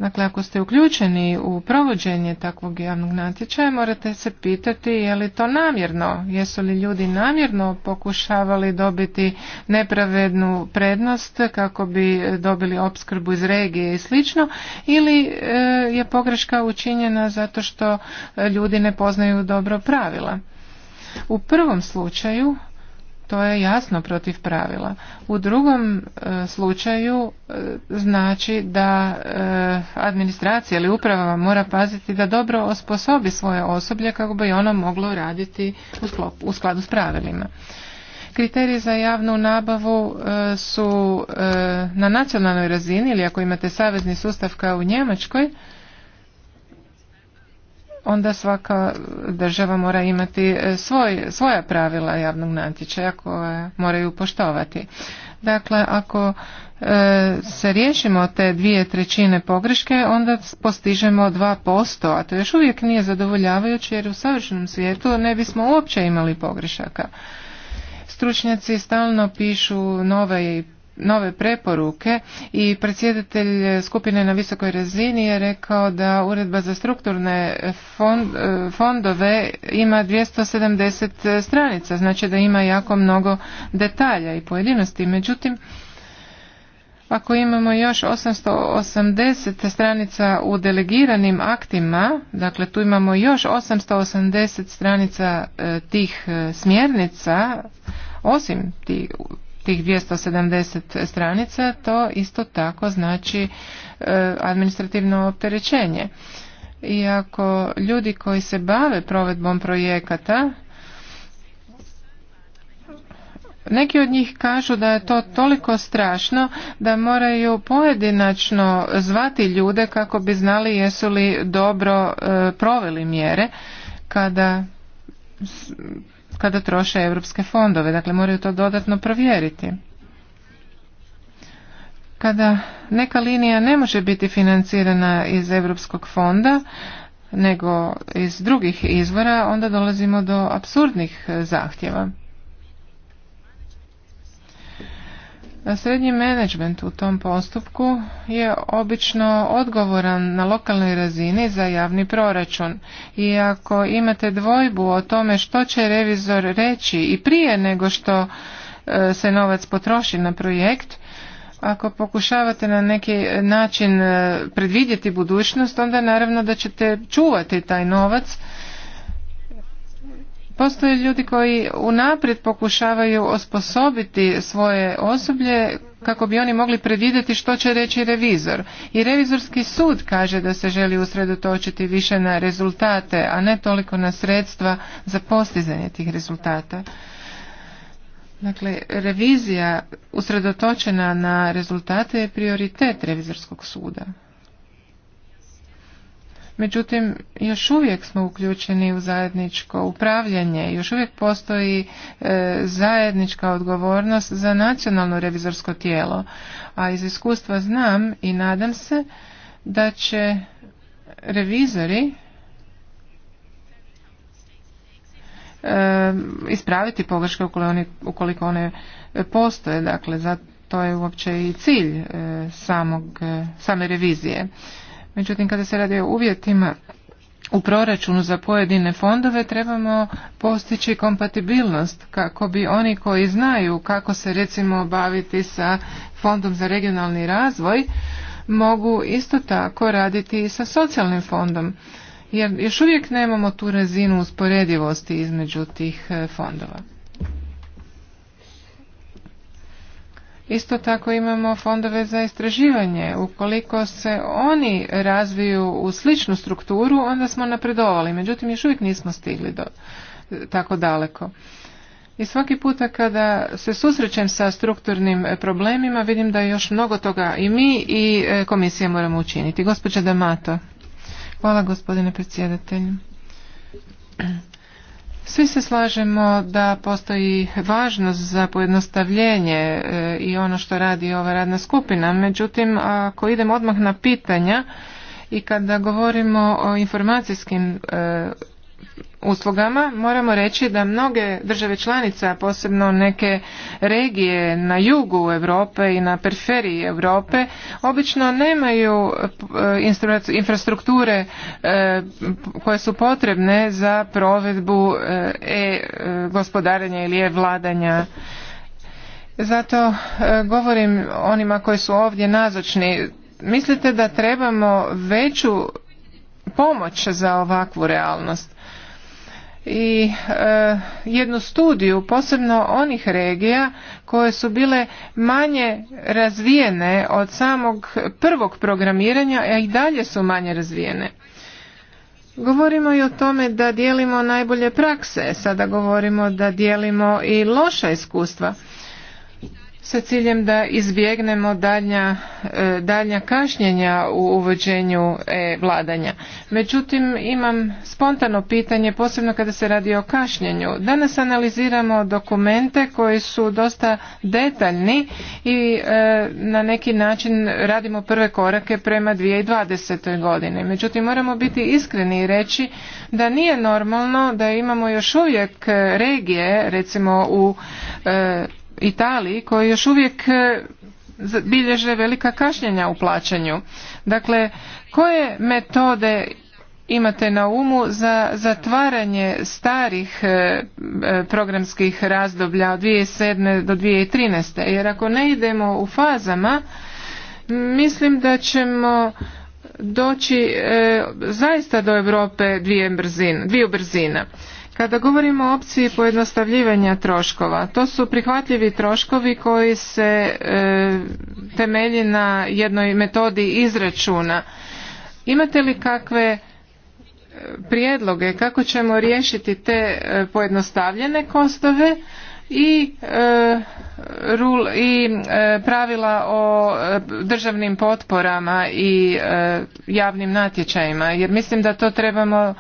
Dakle, ako ste uključeni u provođenje takvog javnog natječaja, morate se pitati je li to namjerno, jesu li ljudi namjerno pokušavali dobiti nepravednu prednost kako bi e, dobili opskrbu iz regije i slično, ili e, je pogreška učinjena zato što e, ljudi ne poznaju dobro pravila. U prvom slučaju to je jasno protiv pravila. U drugom e, slučaju e, znači da e, administracija ili uprava mora paziti da dobro osposobi svoje osoblje kako bi ono moglo raditi u, u skladu s pravilima. Kriteriji za javnu nabavu su na nacionalnoj razini ili ako imate savezni sustav kao u Njemačkoj, onda svaka država mora imati e, svoj, svoja pravila javnog natječaja koje moraju poštovati. Dakle, ako e, se riješimo te dvije trećine pogreške, onda postižemo 2%, a to još uvijek nije zadovoljavajuće jer u savršenom svijetu ne bismo uopće imali pogrešaka. Stručnjaci stalno pišu nove i nove preporuke i predsjedatelj skupine na visokoj razini je rekao da uredba za strukturne e, fondove ima 270 stranica, znači da ima jako mnogo detalja i pojedinosti. Međutim, ako imamo još 880 stranica u delegiranim aktima, dakle tu imamo još 880 stranica e, tih e, smjernica, osim tih tih 270 stranica, to isto tako znači e, administrativno opterećenje. I ako ljudi koji se bave provedbom projekata, neki od njih kažu da je to toliko strašno da moraju pojedinačno zvati ljude kako bi znali jesu li dobro e, proveli mjere kada kada troše europske fondove. Dakle, moraju to dodatno provjeriti. Kada neka linija ne može biti financirana iz Europskog fonda, nego iz drugih izvora, onda dolazimo do apsurdnih zahtjeva. Srednji menadžment u tom postupku je obično odgovoran na lokalnoj razini za javni proračun i ako imate dvojbu o tome što će revizor reći i prije nego što e, se novac potroši na projekt, ako pokušavate na neki način e, predvidjeti budućnost, onda naravno da ćete čuvati taj novac Postoje ljudi koji unaprijed pokušavaju osposobiti svoje osoblje kako bi oni mogli predvidjeti što će reći revizor. I revizorski sud kaže da se želi usredotočiti više na rezultate, a ne toliko na sredstva za postizanje tih rezultata. Dakle, revizija usredotočena na rezultate je prioritet revizorskog suda međutim još uvijek smo uključeni u zajedničko upravljanje, još uvijek postoji e, zajednička odgovornost za nacionalno revizorsko tijelo, a iz iskustva znam i nadam se da će revizori e, ispraviti pogreške ukoliko one postoje, dakle za to je uopće i cilj e, samog, same revizije. Međutim, kada se radi o uvjetima u proračunu za pojedine fondove trebamo postići kompatibilnost kako bi oni koji znaju kako se recimo baviti sa fondom za regionalni razvoj mogu isto tako raditi i sa socijalnim fondom jer još uvijek nemamo tu razinu usporedivosti između tih e, fondova. Isto tako imamo fondove za istraživanje. Ukoliko se oni razviju u sličnu strukturu, onda smo napredovali. Međutim, još uvijek nismo stigli do, tako daleko. I svaki puta kada se susrećem sa strukturnim problemima, vidim da je još mnogo toga i mi i e, komisija moramo učiniti. Gospođa Damato. Hvala gospodine predsjedatelju. Svi se slažemo da postoji važnost za pojednostavljenje e, i ono što radi ova radna skupina. Međutim, ako idemo odmah na pitanja i kada govorimo o informacijskim e, uslugama moramo reći da mnoge države članica, posebno neke regije na jugu Europe i na periferiji Europe, obično nemaju e, infrastrukture e, koje su potrebne za provedbu e-gospodarenja e, ili e-vladanja zato govorim onima koji su ovdje nazočni mislite da trebamo veću pomoć za ovakvu realnost i e, jednu studiju posebno onih regija koje su bile manje razvijene od samog prvog programiranja a i dalje su manje razvijene govorimo i o tome da dijelimo najbolje prakse sada govorimo da dijelimo i loša iskustva sa ciljem da izbjegnemo daljnja, e, daljnja kašnjenja u uvođenju vladanja. Međutim, imam spontano pitanje, posebno kada se radi o kašnjenju. Danas analiziramo dokumente koji su dosta detaljni i e, na neki način radimo prve korake prema 2020. godine. Međutim, moramo biti iskreni i reći da nije normalno da imamo još uvijek regije, recimo u e, Italiji koji još uvijek e, bilježe velika kašnjenja u plaćanju. Dakle, koje metode imate na umu za zatvaranje starih e, e, programskih razdoblja od 2007. do 2013. Jer ako ne idemo u fazama, mislim da ćemo doći zaista do Europe dvije dviju brzina. Kada govorimo o opciji pojednostavljivanja troškova, to su prihvatljivi troškovi koji se e, temelji na jednoj metodi izračuna. Imate li kakve e, prijedloge kako ćemo riješiti te e, pojednostavljene kostove i, e, i pravila o državnim potporama i javnim natječajima jer mislim da to trebamo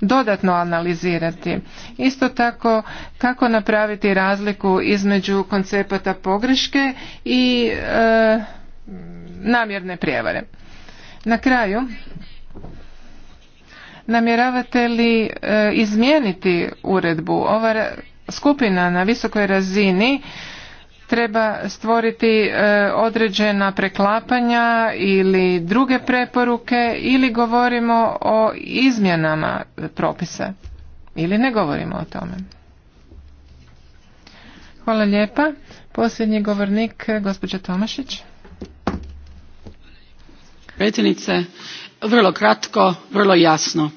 dodatno analizirati. Isto tako kako napraviti razliku između koncepata pogreške i e, namjerne prijevare. Na kraju namjeravate li e, izmijeniti uredbu? Ova skupina na visokoj razini treba stvoriti e, određena preklapanja ili druge preporuke ili govorimo o izmjenama propisa ili ne govorimo o tome. Hvala lijepa. Posljednji govornik, e, gospođa Tomašić. Predsjednice, vrlo kratko, vrlo jasno.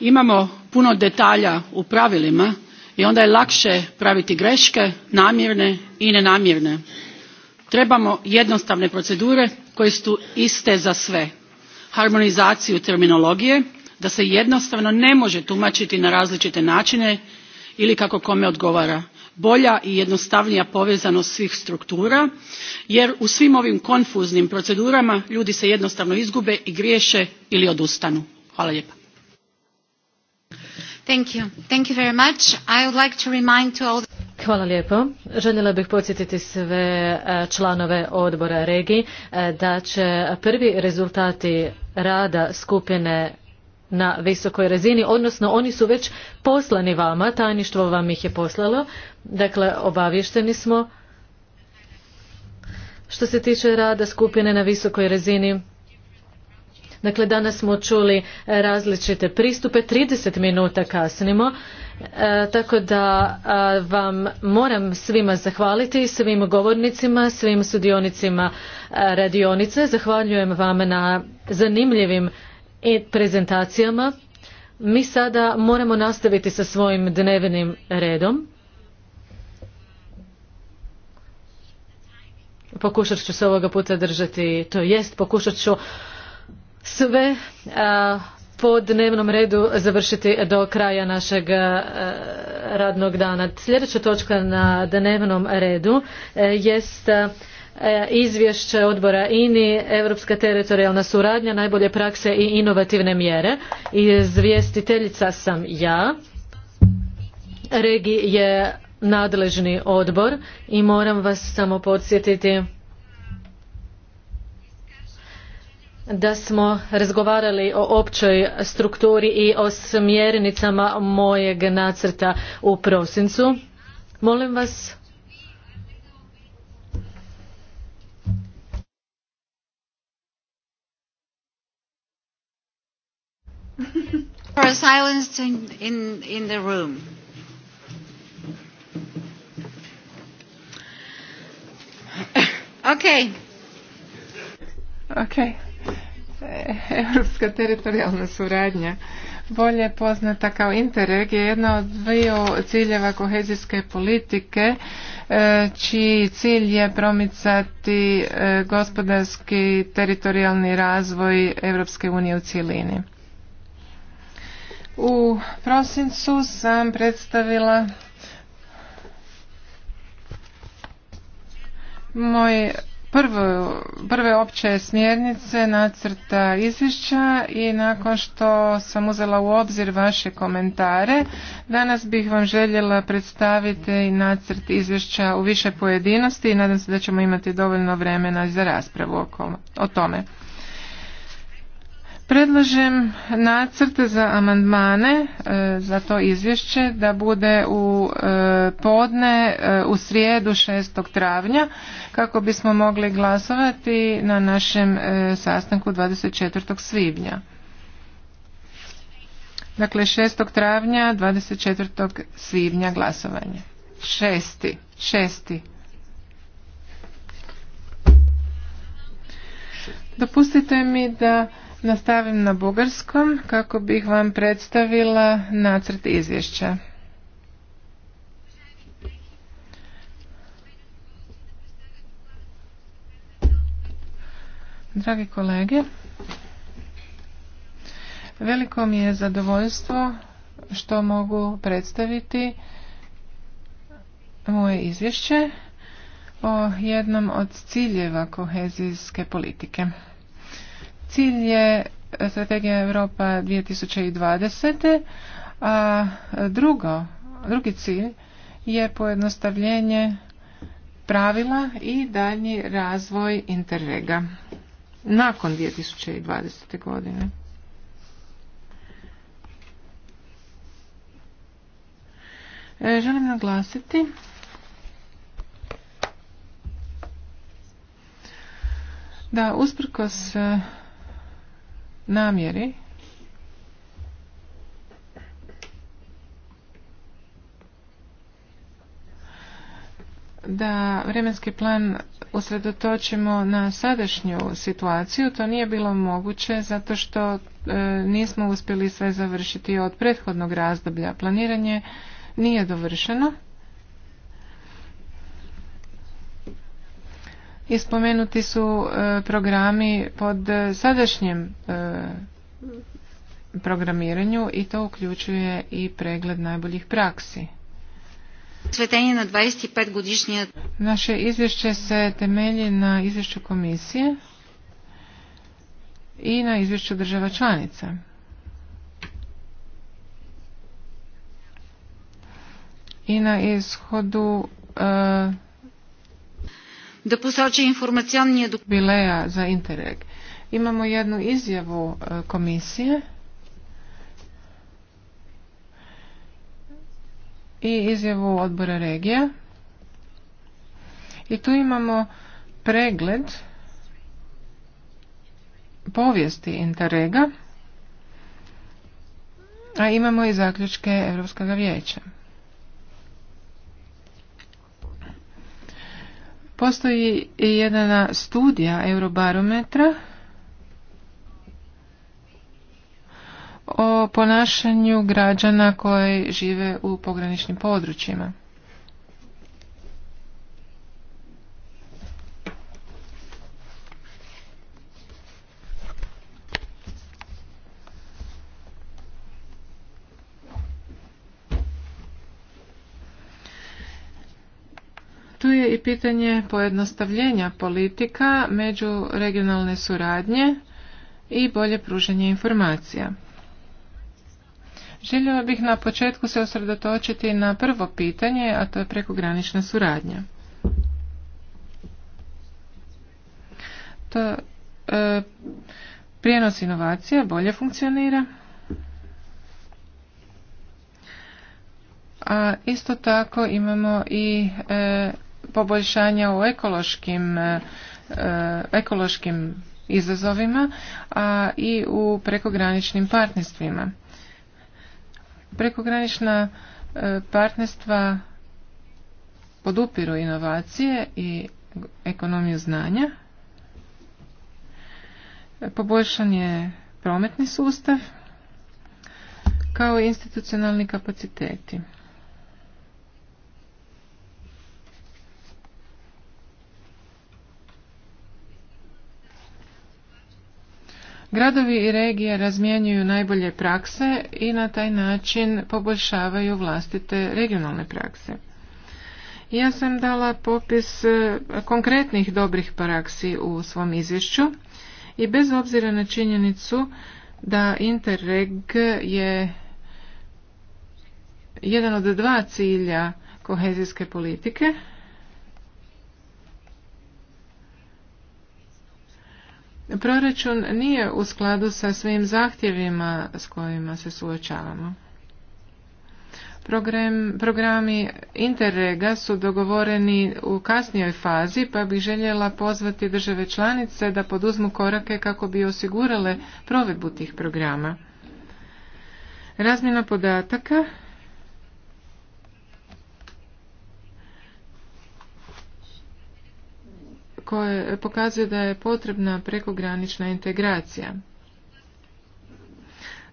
Imamo puno detalja u pravilima i onda je lakše praviti greške namjerne i nenamjerne. trebamo jednostavne procedure koje su iste za sve harmonizaciju terminologije da se jednostavno ne može tumačiti na različite načine ili kako kome odgovara bolja i jednostavnija povezanost svih struktura jer u svim ovim konfuznim procedurama ljudi se jednostavno izgube i griješe ili odustanu. Hvala lijepa. Hvala lijepo. Željela bih podsjetiti sve e, članove odbora Regi e, da će prvi rezultati rada skupine na visokoj razini, odnosno oni su već poslani vama, tajništvo vam ih je poslalo, dakle obavješteni smo što se tiče rada skupine na visokoj razini Dakle, danas smo čuli e, različite pristupe, 30 minuta kasnimo, e, tako da vam moram svima zahvaliti, svim govornicima, svim sudionicima a, e, radionice. Zahvaljujem vam na zanimljivim prezentacijama. Mi sada moramo nastaviti sa svojim dnevnim redom. Pokušat ću se ovoga puta držati, to jest pokušat ću sve eh, po dnevnom redu završiti do kraja našeg eh, radnog dana. Sljedeća točka na dnevnom redu eh, jest izvješće odbora INI, Europska teritorijalna suradnja, najbolje prakse i inovativne mjere. Izvjestiteljica sam ja. Regi je nadležni odbor i moram vas samo podsjetiti da smo razgovarali o općoj strukturi i o smjernicama mojeg nacrta u prosincu. Molim vas Europska teritorijalna suradnja, bolje poznata kao Interreg, je jedna od dviju ciljeva kohezijske politike, e, čiji cilj je promicati e, gospodarski teritorijalni razvoj Europske unije u cjelini. U prosincu sam predstavila moj prve, prve opće smjernice nacrta izvješća i nakon što sam uzela u obzir vaše komentare, danas bih vam željela predstaviti nacrt izvješća u više pojedinosti i nadam se da ćemo imati dovoljno vremena za raspravu o tome. Predlažem nacrt za amandmane e, za to izvješće da bude u e, podne e, u srijedu 6. travnja kako bismo mogli glasovati na našem sastanku 24. svibnja. Dakle 6. travnja 24. svibnja glasovanje. Šesti, šesti. Dopustite mi da Nastavim na bugarskom kako bih vam predstavila nacrt izvješća. Dragi kolege, veliko mi je zadovoljstvo što mogu predstaviti moje izvješće o jednom od ciljeva kohezijske politike. Cilj je strategija Europa 2020. A drugo, drugi cilj je pojednostavljenje pravila i daljnji razvoj Interrega nakon 2020. godine. E, želim naglasiti da usprkos namjeri da vremenski plan usredotočimo na sadašnju situaciju to nije bilo moguće zato što e, nismo uspjeli sve završiti od prethodnog razdoblja planiranje nije dovršeno i spomenuti su e, programi pod e, sadašnjem e, programiranju i to uključuje i pregled najboljih praksi. svetenje na 25 godišnje. Naše izvješće se temelji na izvješću komisije i na izvješću država članica. I na ishodu da posađe informacijalnije Bileja za Interreg. Imamo jednu izjavu e, komisije i izjavu odbora regija. I tu imamo pregled povijesti Interrega, a imamo i zaključke Europskog vijeća. Postoji i jedna studija Eurobarometra o ponašanju građana koji žive u pograničnim područjima. i pitanje pojednostavljenja politika među regionalne suradnje i bolje pružanje informacija. Željela bih na početku se osredotočiti na prvo pitanje, a to je prekogranična suradnja. To e, prijenos inovacija bolje funkcionira. A isto tako imamo i e, poboljšanja u ekološkim, e, ekološkim izazovima, a i u prekograničnim partnerstvima. Prekogranična e, partnerstva podupiru inovacije i ekonomiju znanja. Poboljšan je prometni sustav kao i institucionalni kapaciteti. Gradovi i regije razmjenjuju najbolje prakse i na taj način poboljšavaju vlastite regionalne prakse. Ja sam dala popis e, konkretnih dobrih praksi u svom izvješću i bez obzira na činjenicu da Interreg je jedan od dva cilja kohezijske politike, proračun nije u skladu sa svim zahtjevima s kojima se suočavamo. Program, programi Interrega su dogovoreni u kasnijoj fazi, pa bih željela pozvati države članice da poduzmu korake kako bi osigurale provedbu tih programa. Razmjena podataka koje pokazuje da je potrebna prekogranična integracija.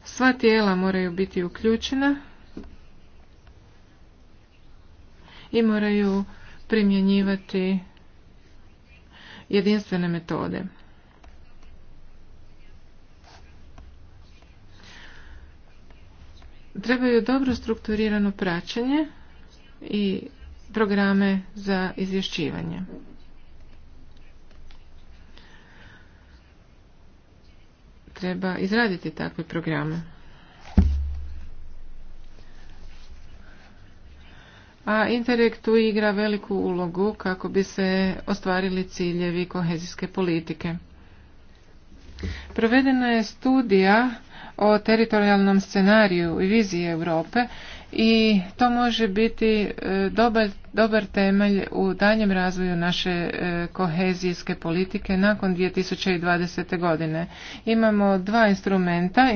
Sva tijela moraju biti uključena i moraju primjenjivati jedinstvene metode. Trebaju dobro strukturirano praćenje i programe za izvješćivanje. treba izraditi takve programe. A Interreg tu igra veliku ulogu kako bi se ostvarili ciljevi kohezijske politike. Provedena je studija o teritorijalnom scenariju i viziji Europe i to može biti e, dobar, dobar temelj u danjem razvoju naše e, kohezijske politike nakon 2020. godine. Imamo dva instrumenta,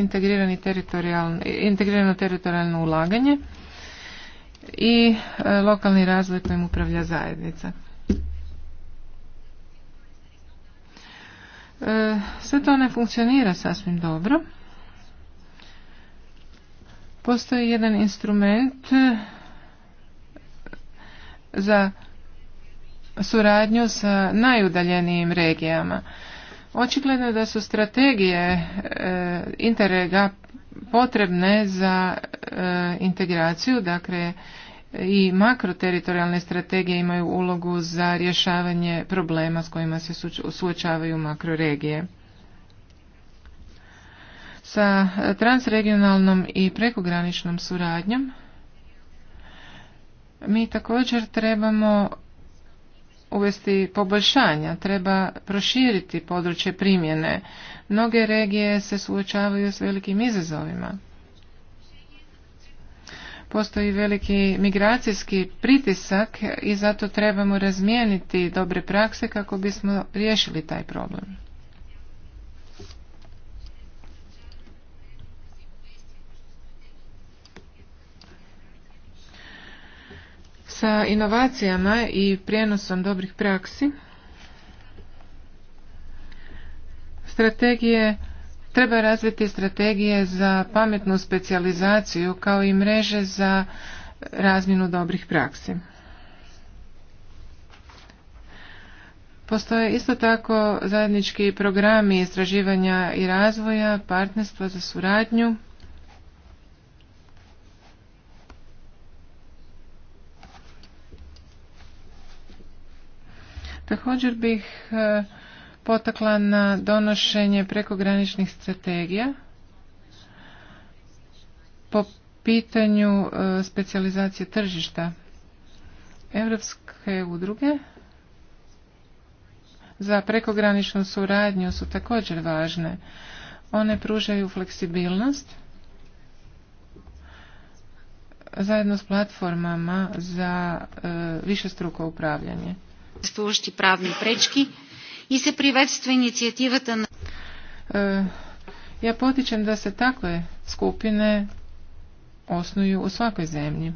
integrirano teritorijalno ulaganje i e, lokalni razvoj kojim upravlja zajednica. Sve to ne funkcionira sasvim dobro. Postoji jedan instrument e, za suradnju sa najudaljenijim regijama. Očigledno je da su strategije e, Interrega potrebne za e, integraciju, dakle i makroteritorijalne strategije imaju ulogu za rješavanje problema s kojima se suočavaju makroregije sa transregionalnom i prekograničnom suradnjom mi također trebamo uvesti poboljšanja, treba proširiti područje primjene. Mnoge regije se suočavaju s velikim izazovima. Postoji veliki migracijski pritisak i zato trebamo razmijeniti dobre prakse kako bismo riješili taj problem. sa inovacijama i prijenosom dobrih praksi strategije treba razviti strategije za pametnu specijalizaciju kao i mreže za razmjenu dobrih praksi. Postoje isto tako zajednički programi istraživanja i razvoja, partnerstva za suradnju Također bih e, potakla na donošenje prekograničnih strategija po pitanju e, specijalizacije tržišta. Europske udruge za prekograničnu suradnju su također važne. One pružaju fleksibilnost zajedno s platformama za e, višestruko upravljanje i se na... Ja potičem da se takve skupine osnuju u svakoj zemlji.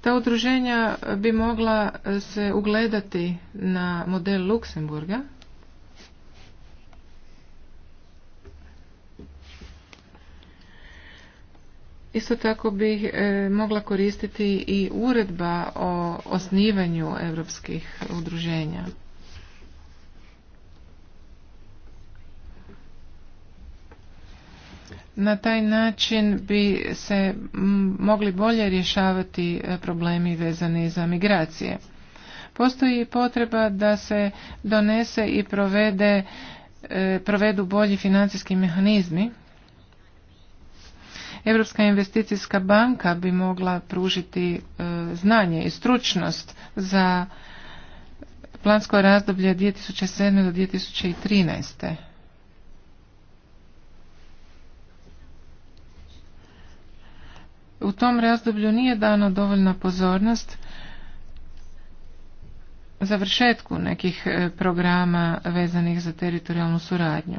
Ta udruženja bi mogla se ugledati na model Luksemburga, Isto tako bi e, mogla koristiti i uredba o osnivanju europskih udruženja. Na taj način bi se mogli bolje rješavati e, problemi vezani za migracije. Postoji potreba da se donese i provede, e, provedu bolji financijski mehanizmi Europska investicijska banka bi mogla pružiti e, znanje i stručnost za plansko razdoblje 2007. do 2013. U tom razdoblju nije dana dovoljna pozornost završetku nekih e, programa vezanih za teritorijalnu suradnju.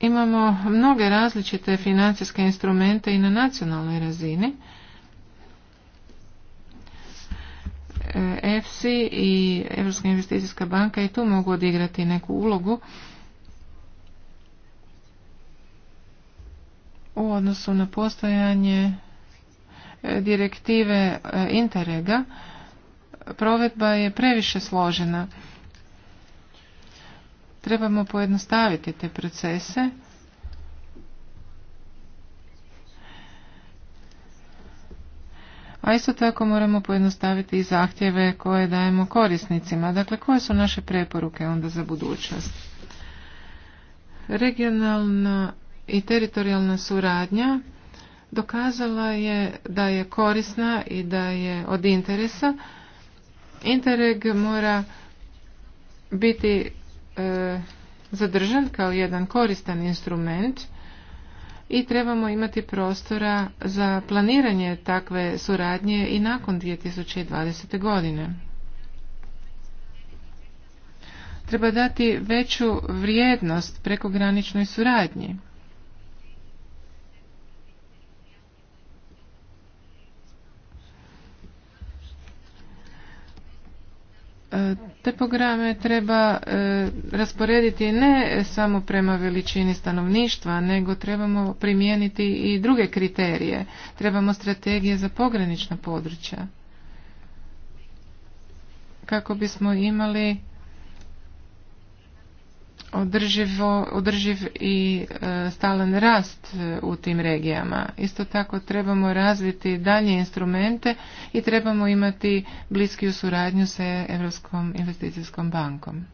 imamo mnoge različite financijske instrumente i na nacionalnoj razini. EFSI i Europska investicijska banka i tu mogu odigrati neku ulogu u odnosu na postojanje e, direktive e, Interrega provedba je previše složena Trebamo pojednostaviti te procese. A isto tako moramo pojednostaviti i zahtjeve koje dajemo korisnicima. Dakle, koje su naše preporuke onda za budućnost? Regionalna i teritorijalna suradnja dokazala je da je korisna i da je od interesa. Interreg mora biti E, zadržan kao jedan koristan instrument i trebamo imati prostora za planiranje takve suradnje i nakon 2020. godine. Treba dati veću vrijednost prekograničnoj suradnji. E, te programe treba e, rasporediti ne samo prema veličini stanovništva, nego trebamo primijeniti i druge kriterije. Trebamo strategije za pogranična područja. Kako bismo imali održivo, održiv i e, stalan rast e, u tim regijama. Isto tako trebamo razviti dalje instrumente i trebamo imati bliskiju suradnju sa Europskom investicijskom bankom.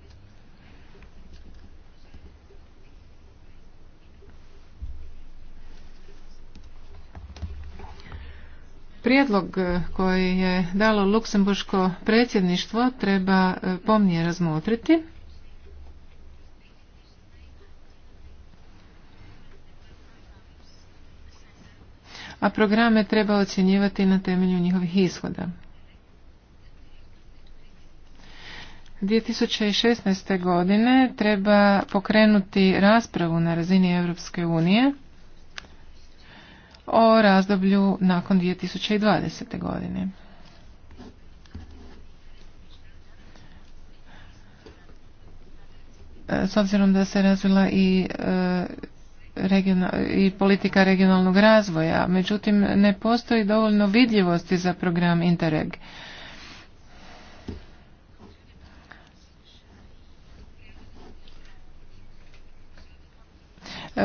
Prijedlog e, koji je dalo Luksemburško predsjedništvo treba pomnije razmotriti. a programe treba ocjenjivati na temelju njihovih ishoda. 2016. godine treba pokrenuti raspravu na razini Europske unije o razdoblju nakon 2020. godine. S obzirom da se razvila i e, i politika regionalnog razvoja, međutim ne postoji dovoljno vidljivosti za program Interreg.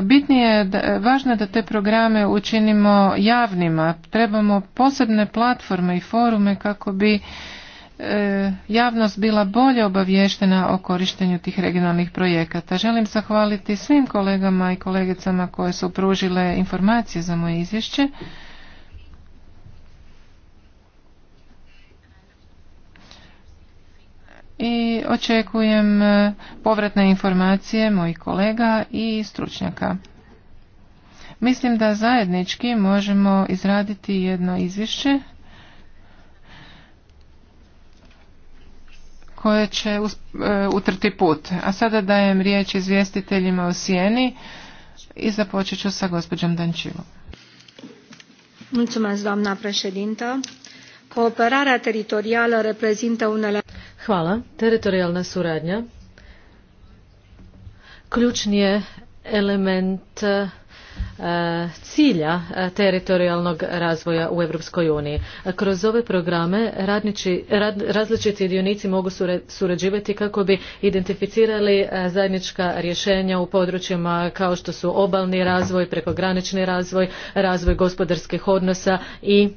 Bitnije je, važno je da te programe učinimo javnima. Trebamo posebne platforme i forume kako bi E, javnost bila bolje obavještena o korištenju tih regionalnih projekata. Želim zahvaliti svim kolegama i kolegicama koje su pružile informacije za moje izvješće. I očekujem e, povratne informacije mojih kolega i stručnjaka. Mislim da zajednički možemo izraditi jedno izvješće koje će e, utrti put. A sada dajem riječ izvjestiteljima u sjeni i započet ću sa gospođom Dančivom. Mulțumesc, doamna președintă. Cooperarea teritorială reprezintă unele... Hvala. Teritorijalna suradnja ključni je element E, cilja e, teritorijalnog razvoja u Europskoj uniji. Kroz ove programe radnici, različiti dionici mogu surađivati kako bi identificirali e, zajednička rješenja u područjima kao što su obalni razvoj, prekogranični razvoj, razvoj gospodarskih odnosa i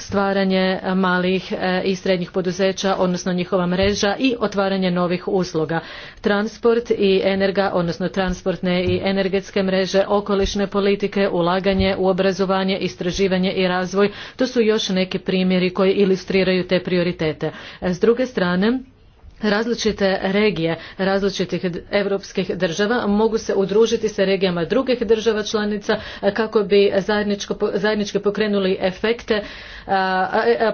stvaranje e, malih e, i srednjih poduzeća, odnosno njihova mreža i otvaranje novih usluga. Transport i energa, odnosno transportne i energetske mreže, okolišne politike, ulaganje u obrazovanje, istraživanje i razvoj, to su još neki primjeri koji ilustriraju te prioritete. E, s druge strane, različite regije različitih europskih država mogu se udružiti sa regijama drugih država članica e, kako bi zajednički pokrenuli efekte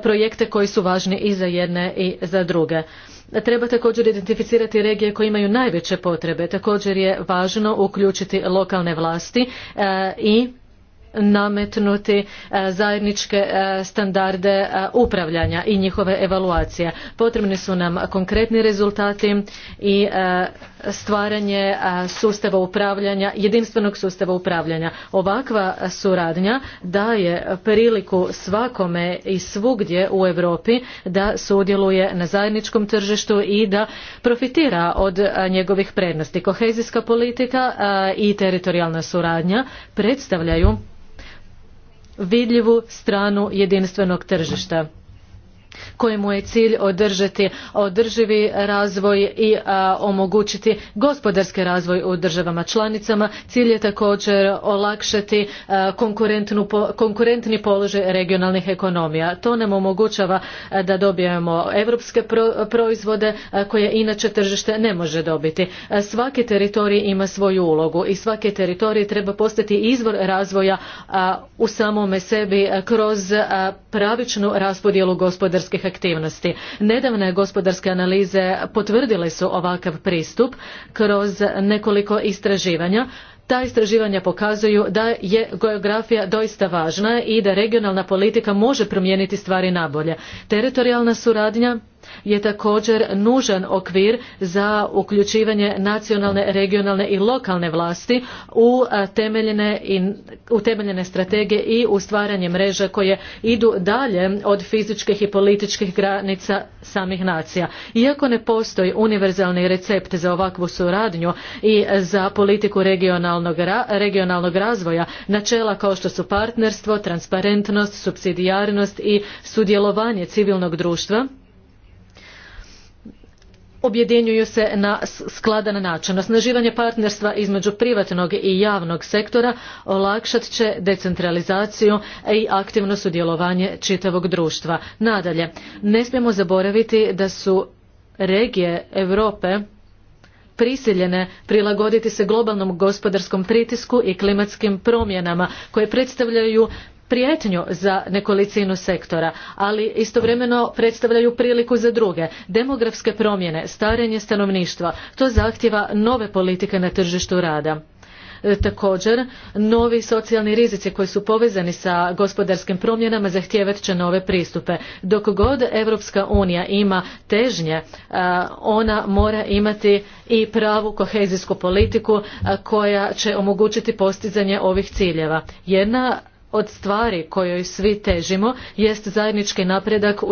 projekte koji su važni i za jedne i za druge treba također identificirati regije koje imaju najveće potrebe također je važno uključiti lokalne vlasti e, i nametnuti e, zajedničke e, standarde e, upravljanja i njihove evaluacije. Potrebni su nam konkretni rezultati i stvaranje sustava upravljanja, jedinstvenog sustava upravljanja. Ovakva suradnja daje priliku svakome i svugdje u Europi da sudjeluje na zajedničkom tržištu i da profitira od njegovih prednosti. Kohezijska politika i teritorijalna suradnja predstavljaju vidljivu stranu jedinstvenog tržišta kojemu je cilj održati održivi razvoj i omogućiti gospodarski razvoj u državama članicama. Cilj je također olakšati konkurentni položaj regionalnih ekonomija. To nam omogućava da dobijemo europske proizvode koje inače tržište ne može dobiti. Svaki teritorij ima svoju ulogu i svaki teritorij treba postati izvor razvoja u samome sebi kroz pravičnu raspodjelu gospodarskih aktivnosti. Nedavne gospodarske analize potvrdile su ovakav pristup kroz nekoliko istraživanja ta istraživanja pokazuju da je geografija doista važna i da regionalna politika može promijeniti stvari nabolje. Teritorijalna suradnja je također nužan okvir za uključivanje nacionalne, regionalne i lokalne vlasti u temeljene, u temeljene strategije i u stvaranje mreža koje idu dalje od fizičkih i političkih granica samih nacija. Iako ne postoji univerzalni recept za ovakvu suradnju i za politiku regionalnog, regionalnog razvoja, načela kao što su partnerstvo, transparentnost, subsidijarnost i sudjelovanje civilnog društva, objedinjuju se na skladan način. Osnaživanje partnerstva između privatnog i javnog sektora olakšat će decentralizaciju i aktivno sudjelovanje čitavog društva. Nadalje, ne smijemo zaboraviti da su regije Europe prisiljene prilagoditi se globalnom gospodarskom pritisku i klimatskim promjenama koje predstavljaju prijetnju za nekolicinu sektora, ali istovremeno predstavljaju priliku za druge. Demografske promjene, starenje stanovništva, to zahtjeva nove politike na tržištu rada e, također novi socijalni rizici koji su povezani sa gospodarskim promjenama zahtijevat će nove pristupe dok god europska unija ima težnje e, ona mora imati i pravu kohezijsku politiku koja će omogućiti postizanje ovih ciljeva jedna od stvari kojoj svi težimo jest zajednički napredak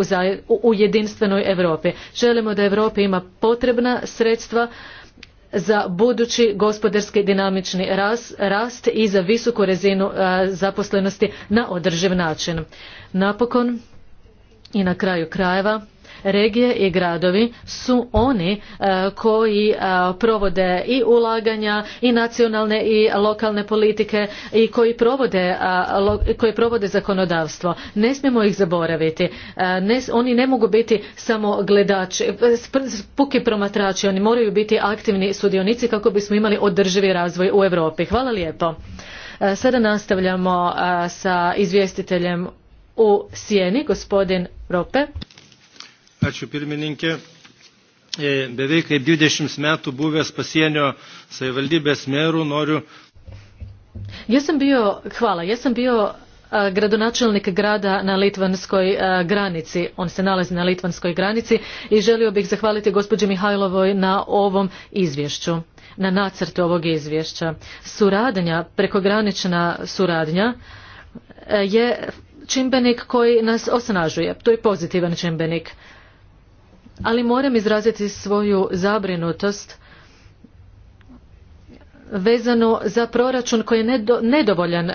u, jedinstvenoj Europi. Želimo da Europa ima potrebna sredstva za budući gospodarski dinamični rast, rast i za visoku razinu zaposlenosti na održiv način. Napokon i na kraju krajeva Regije i gradovi su oni e, koji e, provode i ulaganja i nacionalne i lokalne politike i koji provode, koji provode zakonodavstvo. Ne smijemo ih zaboraviti. E, oni ne mogu biti samo gledači, puki promatrači, oni moraju biti aktivni sudionici kako bismo imali održivi razvoj u Europi. Hvala lijepo. Sada nastavljamo sa izvjestiteljem u sjeni, gospodin Rope. Ačiū pirmininkė. E, beveik kaip 20 metų buvęs pasienio savivaldybės meru noriu... Jesam sam bio, hvala, ja sam bio e, gradonačelnik grada na litvanskoj e, granici. On se nalazi na litvanskoj granici i želio bih zahvaliti gospođi Mihajlovoj na ovom izvješću, na nacrtu ovog izvješća. Suradnja, prekogranična suradnja je čimbenik koji nas osnažuje. To je pozitivan čimbenik ali moram izraziti svoju zabrinutost vezano za proračun koji je nedovoljan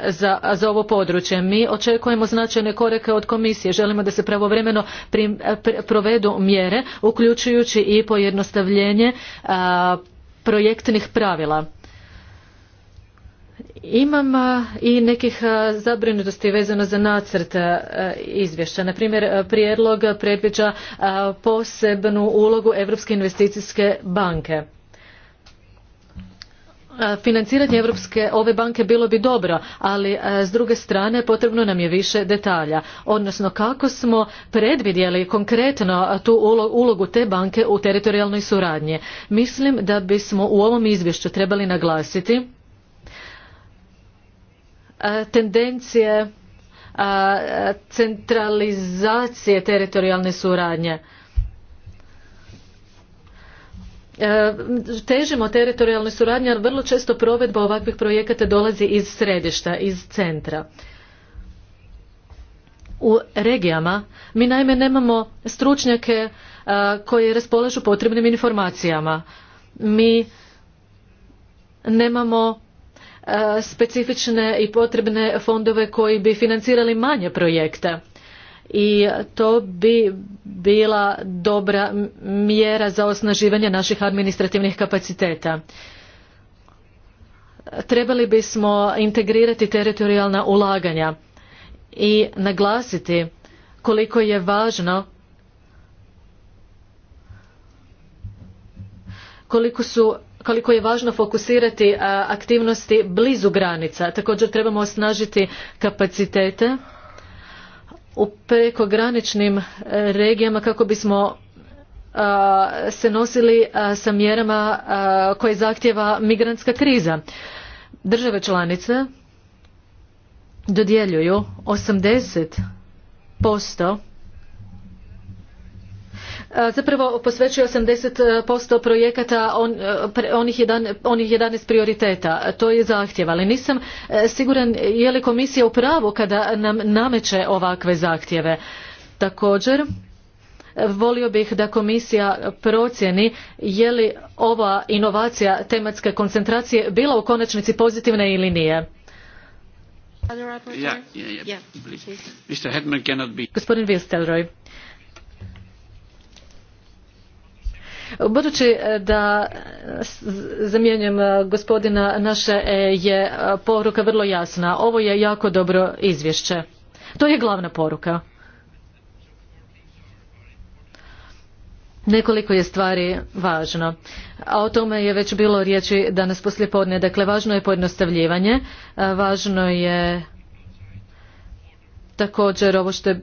za, ovo područje. Mi očekujemo značajne korake od komisije. Želimo da se pravovremeno provedu mjere, uključujući i pojednostavljenje projektnih pravila. Imam i nekih zabrinutosti vezano za nacrt izvješća. Na primjer, prijedlog predviđa posebnu ulogu Europske investicijske banke. Financiranje Europske ove banke bilo bi dobro, ali s druge strane potrebno nam je više detalja. Odnosno kako smo predvidjeli konkretno tu ulogu te banke u teritorijalnoj suradnji. Mislim da bismo u ovom izvješću trebali naglasiti E, tendencije e, centralizacije teritorijalne suradnje e, težimo teritorijalne suradnje, ali vrlo često provedba ovakvih projekata dolazi iz središta iz centra u regijama mi naime nemamo stručnjake koji raspolažu potrebnim informacijama mi nemamo E, specifične i potrebne fondove koji bi financirali manje projekte i to bi bila dobra mjera za osnaživanje naših administrativnih kapaciteta. Trebali bismo integrirati teritorijalna ulaganja i naglasiti koliko je važno koliko su koliko je važno fokusirati aktivnosti blizu granica. Također trebamo osnažiti kapacitete u prekograničnim e, regijama kako bismo se nosili sa mjerama koje zahtjeva migrantska kriza. Države članice dodjeljuju 80% E, zapravo posvećuje 80% projekata e, onih, jedan, 11 prioriteta. To je zahtjev, ali nisam e, siguran je li komisija u pravu kada nam nameće ovakve zahtjeve. Također, volio bih da komisija procjeni je li ova inovacija tematske koncentracije bila u konačnici pozitivna ili nije. Gospodin Budući e, da e, zamjenjujem e, gospodina, naše, je poruka vrlo jasna. Ovo je jako dobro izvješće. To je glavna poruka. Nekoliko je stvari važno, a o tome je već bilo riječi danas poslijepodne. Dakle, važno je pojednostavljivanje, važno je također ovo što je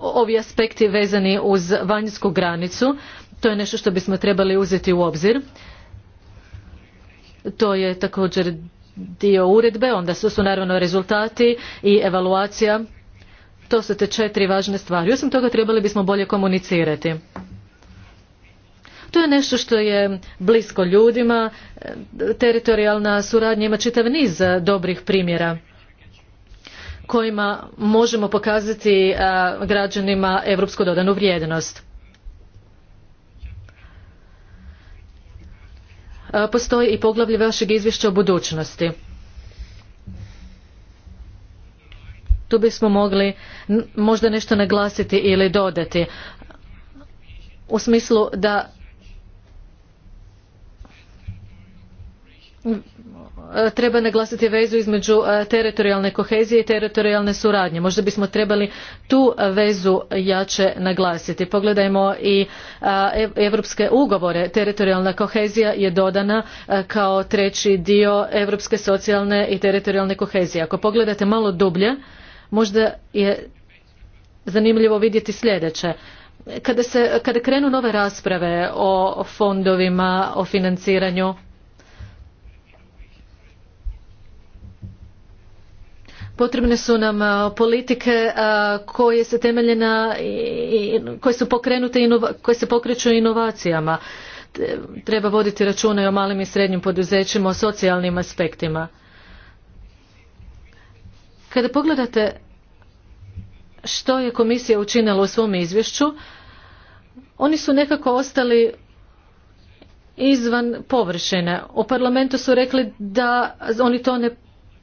ovi aspekti vezani uz vanjsku granicu. To je nešto što bismo trebali uzeti u obzir. To je također dio uredbe, onda su, su naravno rezultati i evaluacija. To su te četiri važne stvari. Osim toga trebali bismo bolje komunicirati. To je nešto što je blisko ljudima, e, teritorijalna suradnja ima čitav niz e, dobrih primjera kojima možemo pokazati e, građanima europsku dodanu vrijednost. E, postoji i poglavlje vašeg izvješća o budućnosti. Tu bismo mogli možda nešto naglasiti ili dodati u smislu da E, treba naglasiti vezu između e, teritorijalne kohezije i teritorijalne suradnje. Možda bismo trebali tu vezu jače naglasiti. Pogledajmo i europske ugovore. Teritorijalna kohezija je dodana e, kao treći dio europske socijalne i teritorijalne kohezije. Ako pogledate malo dublje, možda je zanimljivo vidjeti sljedeće. Kada, kada krenu nove rasprave o fondovima, o financiranju, Potrebne su nam politike koje se temelje na, koje su pokrenute, koje se pokreću inovacijama. Treba voditi računa i o malim i srednjim poduzećima, o socijalnim aspektima. Kada pogledate što je komisija učinila u svom izvješću, oni su nekako ostali izvan površine. U parlamentu su rekli da oni to ne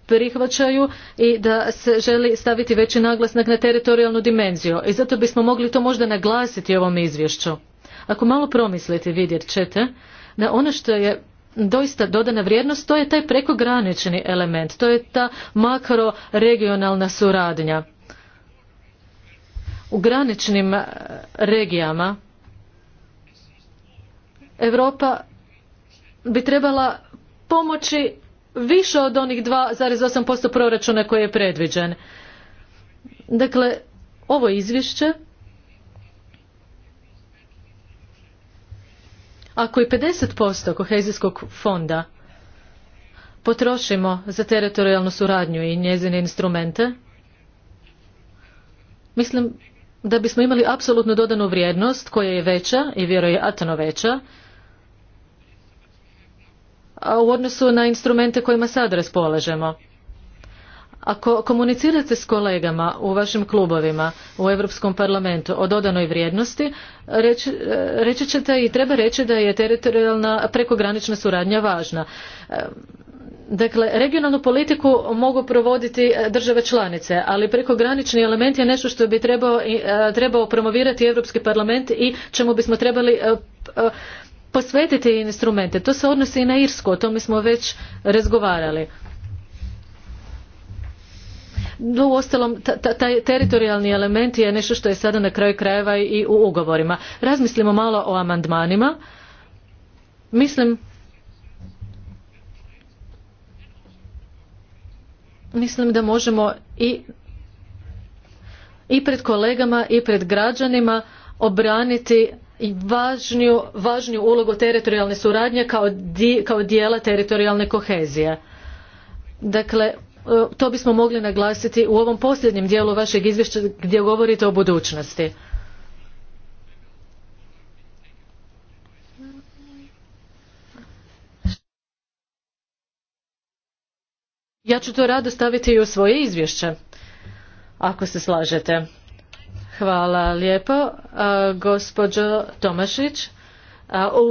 prihvaćaju i da se želi staviti veći naglasnak na teritorijalnu dimenziju i zato bismo mogli to možda naglasiti ovom izvješću. Ako malo promislite vidjet ćete na ono što je doista dodana vrijednost to je taj prekogranični element, to je ta makroregionalna suradnja. U graničnim e, regijama Europa bi trebala pomoći više od onih 2,8% proračuna koji je predviđen. Dakle, ovo izvješće ako i 50% kohezijskog fonda potrošimo za teritorijalnu suradnju i njezine instrumente, mislim da bismo imali apsolutno dodanu vrijednost koja je veća i vjerojatno veća u odnosu na instrumente kojima sad raspolažemo. Ako komunicirate s kolegama u vašim klubovima u Europskom parlamentu o dodanoj vrijednosti, e, reći, ćete i treba reći da je teritorijalna prekogranična suradnja važna. E, dakle, regionalnu politiku mogu provoditi e, države članice, ali prekogranični element je nešto što bi trebao, trebao promovirati Europski parlament i čemu bismo trebali posvetiti instrumente. To se odnosi i na Irsku, o tome smo već razgovarali. No, ostalom, taj teritorijalni element je nešto što je sada na kraju krajeva i u ugovorima. Razmislimo malo o amandmanima. Mislim mislim da možemo i, i pred kolegama i pred građanima obraniti i važniju, ulogu teritorijalne suradnje kao, kao dijela teritorijalne kohezije. Dakle, e, to bismo mogli naglasiti u ovom posljednjem dijelu vašeg izvješća gdje govorite o budućnosti. Ja ću to rado staviti i u svoje izvješće, ako se slažete. Hvala lijepo. Gospođo Tomašić,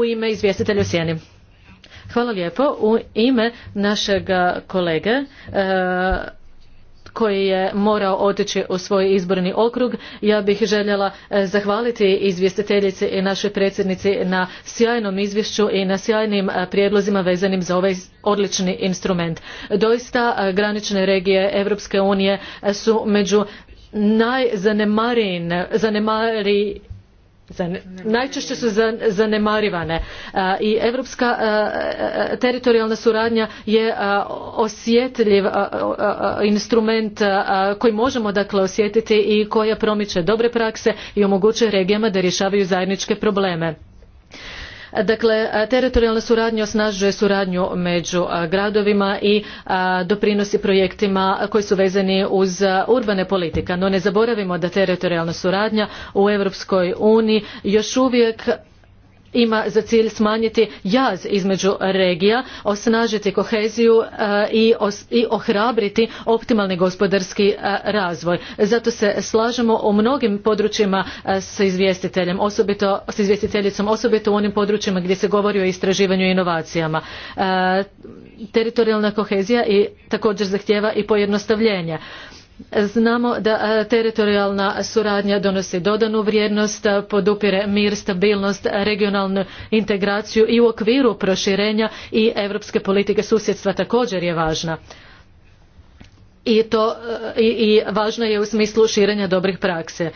u ime izvjestitelja Sjeni. Hvala lijepo. U ime našeg kolege koji je morao otići u svoj izborni okrug. Ja bih željela zahvaliti izvjestiteljici i našoj predsjednici na sjajnom izvješću i na sjajnim prijedlozima vezanim za ovaj odlični instrument. Doista granične regije Europske unije su među najčešće su zanemarivane e, i europska e, e, teritorijalna suradnja je osjetljiv instrument koji možemo dakle osjetiti i koja promiče dobre prakse i omogućuje regijama da rješavaju zajedničke probleme Dakle, teritorijalna suradnja osnažuje suradnju među gradovima i doprinosi projektima koji su vezani uz urbane politike. No ne zaboravimo da teritorijalna suradnja u Europskoj uniji još uvijek ima za cilj smanjiti jaz između regija osnažiti koheziju e, i, ohrabriti optimalni gospodarski e, razvoj zato se slažemo u mnogim područjima e, s izvjestiteljem osobito s izvjestiteljicom osobito u onim područjima gdje se govori o istraživanju i inovacijama teritorijalna kohezija i također zahtjeva i pojednostavljenje Znamo da e, teritorijalna suradnja donosi dodanu vrijednost, e, podupire mir, stabilnost, regionalnu integraciju i u okviru proširenja i europske politike susjedstva također je važna i to e, i, je u smislu širenja dobrih prakse. E,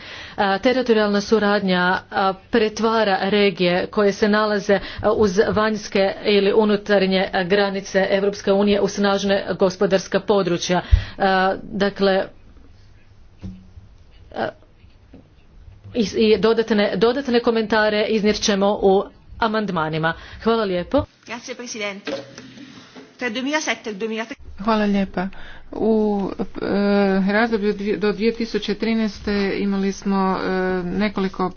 teritorijalna suradnja e, pretvara regije koje se nalaze uz vanjske ili unutarnje granice Europske unije u snažne gospodarska područja. Dakle, i dodatne, dodatne komentare iznijet ćemo u amandmanima. Hvala lijepo. Hvala lijepa. U e, razdoblju do 2013. imali smo e, nekoliko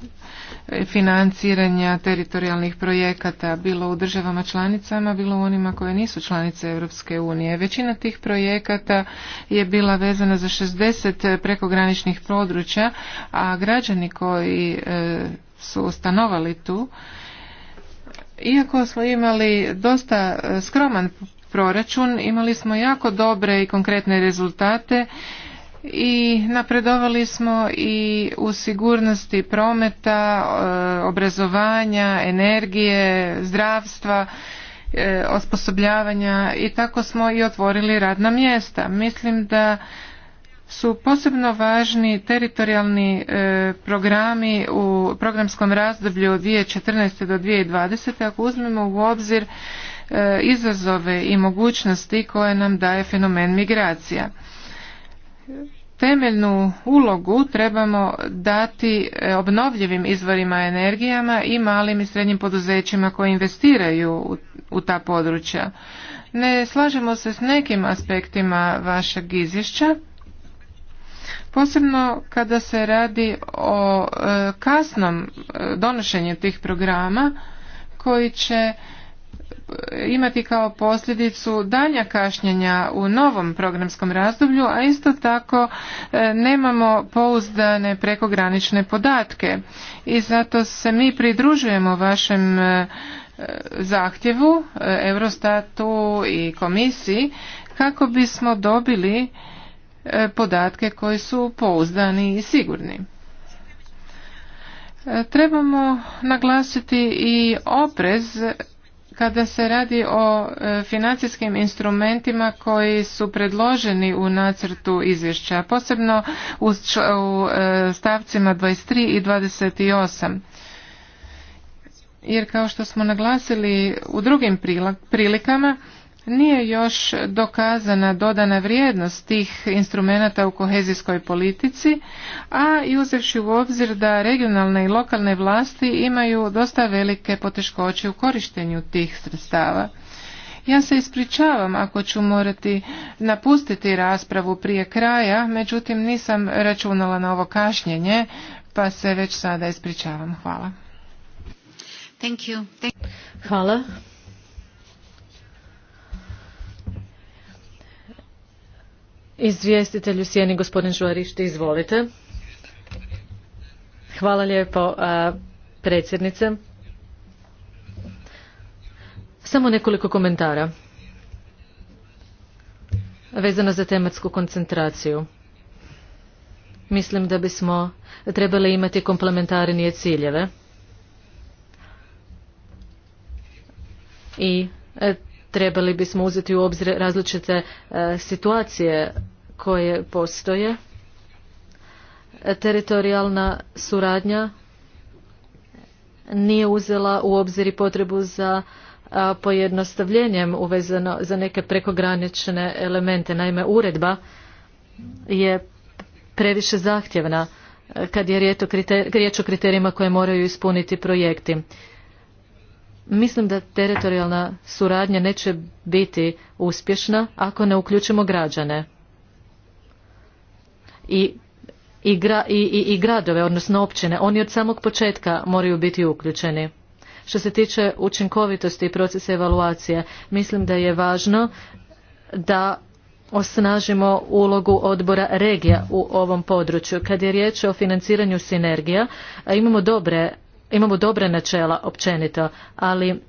financiranja teritorijalnih projekata, bilo u državama članicama, bilo u onima koje nisu članice Europske unije. Većina tih projekata je bila vezana za 60 prekograničnih područja, a građani koji e, su stanovali tu iako smo imali dosta skroman proračun imali smo jako dobre i konkretne rezultate i napredovali smo i u sigurnosti prometa, e, obrazovanja, energije, zdravstva, e, osposobljavanja i tako smo i otvorili radna mjesta. Mislim da su posebno važni teritorijalni e, programi u programskom razdoblju od 2014. do 2020. ako uzmemo u obzir E, izazove i mogućnosti koje nam daje fenomen migracija. Temeljnu ulogu trebamo dati e, obnovljivim izvorima energijama i malim i srednjim poduzećima koji investiraju u ta područja. Ne slažemo se s nekim aspektima vašeg izvješća, posebno kada se radi o e, kasnom donošenju tih programa koji će imati kao posljedicu danja kašnjenja u novom programskom razdoblju, a isto tako e, nemamo pouzdane prekogranične podatke. I zato se mi pridružujemo vašem e, zahtjevu e, Eurostatu i komisiji kako bismo dobili podatke koji su pouzdani i sigurni. Trebamo naglasiti i oprez kada se radi o e, financijskim instrumentima koji su predloženi u nacrtu izvješća, posebno u e, stavcima 23 i 28, jer kao što smo naglasili u drugim prilikama, nije još dokazana dodana vrijednost tih instrumenata u kohezijskoj politici, a i uzevši u obzir da regionalne i lokalne vlasti imaju dosta velike poteškoće u korištenju tih sredstava. Ja se ispričavam ako ću morati napustiti raspravu prije kraja, međutim nisam računala na ovo kašnjenje, pa se već sada ispričavam. Hvala. Thank Hvala. Izvjestitelju sjeni gospodin Žuarište, izvolite. Hvala lijepo predsjednice. Samo nekoliko komentara vezano za tematsku koncentraciju. Mislim da bismo trebali imati komplementarnije ciljeve i trebali bismo uzeti u obzir različite e, situacije koje postoje. E, teritorijalna suradnja nije uzela u obzir i potrebu za e, pojednostavljenjem uvezano za neke prekogranične elemente. Naime, uredba je previše zahtjevna kad je riječ o kriterijima koje moraju ispuniti projekti. Mislim da teritorijalna suradnja neće biti uspješna ako ne uključimo građane i, i, i, gradove, odnosno općine. Oni od samog početka moraju biti uključeni. Što se tiče učinkovitosti i procesa evaluacije, mislim da je važno da osnažimo ulogu odbora regija u ovom području. Kad je riječ o financiranju sinergija, imamo dobre Imamo dobre načela općenito, ali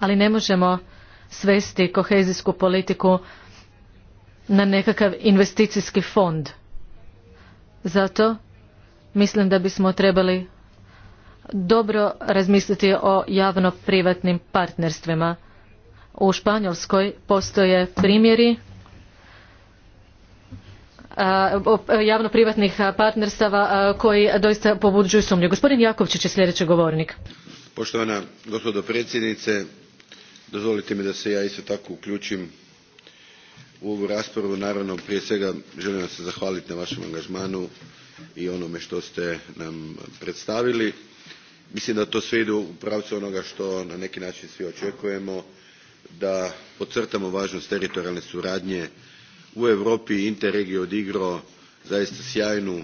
ali ne možemo svesti kohezijsku politiku na nekakav investicijski fond. Zato mislim da bismo trebali dobro razmisliti o javno-privatnim partnerstvima. U Španjolskoj postoje primjeri E, javno privatnih partnerstava koji doista pobuđuju sumnju. Gospodin Jakovčić je sljedeći govornik. Poštovana gospođo predsjednice, dozvolite mi da se ja isto tako uključim u ovu raspravu. Naravno prije svega želim vam se zahvaliti na vašem angažmanu i onome što ste nam predstavili. Mislim da to sve ide u pravcu onoga što na neki način svi očekujemo da podcrtamo važnost teritorijalne suradnje u Europi Interreg je odigrao zaista sjajnu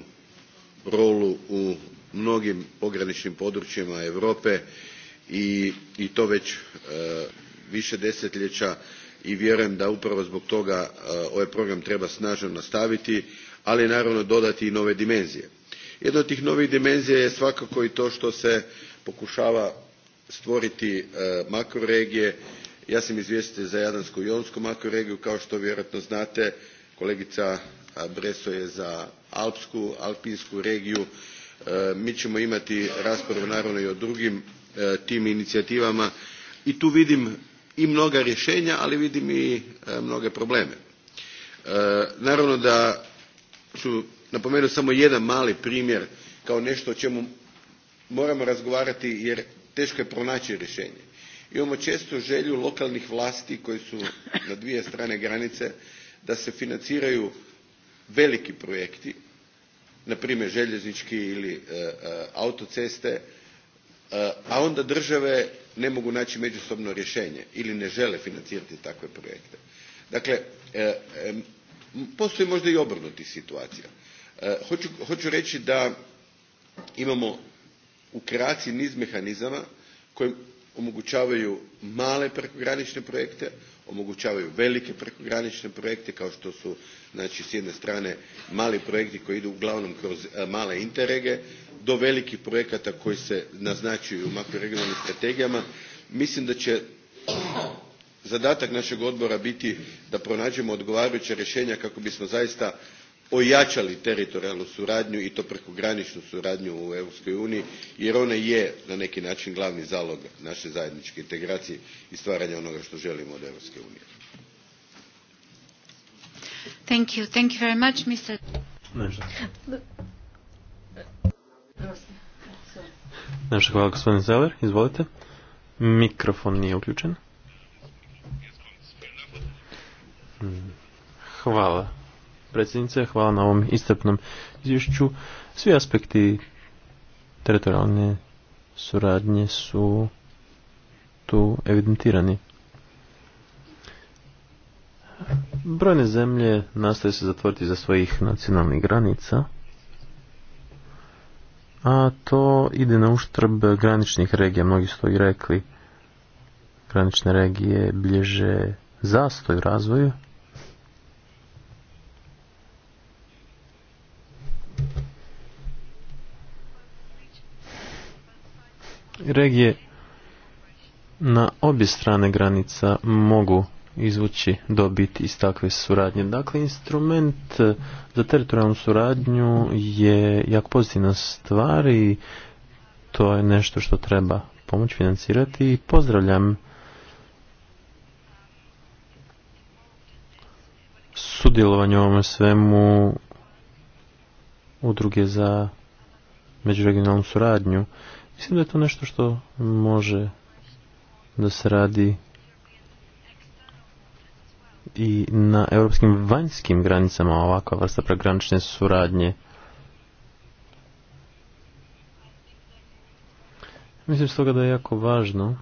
rolu u mnogim pograničnim područjima Europe i, to već e, više desetljeća i vjerujem da upravo zbog toga e, ovaj program treba snažno nastaviti, ali naravno dodati i nove dimenzije. Jedna od tih novih dimenzija je svakako i to što se pokušava stvoriti e, makroregije ja sam izvjestitelj za jadransku i jonsku makroregiju kao što vjerojatno znate kolegica bresso je za alpsku alpinsku regiju. E, mi ćemo imati raspravu naravno i o drugim e, tim inicijativama i tu vidim i mnoga rješenja ali vidim i e, mnoge probleme. naravno da ću napomenuti samo jedan mali primjer kao nešto o čemu moramo razgovarati jer teško je pronaći rješenje imamo često želju lokalnih vlasti koje su na dvije strane granice da se financiraju veliki projekti na primjer željeznički ili e, e, autoceste e, a onda države ne mogu naći međusobno rješenje ili ne žele financirati takve projekte. dakle postoji možda i obrnuti situacija. Hoću, rei reći da imamo u kreaciji niz mehanizama koji omogućavaju male prekogranične projekte omogućavaju velike prekogranične projekte kao što su znači, s jedne strane mali projekti koji idu uglavnom kroz e, male interrege do velikih projekata koji se naznačuju makroregionalnim strategijama mislim da će zadatak našeg odbora biti da pronađemo odgovarajuća rješenja kako bismo zaista ojačali teritorijalnu suradnju i to prekograničnu suradnju u europskoj uniji jer ona je na neki način glavni zalog naše zajedničke integracije i stvaranja onoga što želimo od europske unije. Thank you. Thank you very much, Mr. Naša hvala gospodin Zeller, izvolite. Mikrofon nije uključen. Hmm. Hvala predsjednice, hvala na ovom istrpnom izvješću. Svi aspekti teritorijalne suradnje su tu evidentirani. Brojne zemlje nastoje se zatvoriti za svojih nacionalnih granica, a to ide na uštrb graničnih regija, mnogi su to i rekli. Granične regije bilježe zastoj u razvoju, regije na obje strane granica mogu izvući dobit iz takve suradnje. Dakle, instrument e, za teritorijalnu suradnju je jako pozitivna stvar i to je nešto što treba pomoći financirati i pozdravljam sudjelovanje u ovome svemu udruge za međuregionalnu suradnju Mislim da je to nešto što može da se radi i na europskim vanjskim granicama ovakva vrsta pregranične suradnje. Mislim stoga da je jako važno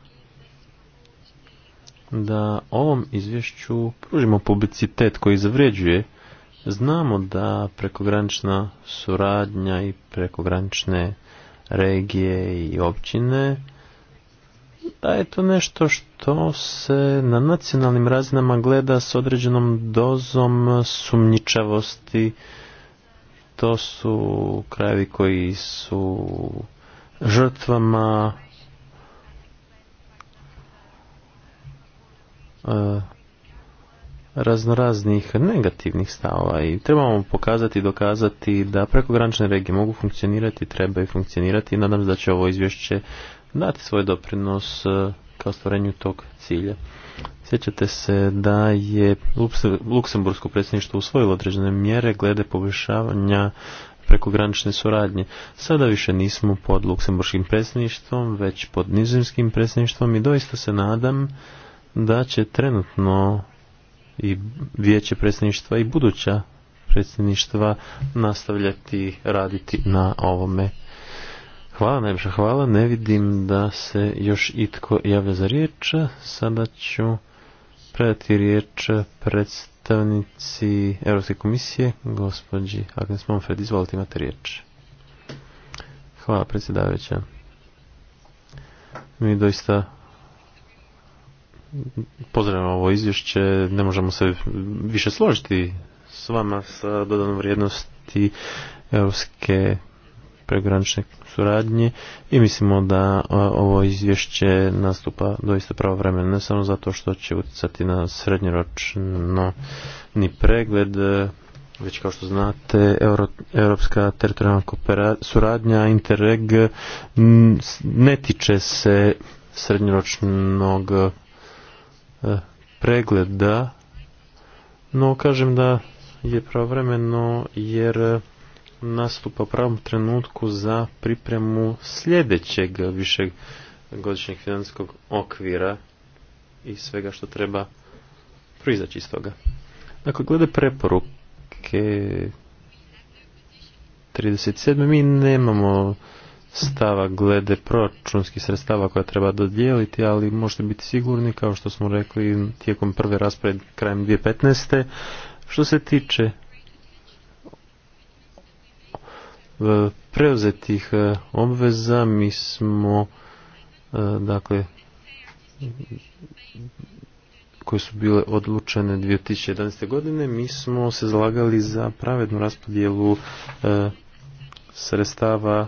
da ovom izvješću pružimo publicitet koji zavređuje. Znamo da prekogranična suradnja i prekogranične regije i općine, da je to nešto što se na nacionalnim razinama gleda s određenom dozom sumnjičavosti. To su krajevi koji su žrtvama e, raznoraznih negativnih stava i trebamo pokazati i dokazati da prekogranične regije mogu funkcionirati, trebaju funkcionirati i nadam se da će ovo izvješće dati svoj doprinos e, kao stvorenju tog cilja. Sjećate se da je Luksemburgsko predsjedništvo usvojilo određene mjere glede poboljšavanja prekogranične suradnje. Sada više nismo pod luksemburškim predsjedništvom, već pod nizozemskim predsjedništvom i doista se nadam da će trenutno i vijeće predsjedništva i buduća predsjedništva nastavljati raditi na ovome. Hvala, najviše hvala. Ne vidim da se još itko javlja za riječ. Sada ću predati riječ predstavnici Europske komisije, gospođi Agnes Monfred. Izvolite, imate riječ. Hvala, predsjedavajuća. Mi doista pozdravljam ovo izvješće, ne možemo se više složiti s vama sa dodanom vrijednosti europske pregranične suradnje i mislimo da e, ovo izvješće nastupa doista pravovremeno, ne samo zato što će utjecati na srednjoročno ni pregled, e, već kao što znate, Euro, Europska teritorijalna suradnja Interreg ne tiče se srednjoročnog E, pregleda, no kažem da je pravovremeno jer nastupa pravom trenutku za pripremu sljedećeg višeg godišnjeg financijskog okvira i svega što treba proizaći iz toga. Dakle, glede preporuke 37. mi nemamo stava glede proračunskih sredstava koja treba dodijeliti, ali možete biti sigurni, kao što smo rekli tijekom prve rasprave krajem 2015. Što se tiče e, preuzetih e, obveza, mi smo e, dakle koje su bile odlučene 2011. godine, mi smo se zalagali za pravednu raspodjelu sredstava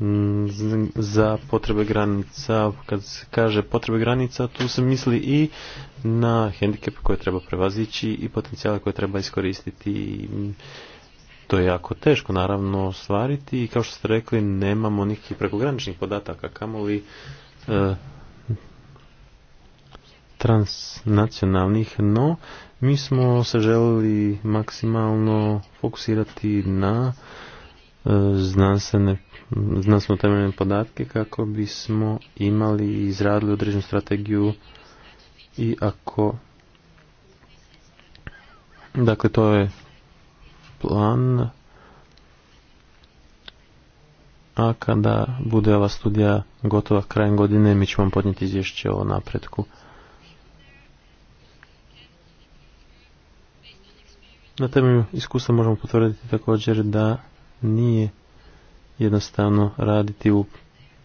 Mm, za potrebe granica. Kad se kaže potrebe granica, tu se misli i na hendikep koje treba prevazići i potencijale koje treba iskoristiti. To je jako teško, naravno, stvariti. i kao što ste rekli, nemamo nikakvih prekograničnih podataka, kamoli e, transnacionalnih, no mi smo se želili maksimalno fokusirati na znanstvene, znanstveno temeljene podatke kako bismo imali i izradili određenu strategiju i ako dakle to je plan a kada bude ova studija gotova krajem godine mi ćemo podnijeti izvješće o napretku na temelju iskustva možemo potvrditi također da nije jednostavno raditi u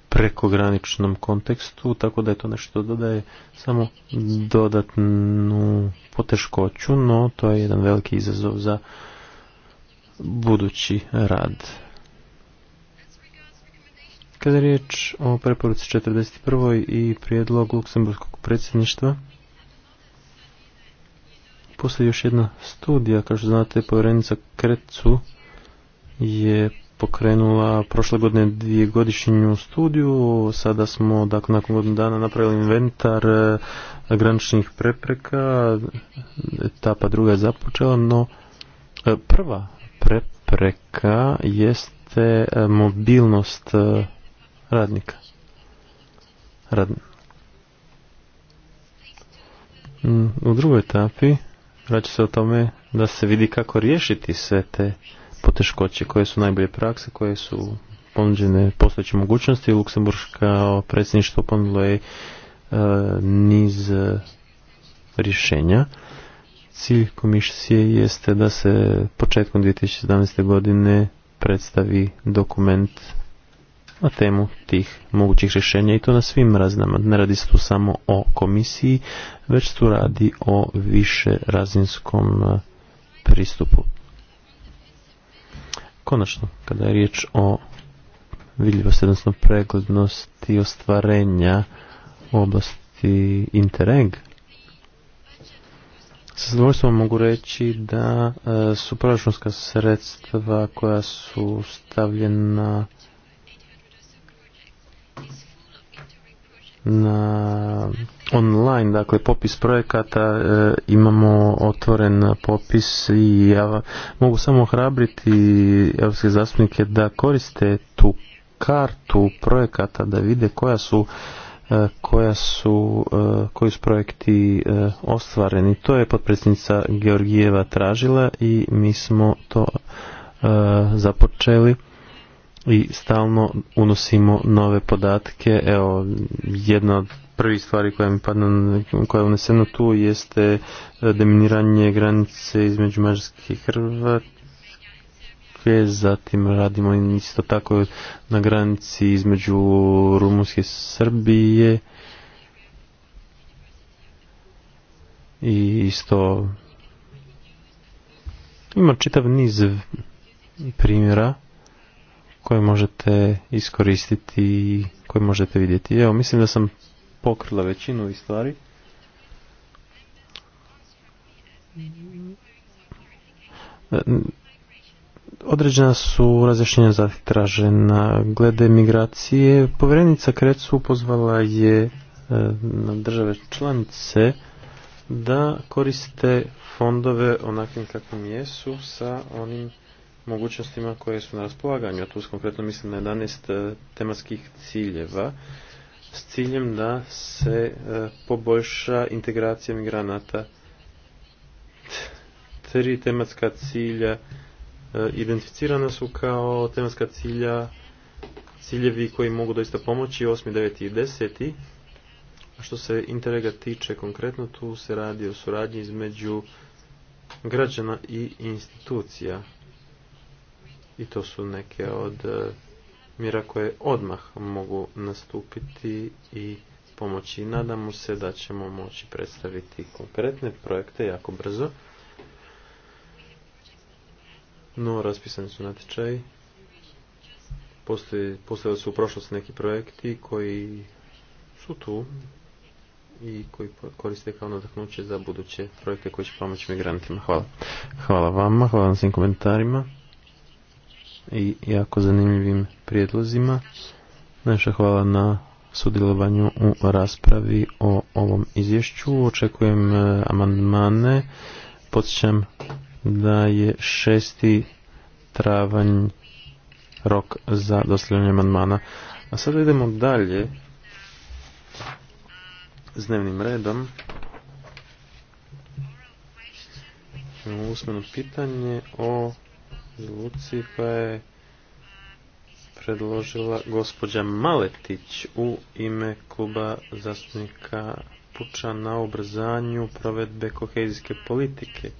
prekograničnom kontekstu, tako da je to nešto dodaje samo dodatnu poteškoću, no to je jedan veliki izazov za budući rad. Kada je riječ o preporuci 41. i prijedlog Luksemburskog predsjedništva, poslije još jedna studija, kao što znate, povjerenica Krecu je pokrenula prošle godine dvijegodišnju studiju. Sada smo, dakle, nakon godinu dana napravili inventar eh, graničnih prepreka. Etapa druga je započela, no eh, prva prepreka jeste eh, mobilnost radnika. Mm, u drugoj etapi vraća se o tome da se vidi kako riješiti sve te poteškoće, koje su najbolje prakse, koje su ponuđene postojeće mogućnosti. Luksemburg kao predsjedništvo ponudilo je e, niz e, rješenja. Cilj komisije jeste da se početkom 2017. godine predstavi dokument na temu tih mogućih rješenja i to na svim razinama. Ne radi se tu samo o komisiji, već tu radi o više razinskom e, pristupu. Konačno, kada je riječ o vidljivosti, odnosno preglednosti ostvarenja u oblasti Interreg, sa zadovoljstvom mogu reći da e, su proračunska sredstva koja su stavljena na online, dakle popis projekata e, imamo otvoren popis i ja mogu samo ohrabriti europske zastupnike da koriste tu kartu projekata da vide koja su e, koja su e, koji su projekti ostvareni. To je potpredsjednica Georgijeva tražila i mi smo to započeli i stalno unosimo nove podatke. Evo, jedna od prvih stvari koja mi padne, koja je uneseno tu jeste e, deminiranje granice između Mađarske i Hrvatske, zatim radimo isto tako na granici između Rumunjske i Srbije i isto ima čitav niz primjera koje možete iskoristiti i koje možete vidjeti. Evo, mislim da sam pokrila većinu ovih stvari. Određena su razjašnjenja zatražena glede migracije. Povjerenica Krecu pozvala je e, na države članice da koriste fondove onakvim kakvim jesu sa onim mogućnostima koje su na raspolaganju. A tu konkretno mislim na 11 e, tematskih ciljeva s ciljem da se e, poboljša integracija migranata. Tri tematska cilja e, identificirana su kao tematska cilja ciljevi koji mogu doista pomoći 8, 9 i 10. A što se interega tiče konkretno, tu se radi o suradnji između građana i institucija i to su neke od e, mjera koje odmah mogu nastupiti i pomoći. Nadamo se da ćemo moći predstaviti konkretne projekte jako brzo. No, raspisani su natječaji. Postoje su u prošlosti neki projekti koji su tu i koji koriste kao nadahnuće za buduće projekte koji će pomoći migrantima. Hvala. Hvala vama, hvala na svim komentarima i jako zanimljivim prijedlozima. Najviše hvala na sudjelovanju u raspravi o ovom izvješću. Očekujem e, amandmane. Podsjećam da je šesti travanj rok za dostavljanje amandmana. A sada idemo dalje s dnevnim redom. Imamo usmeno pitanje o Luci, je predložila gospođa Maletić u ime kluba zastupnika Puča na obrzanju provedbe kohezijske politike.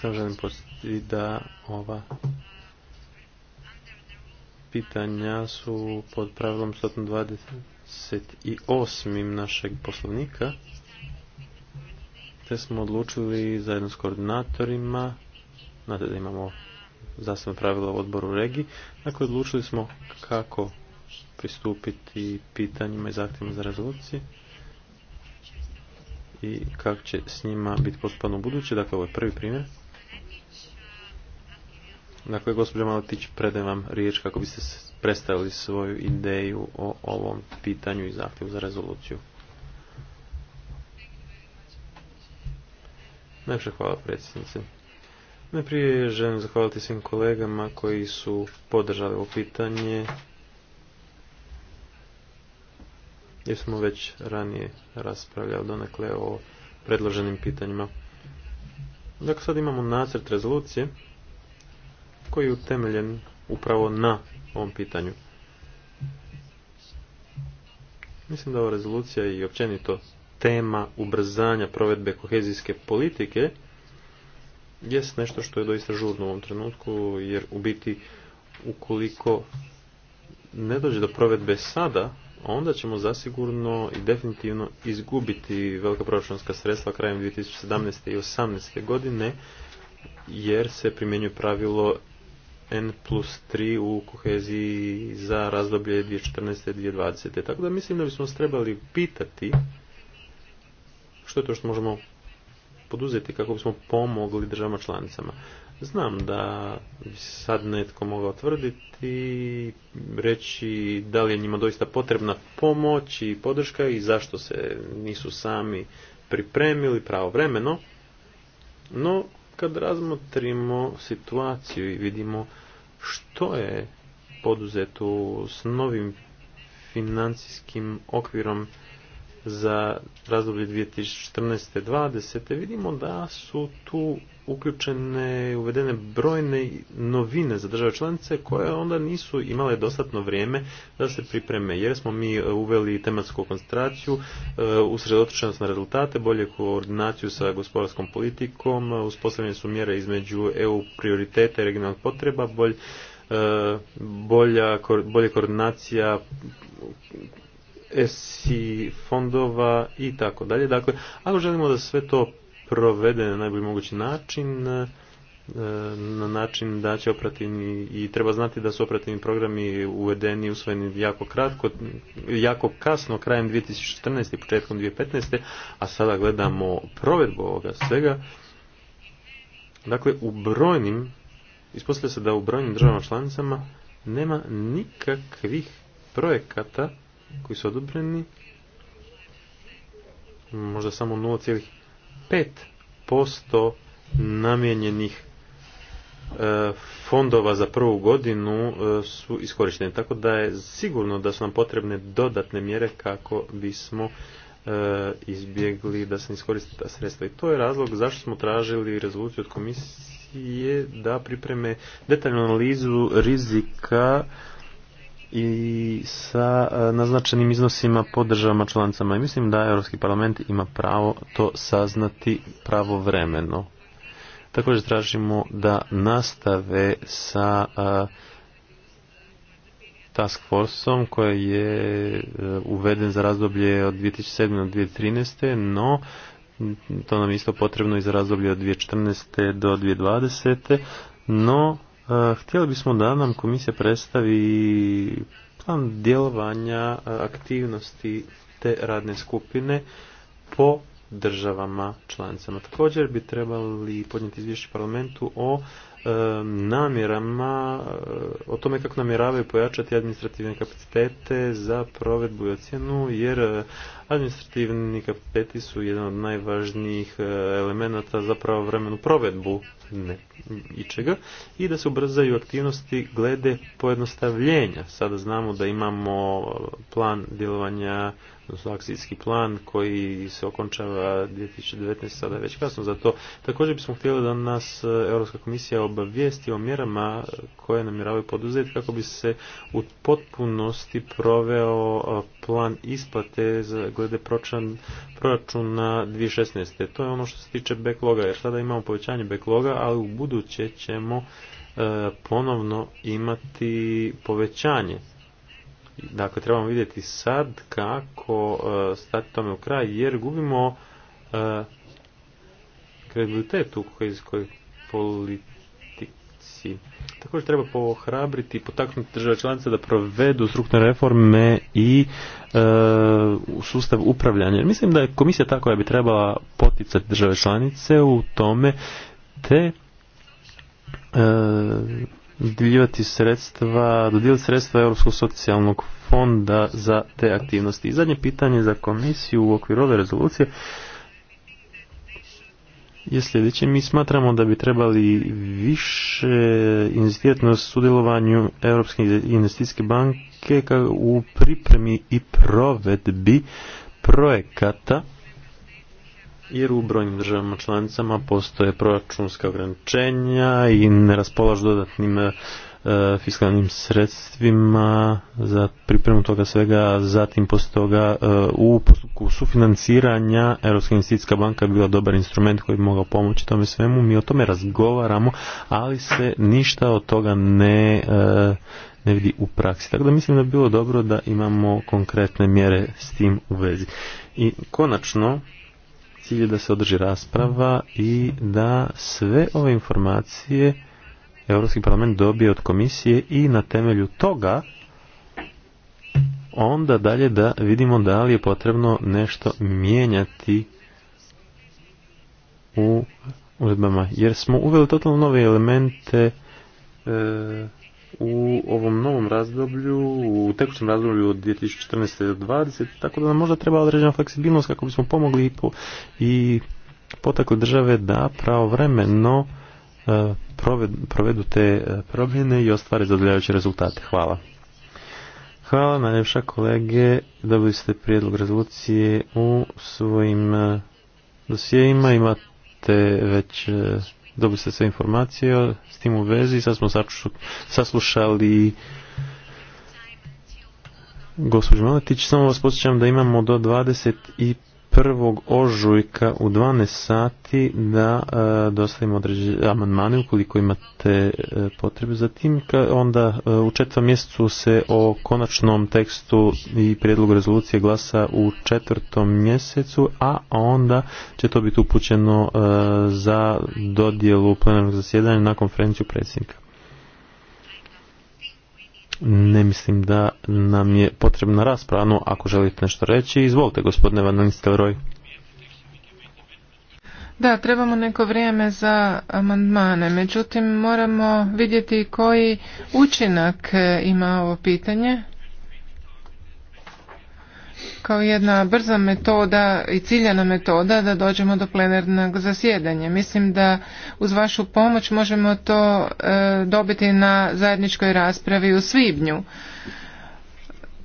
Sam želim da ova pitanja su pod pravilom 128. našeg poslovnika te smo odlučili zajedno s koordinatorima Znate da imamo zasebno pravilo u odboru regi. Dakle, odlučili smo kako pristupiti pitanjima i zahtjevima za rezolucije i kako će s njima biti postupano u buduće. Dakle, ovo je prvi primjer. Dakle, gospođa Malotić, predajem vam riječ kako biste predstavili svoju ideju o ovom pitanju i zahtjevu za rezoluciju. Najprej hvala predsjednice. Najprije želim zahvaliti svim kolegama koji su podržali ovo pitanje. Jer smo već ranije raspravljali donekle o predloženim pitanjima. Dakle, sad imamo nacrt rezolucije koji je utemeljen upravo na ovom pitanju. Mislim da ova rezolucija i općenito tema ubrzanja provedbe kohezijske politike jest nešto što je doista žurno u ovom trenutku, jer u biti ukoliko ne dođe do provedbe sada, onda ćemo zasigurno i definitivno izgubiti velika proračunska sredstva krajem 2017. i 2018. godine, jer se primjenjuje pravilo N plus 3 u koheziji za razdoblje 2014. i 2020. Tako da mislim da bismo se trebali pitati što je to što možemo poduzeti kako bismo pomogli državama članicama. Znam da sad netko mogao tvrditi, reći da li je njima doista potrebna pomoć i podrška i zašto se nisu sami pripremili pravovremeno. No, kad razmotrimo situaciju i vidimo što je poduzeto s novim financijskim okvirom za razdoblje 2014-2020 vidimo da su tu uključene, uvedene brojne novine za države članice koje onda nisu imale dostatno vrijeme da se pripreme jer smo mi e, uveli tematsku koncentraciju, e, usredotočenost na rezultate, bolje koordinaciju sa gospodarskom politikom, e, uspostavljene su mjere između EU prioriteta i regionalnih potreba, bolj, bolja, bolje koordinacija ESI fondova i tako dalje. Dakle, ako želimo da sve to provede na najbolji mogući način, e, na način da će operativni i treba znati da su operativni programi uvedeni i usvojeni jako kratko, jako kasno, krajem 2014. i početkom 2015. a sada gledamo provedbu ovoga svega. Dakle, u brojnim, ispostavlja se da u brojnim državama članicama nema nikakvih projekata koji su odobreni, možda samo 0,5% namijenjenih e, fondova za prvu godinu e, su iskorišteni. Tako da je sigurno da su nam potrebne dodatne mjere kako bismo e, izbjegli da se iskoriste ta sredstva. I to je razlog zašto smo tražili rezoluciju od komisije da pripreme detaljnu analizu rizika i sa e, naznačenim iznosima po državama članicama i mislim da Europski parlament ima pravo to saznati pravovremeno. Također tražimo da nastave sa e, task forceom koji je e, uveden za razdoblje od 2007. do 2013. no to nam isto potrebno i za razdoblje od 2014. do 2020. no Htjeli bismo da nam komisija predstavi plan djelovanja aktivnosti te radne skupine po državama članicama. Također bi trebali podnijeti izvješće parlamentu o e, namjerama, e, o tome kako namjeravaju pojačati administrativne kapacitete za provedbu i ocjenu, jer e, Administrativni kapaciteti su jedan od najvažnijih e, elemenata za pravovremenu provedbu ne, ičega i da se ubrzaju aktivnosti glede pojednostavljenja. Sada znamo da imamo e, plan djelovanja, odnosno akcijski plan koji se okončava 2019. sada je već kasno za to. Također bismo htjeli da nas e, Europska komisija obavijesti o mjerama koje namjeravaju poduzeti kako bi se u potpunosti proveo plan isplate za glede pročan, proračuna 2016. To je ono što se tiče backloga, jer sada imamo povećanje backloga, ali u buduće ćemo e, ponovno imati povećanje. Dakle, trebamo vidjeti sad kako e, stati tome u kraj, jer gubimo e, kredibilitet u kohezijskoj politici komisiji. Također treba pohrabriti i potaknuti države članice da provedu strukturne reforme i e, sustav upravljanja. Mislim da je komisija ta koja bi trebala poticati države članice u tome te e, dodjeljivati sredstva, dodijeliti sredstva Europskog socijalnog fonda za te aktivnosti. I zadnje pitanje za komisiju u okviru ove rezolucije je sljedeće. Mi smatramo da bi trebali više inzistirati na sudjelovanju Europske investicijske banke u pripremi i provedbi projekata jer u brojnim državama članicama postoje proračunska ograničenja i ne raspolažu dodatnim E, fiskalnim sredstvima za pripremu toga svega, zatim poslije toga e, u postupku sufinanciranja Europska investicijska banka je bila dobar instrument koji bi mogao pomoći tome svemu. Mi o tome razgovaramo, ali se ništa od toga ne, e, ne vidi u praksi. Tako da mislim da bi bilo dobro da imamo konkretne mjere s tim u vezi. I konačno, cilj je da se održi rasprava i da sve ove informacije Europski parlament dobije od komisije i na temelju toga onda dalje da vidimo da li je potrebno nešto mijenjati u uredbama. Jer smo uveli totalno nove elemente e, u ovom novom razdoblju, u tekućem razdoblju od 2014. do 2020. Tako da nam možda treba određena fleksibilnost kako bismo pomogli i, po, i potakli države da pravovremeno E, provedu te e, promjene i ostvare zadovoljavajuće rezultate. Hvala. Hvala najljepša kolege. Dobili ste prijedlog rezolucije u svojim e, dosijejima. Imate već dobili ste sve informacije s tim u vezi. Sad smo saslušali gospođu Maletić. Samo vas posjećam da imamo do i prvog ožujka u 12 sati da e, dostavimo određene amandmane ukoliko imate e, potrebe za tim. Onda e, u četvrtom mjesecu se o konačnom tekstu i prijedlogu rezolucije glasa u četvrtom mjesecu, a onda će to biti upućeno e, za dodjelu plenarnog zasjedanja na konferenciju predsjednika ne mislim da nam je potrebna rasprava, no ako želite nešto reći, izvolite gospodine Van Da, trebamo neko vrijeme za amandmane, međutim moramo vidjeti koji učinak e, ima ovo pitanje kao jedna brza metoda i ciljana metoda da dođemo do plenarnog zasjedanja. Mislim da uz vašu pomoć možemo to e, dobiti na zajedničkoj raspravi u svibnju.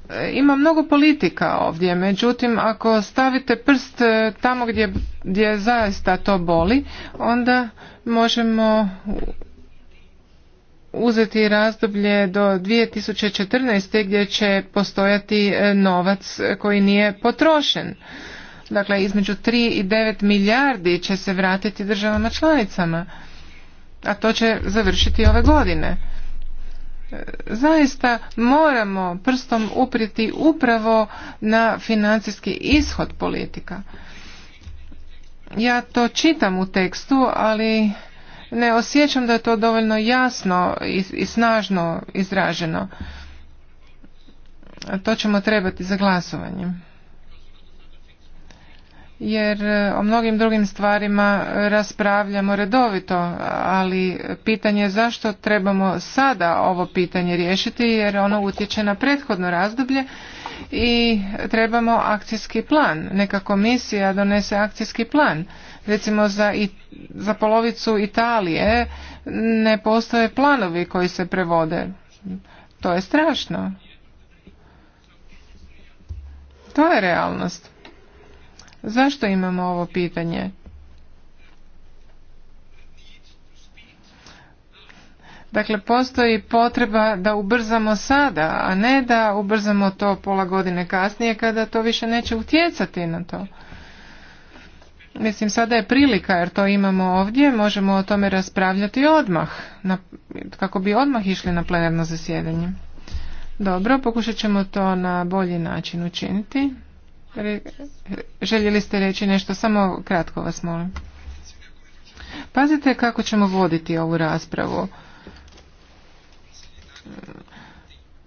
E, ima mnogo politika ovdje, međutim ako stavite prst e, tamo gdje, gdje zaista to boli, onda možemo uzeti razdoblje do 2014. gdje će postojati e, novac koji nije potrošen. Dakle, između 3 i 9 milijardi će se vratiti državama članicama, a to će završiti ove godine. E, zaista moramo prstom upriti upravo na financijski ishod politika. Ja to čitam u tekstu, ali ne osjećam da je to dovoljno jasno i, snažno izraženo. To ćemo trebati za glasovanje. Jer e, o mnogim drugim stvarima raspravljamo redovito, ali pitanje je zašto trebamo sada ovo pitanje riješiti jer ono utječe na prethodno razdoblje i trebamo akcijski plan. Neka komisija donese akcijski plan recimo za, i, za polovicu Italije ne postoje planovi koji se prevode. To je strašno. To je realnost. Zašto imamo ovo pitanje? Dakle, postoji potreba da ubrzamo sada, a ne da ubrzamo to pola godine kasnije kada to više neće utjecati na to. Mislim, sada je prilika jer to imamo ovdje, možemo o tome raspravljati odmah, na, kako bi odmah išli na plenarno zasjedanje. Dobro, pokušat ćemo to na bolji način učiniti. Željeli ste reći nešto, samo kratko vas molim. Pazite kako ćemo voditi ovu raspravu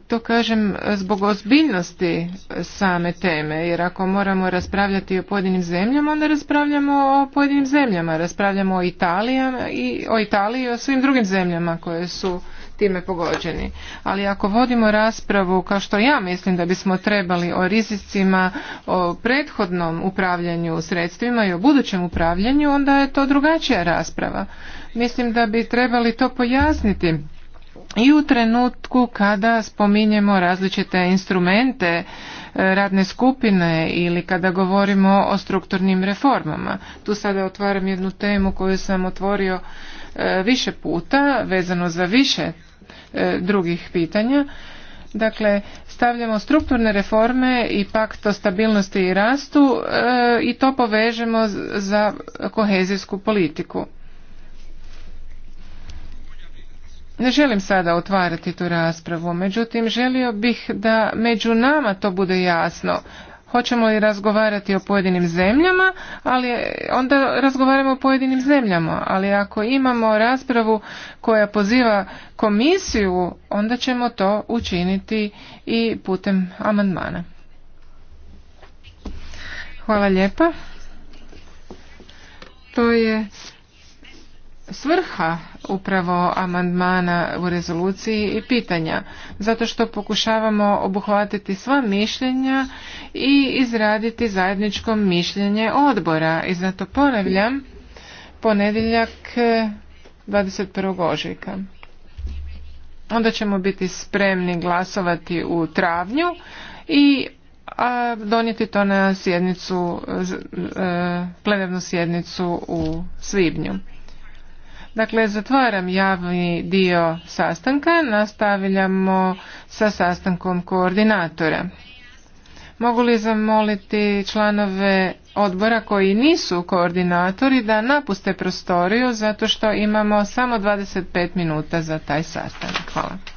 to kažem zbog ozbiljnosti same teme, jer ako moramo raspravljati o pojedinim zemljama, onda raspravljamo o pojedinim zemljama, raspravljamo o Italiji i o Italiji i o svim drugim zemljama koje su time pogođeni. Ali ako vodimo raspravu kao što ja mislim da bismo trebali o rizicima, o prethodnom upravljanju sredstvima i o budućem upravljanju, onda je to drugačija rasprava. Mislim da bi trebali to pojasniti i u trenutku kada spominjemo različite instrumente e, radne skupine ili kada govorimo o strukturnim reformama. Tu sada otvaram jednu temu koju sam otvorio e, više puta vezano za više e, drugih pitanja. Dakle, stavljamo strukturne reforme i pakt o stabilnosti i rastu i to povežemo za kohezijsku politiku. Ne želim sada otvarati tu raspravu, međutim želio bih da među nama to bude jasno. Hoćemo li razgovarati o pojedinim zemljama, ali onda razgovaramo o pojedinim zemljama, ali ako imamo raspravu koja poziva komisiju, onda ćemo to učiniti i putem amandmana. Hvala lijepa. To je svrha upravo amandmana u rezoluciji i pitanja zato što pokušavamo obuhvatiti sva mišljenja i izraditi zajedničko mišljenje odbora i zato ponavljam ponedjeljak 21. ožujka onda ćemo biti spremni glasovati u travnju i a donijeti to na sjednicu e, plenarnu sjednicu u svibnju Dakle, zatvaram javni dio sastanka, nastavljamo sa sastankom koordinatora. Mogu li zamoliti članove odbora koji nisu koordinatori da napuste prostoriju zato što imamo samo 25 minuta za taj sastanak. Hvala.